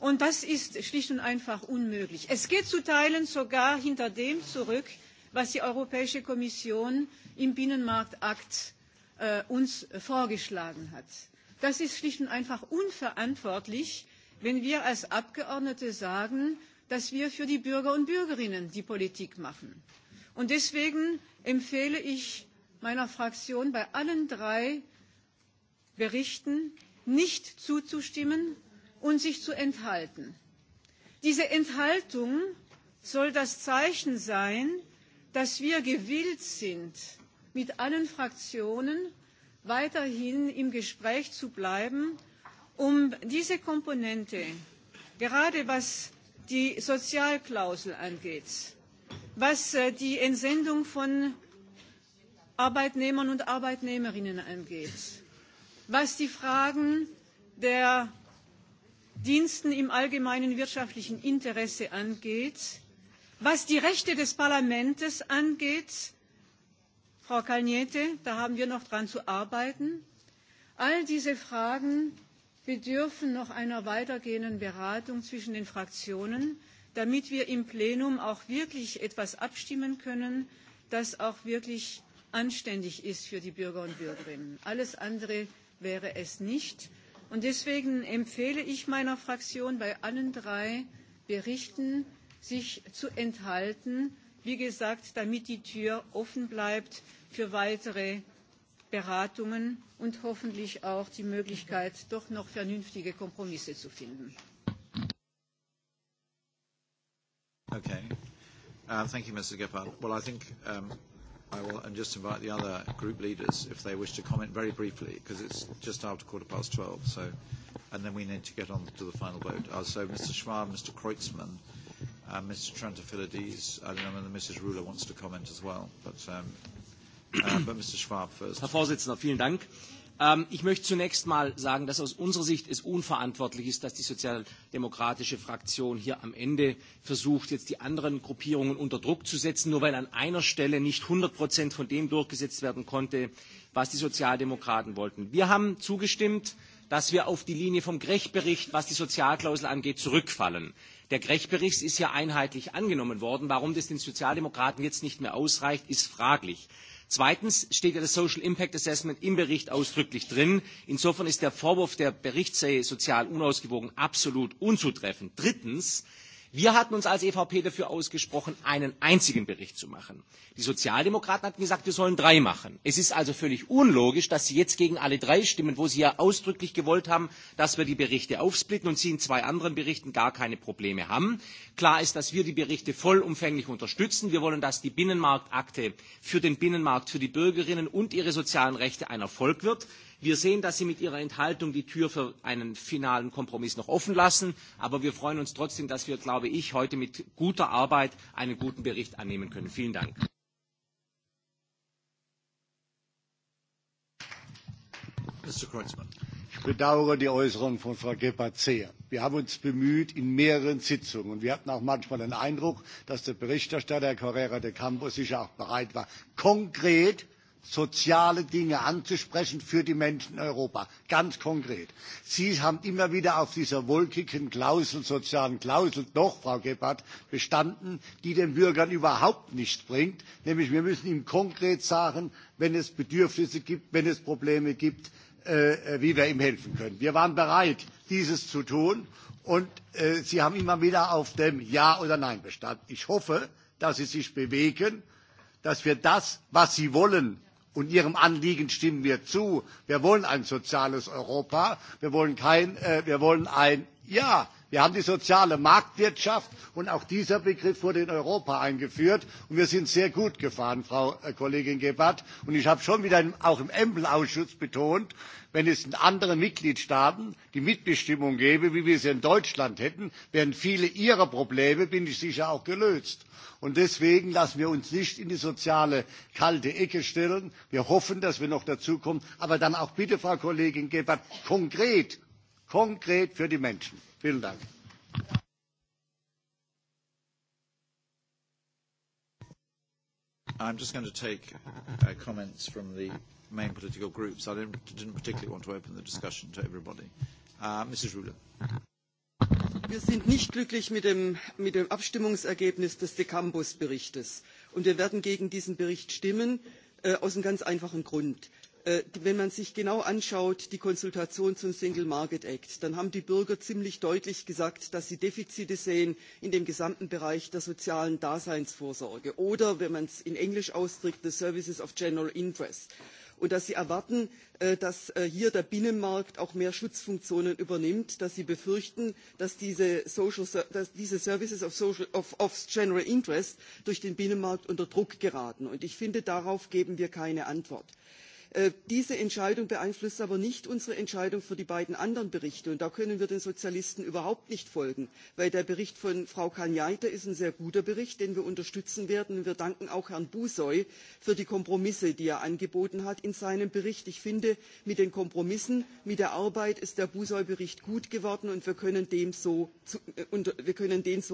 Und das ist schlicht und einfach unmöglich. Es geht zu Teilen sogar hinter dem zurück, was die Europäische Kommission im Binnenmarktakt äh, uns vorgeschlagen hat. Das ist schlicht und einfach unverantwortlich, wenn wir als Abgeordnete sagen, dass wir für die Bürger und Bürgerinnen die Politik machen. Und deswegen empfehle ich meiner Fraktion bei allen drei Berichten nicht zuzustimmen und sich zu enthalten. Diese Enthaltung soll das Zeichen sein, dass wir gewillt sind, mit allen Fraktionen weiterhin im Gespräch zu bleiben, um diese Komponente, gerade was die Sozialklausel angeht, was äh, die Entsendung von Arbeitnehmern und Arbeitnehmerinnen angeht, was die Fragen der Diensten im allgemeinen wirtschaftlichen Interesse angeht, was die Rechte des Parlaments angeht, Frau Kalniete, da haben wir noch dran zu arbeiten. All diese Fragen bedürfen noch einer weitergehenden Beratung zwischen den Fraktionen, damit wir im Plenum auch wirklich etwas abstimmen können, das auch wirklich anständig ist für die Bürger und Bürgerinnen. Alles andere wäre es nicht. Und deswegen empfehle ich meiner Fraktion bei allen drei Berichten, sich zu enthalten, wie gesagt, damit die Tür offen bleibt für weitere Beratungen und hoffentlich auch die Möglichkeit, doch noch vernünftige Kompromisse zu finden. Okay. Uh, thank you, Mr. Gephardt. Well, I think um, I will just invite the other group leaders, if they wish to comment very briefly, because it's just after quarter past 12. So, and then we need to get on to the final vote. Uh, so Mr. Schwab, Mr. Kreutzmann, uh, Mr. Trantafilides, I don't know whether Mrs. Ruler wants to comment as well, but, um, uh, but Mr. Schwab first. Herr Vorsitzender, vielen Dank. Ähm, ich möchte zunächst mal sagen, dass aus unserer Sicht es unverantwortlich ist, dass die sozialdemokratische Fraktion hier am Ende versucht, jetzt die anderen Gruppierungen unter Druck zu setzen, nur weil an einer Stelle nicht 100 Prozent von dem durchgesetzt werden konnte, was die Sozialdemokraten wollten. Wir haben zugestimmt, dass wir auf die Linie vom Grech-Bericht, was die Sozialklausel angeht, zurückfallen. Der Grech-Bericht ist ja einheitlich angenommen worden. Warum das den Sozialdemokraten jetzt nicht mehr ausreicht, ist fraglich. Zweitens steht ja das Social Impact Assessment im Bericht ausdrücklich drin. Insofern ist der Vorwurf, der Bericht sei sozial unausgewogen, absolut unzutreffend. Drittens Wir hatten uns als EVP dafür ausgesprochen, einen einzigen Bericht zu machen. Die Sozialdemokraten hatten gesagt, wir sollen drei machen. Es ist also völlig unlogisch, dass Sie jetzt gegen alle drei stimmen, wo Sie ja ausdrücklich gewollt haben, dass wir die Berichte aufsplitten und Sie in zwei anderen Berichten gar keine Probleme haben. Klar ist, dass wir die Berichte vollumfänglich unterstützen. Wir wollen, dass die Binnenmarktakte für den Binnenmarkt, für die Bürgerinnen und ihre sozialen Rechte ein Erfolg wird. Wir sehen, dass Sie mit Ihrer Enthaltung die Tür für einen finalen Kompromiss noch offen lassen, aber wir freuen uns trotzdem, dass wir, glaube ich, heute mit guter Arbeit einen guten Bericht annehmen können. Vielen Dank. Mr. Kreuzmann. Ich bedauere die Äußerungen von Frau Gebhardt sehr. Wir haben uns bemüht in mehreren Sitzungen und wir hatten auch manchmal den Eindruck, dass der Berichterstatter, Herr Correra de Campos, sicher auch bereit war, konkret soziale Dinge anzusprechen für die Menschen in Europa. Ganz konkret. Sie haben immer wieder auf dieser wolkigen Klausel, sozialen Klausel, doch, Frau Gebhardt, bestanden, die den Bürgern überhaupt nichts bringt. Nämlich wir müssen ihm konkret sagen, wenn es Bedürfnisse gibt, wenn es Probleme gibt, äh, äh, wie wir ihm helfen können. Wir waren bereit, dieses zu tun. Und äh, Sie haben immer wieder auf dem Ja oder Nein bestanden. Ich hoffe, dass Sie sich bewegen, dass wir das, was Sie wollen, Und Ihrem Anliegen stimmen wir zu. Wir wollen ein soziales Europa. Wir wollen, kein, äh, wir wollen ein Ja Wir haben die soziale Marktwirtschaft und auch dieser Begriff wurde in Europa eingeführt und wir sind sehr gut gefahren, Frau äh, Kollegin Gebhardt. Und ich habe schon wieder auch im Empel-Ausschuss betont, wenn es in anderen Mitgliedstaaten die Mitbestimmung gäbe, wie wir sie in Deutschland hätten, wären viele ihrer Probleme, bin ich sicher, auch gelöst. Und deswegen lassen wir uns nicht in die soziale kalte Ecke stellen. Wir hoffen, dass wir noch dazu kommen. Aber dann auch bitte, Frau Kollegin Gebhardt, konkret konkret für die Menschen. Vielen Dank. I'm just going to take uh, comments from the main political groups. I didn't, didn't particularly want to open the discussion to everybody. Uh, Mrs. Ruler. Wir sind nicht glücklich mit dem, mit dem Abstimmungsergebnis des De Campos Berichtes. Und wir werden gegen diesen Bericht stimmen, äh, aus einem ganz einfachen Grund. Äh, wenn man sich genau anschaut die konsultation zum single market act dann haben die bürger ziemlich deutlich gesagt dass sie defizite sehen in dem gesamten bereich der sozialen daseinsvorsorge oder wenn man es in englisch ausdrückt the services of general interest und dass sie erwarten äh, dass äh, hier der binnenmarkt auch mehr schutzfunktionen übernimmt dass sie befürchten dass diese, social, dass diese services of, social, of, of general interest durch den binnenmarkt unter druck geraten. Und ich finde darauf geben wir keine antwort. Äh, diese entscheidung beeinflusst aber nicht unsere entscheidung für die beiden anderen berichte und da können wir den sozialisten überhaupt nicht folgen denn der bericht von frau kalniete ist ein sehr guter bericht den wir unterstützen werden. wir danken auch herrn buoi für die kompromisse die er angeboten hat in seinem bericht. ich finde mit den kompromissen mit der arbeit ist der buoi bericht gut geworden und äh, wir können den so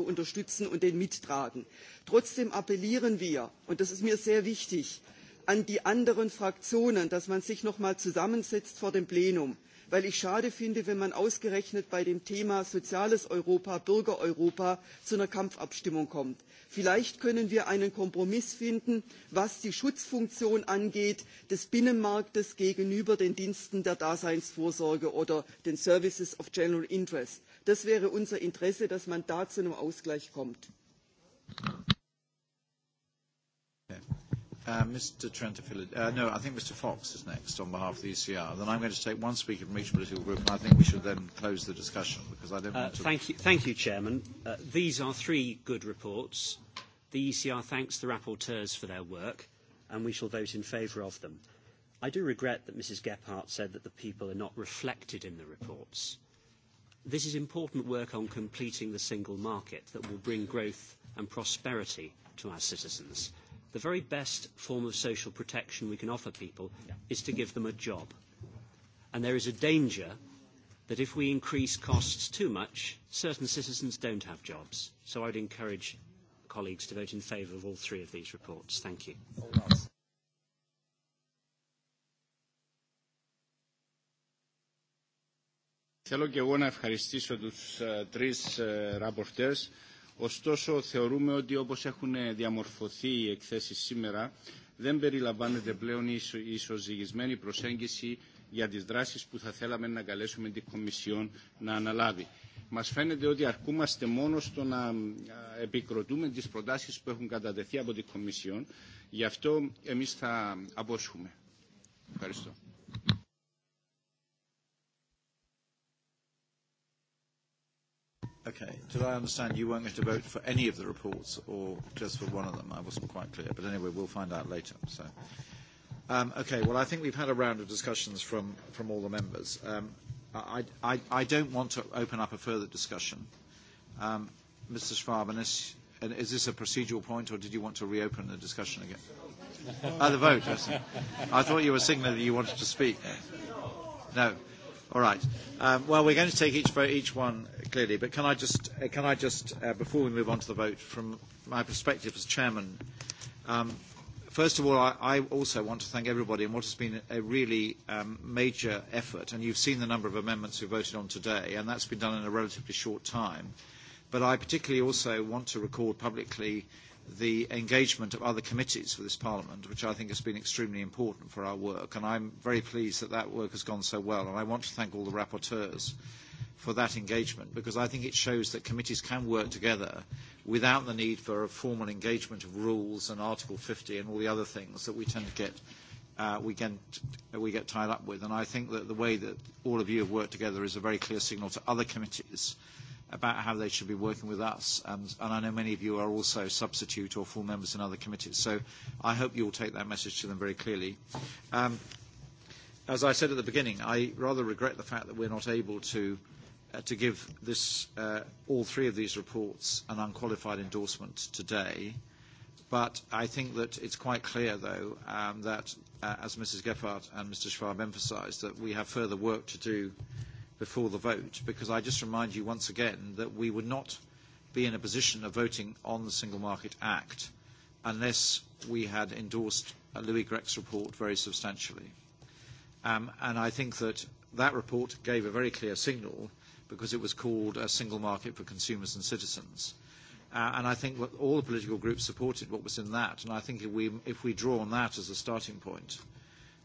unterstützen und ihn mittragen. trotzdem appellieren wir und das ist mir sehr wichtig an die anderen fraktionen dass man sich noch einmal zusammensetzt vor dem plenum weil ich es schade finde wenn man ausgerechnet bei dem thema soziales europa bürger europa zu einer kampfabstimmung kommt. vielleicht können wir einen kompromiss finden was die schutzfunktion des binnenmarktes gegenüber den diensten der daseinsvorsorge oder den services of general interest angeht. das wäre unser interesse dass man da zu einem ausgleich kommt. Uh, Mr. Trent, uh, no, I think Mr. Fox is next on behalf of the ECR. Then I'm going to take one speaker from each political group, and I think we should then close the discussion because I don't uh, want to. Thank you, thank you Chairman. Uh, these are three good reports. The ECR thanks the rapporteurs for their work, and we shall vote in favour of them. I do regret that Mrs. Gephardt said that the people are not reflected in the reports. This is important work on completing the single market that will bring growth and prosperity to our citizens the very best form of social protection we can offer people is to give them a job. And there is a danger that if we increase costs too much, certain citizens don't have jobs. So I would encourage colleagues to vote in favour of all three of these reports. Thank you. Θέλω και εγώ να ευχαριστήσω τους uh, τρεις uh, rapporteurs Ωστόσο, θεωρούμε ότι όπως έχουν διαμορφωθεί οι εκθέσεις σήμερα, δεν περιλαμβάνεται πλέον η ισοζυγισμένη προσέγγιση για τις δράσεις που θα θέλαμε να καλέσουμε την Κομισιόν να αναλάβει. Μας φαίνεται ότι αρκούμαστε μόνο στο να επικροτούμε τις προτάσεις που έχουν κατατεθεί από την Κομισιόν. Γι' αυτό εμείς θα απόσχουμε. Ευχαριστώ. Okay. Did I understand you weren't going to vote for any of the reports or just for one of them? I wasn't quite clear. But anyway, we'll find out later. So. Um, okay. Well, I think we've had a round of discussions from, from all the members. Um, I, I, I don't want to open up a further discussion. Um, Mr. Schwab, unless, and is this a procedural point, or did you want to reopen the discussion again? oh, the vote. I, I thought you were signaling that you wanted to speak. No. All right. Um, well, we're going to take each vote, each one clearly, but can I just, uh, can I just uh, before we move on to the vote, from my perspective as chairman, um, first of all, I, I also want to thank everybody in what has been a really um, major effort, and you've seen the number of amendments who voted on today, and that's been done in a relatively short time. But I particularly also want to record publicly uh, the engagement of other committees for this Parliament, which I think has been extremely important for our work. And I'm very pleased that that work has gone so well. And I want to thank all the rapporteurs for that engagement, because I think it shows that committees can work together without the need for a formal engagement of rules and Article 50 and all the other things that we tend to get uh, we, get, we get tied up with. And I think that the way that all of you have worked together is a very clear signal to other committees uh, about how they should be working with us. Um, and I know many of you are also substitute or full members in other committees. So I hope you will take that message to them very clearly. Um, as I said at the beginning, I rather regret the fact that we're not able to, uh, to give this, uh, all three of these reports an unqualified endorsement today. But I think that it's quite clear, though, um, that, uh, as Mrs. Gephardt and Mr. Schwab emphasized, that we have further work to do uh, before the vote, because I just remind you once again that we would not be in a position of voting on the Single Market Act unless we had endorsed Louis Grech's report very substantially. Um, and I think that that report gave a very clear signal because it was called a single market for consumers and citizens. Uh, and I think what all the political groups supported what was in that. And I think if we, if we draw on that as a starting point, uh,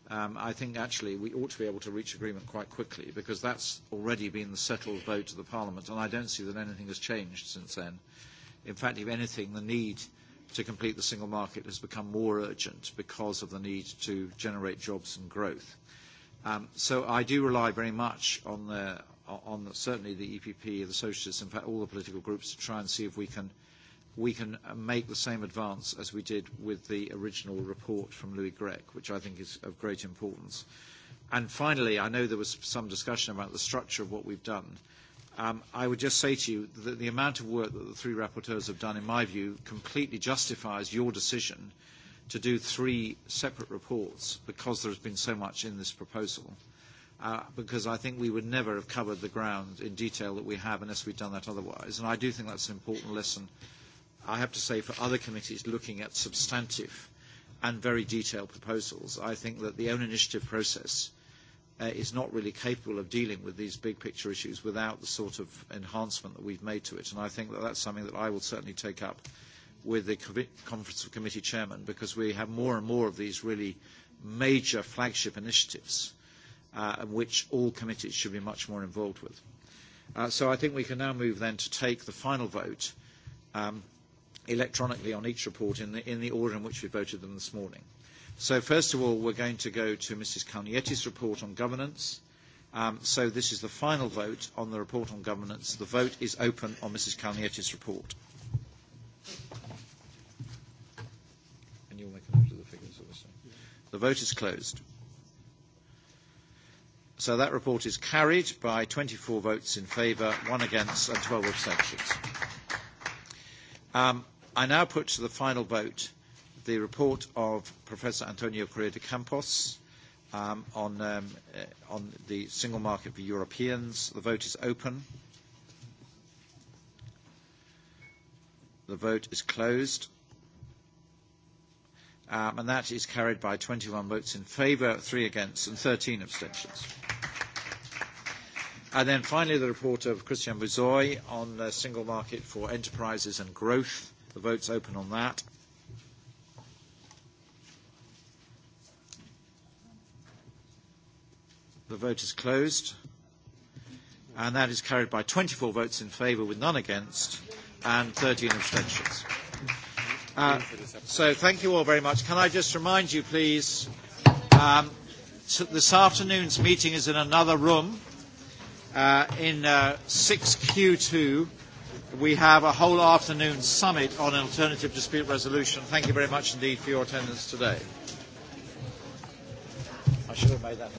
um, I think actually we ought to be able to reach agreement quite quickly because that's already been the settled vote of the Parliament, and I don't see that anything has changed since then. In fact, if anything, the need to complete the single market has become more urgent because of the need to generate jobs and growth. Um, so I do rely very much on, the, on the, certainly the EPP, the Socialists, in fact all the political groups to try and see if we can – we can make the same advance as we did with the original report from Louis Grech, which I think is of great importance. And finally, I know there was some discussion about the structure of what we've done. Um, I would just say to you that the amount of work that the three rapporteurs have done, in my view, completely justifies your decision to do three separate reports because there has been so much in this proposal. Uh, because I think we would never have covered the ground in detail that we have unless we'd done that otherwise. And I do think that's an important lesson uh, I have to say, for other committees looking at substantive and very detailed proposals, I think that the own initiative process uh, is not really capable of dealing with these big picture issues without the sort of enhancement that we've made to it. And I think that that's something that I will certainly take up with the Conference of Committee Chairmen because we have more and more of these really major flagship initiatives uh, in which all committees should be much more involved with. Uh, so I think we can now move then to take the final vote um, electronically on each report in the, in the order in which we voted them this morning. So first of all, we're going to go to Mrs. Calnietti's report on governance. Um, so this is the final vote on the report on governance. The vote is open on Mrs. Calnietti's report. And you'll make a note of the figures, obviously. The vote is closed. So that report is carried by 24 votes in favour, one against and 12 abstentions. Um, I now put to the final vote the report of Professor Antonio Correa de Campos um, on, um, uh, on the single market for Europeans. The vote is open. The vote is closed. Um, and that is carried by 21 votes in favour, 3 against and 13 abstentions. And then finally the report of Christian Buzoy on the uh, single market for enterprises and growth. The vote's open on that. The vote is closed. And that is carried by 24 votes in favour with none against and 13 abstentions. Uh, so thank you all very much. Can I just remind you, please, um, so this afternoon's meeting is in another room uh, in uh, 6Q2 we have a whole afternoon summit on alternative dispute resolution. Thank you very much indeed for your attendance today. I should have made that.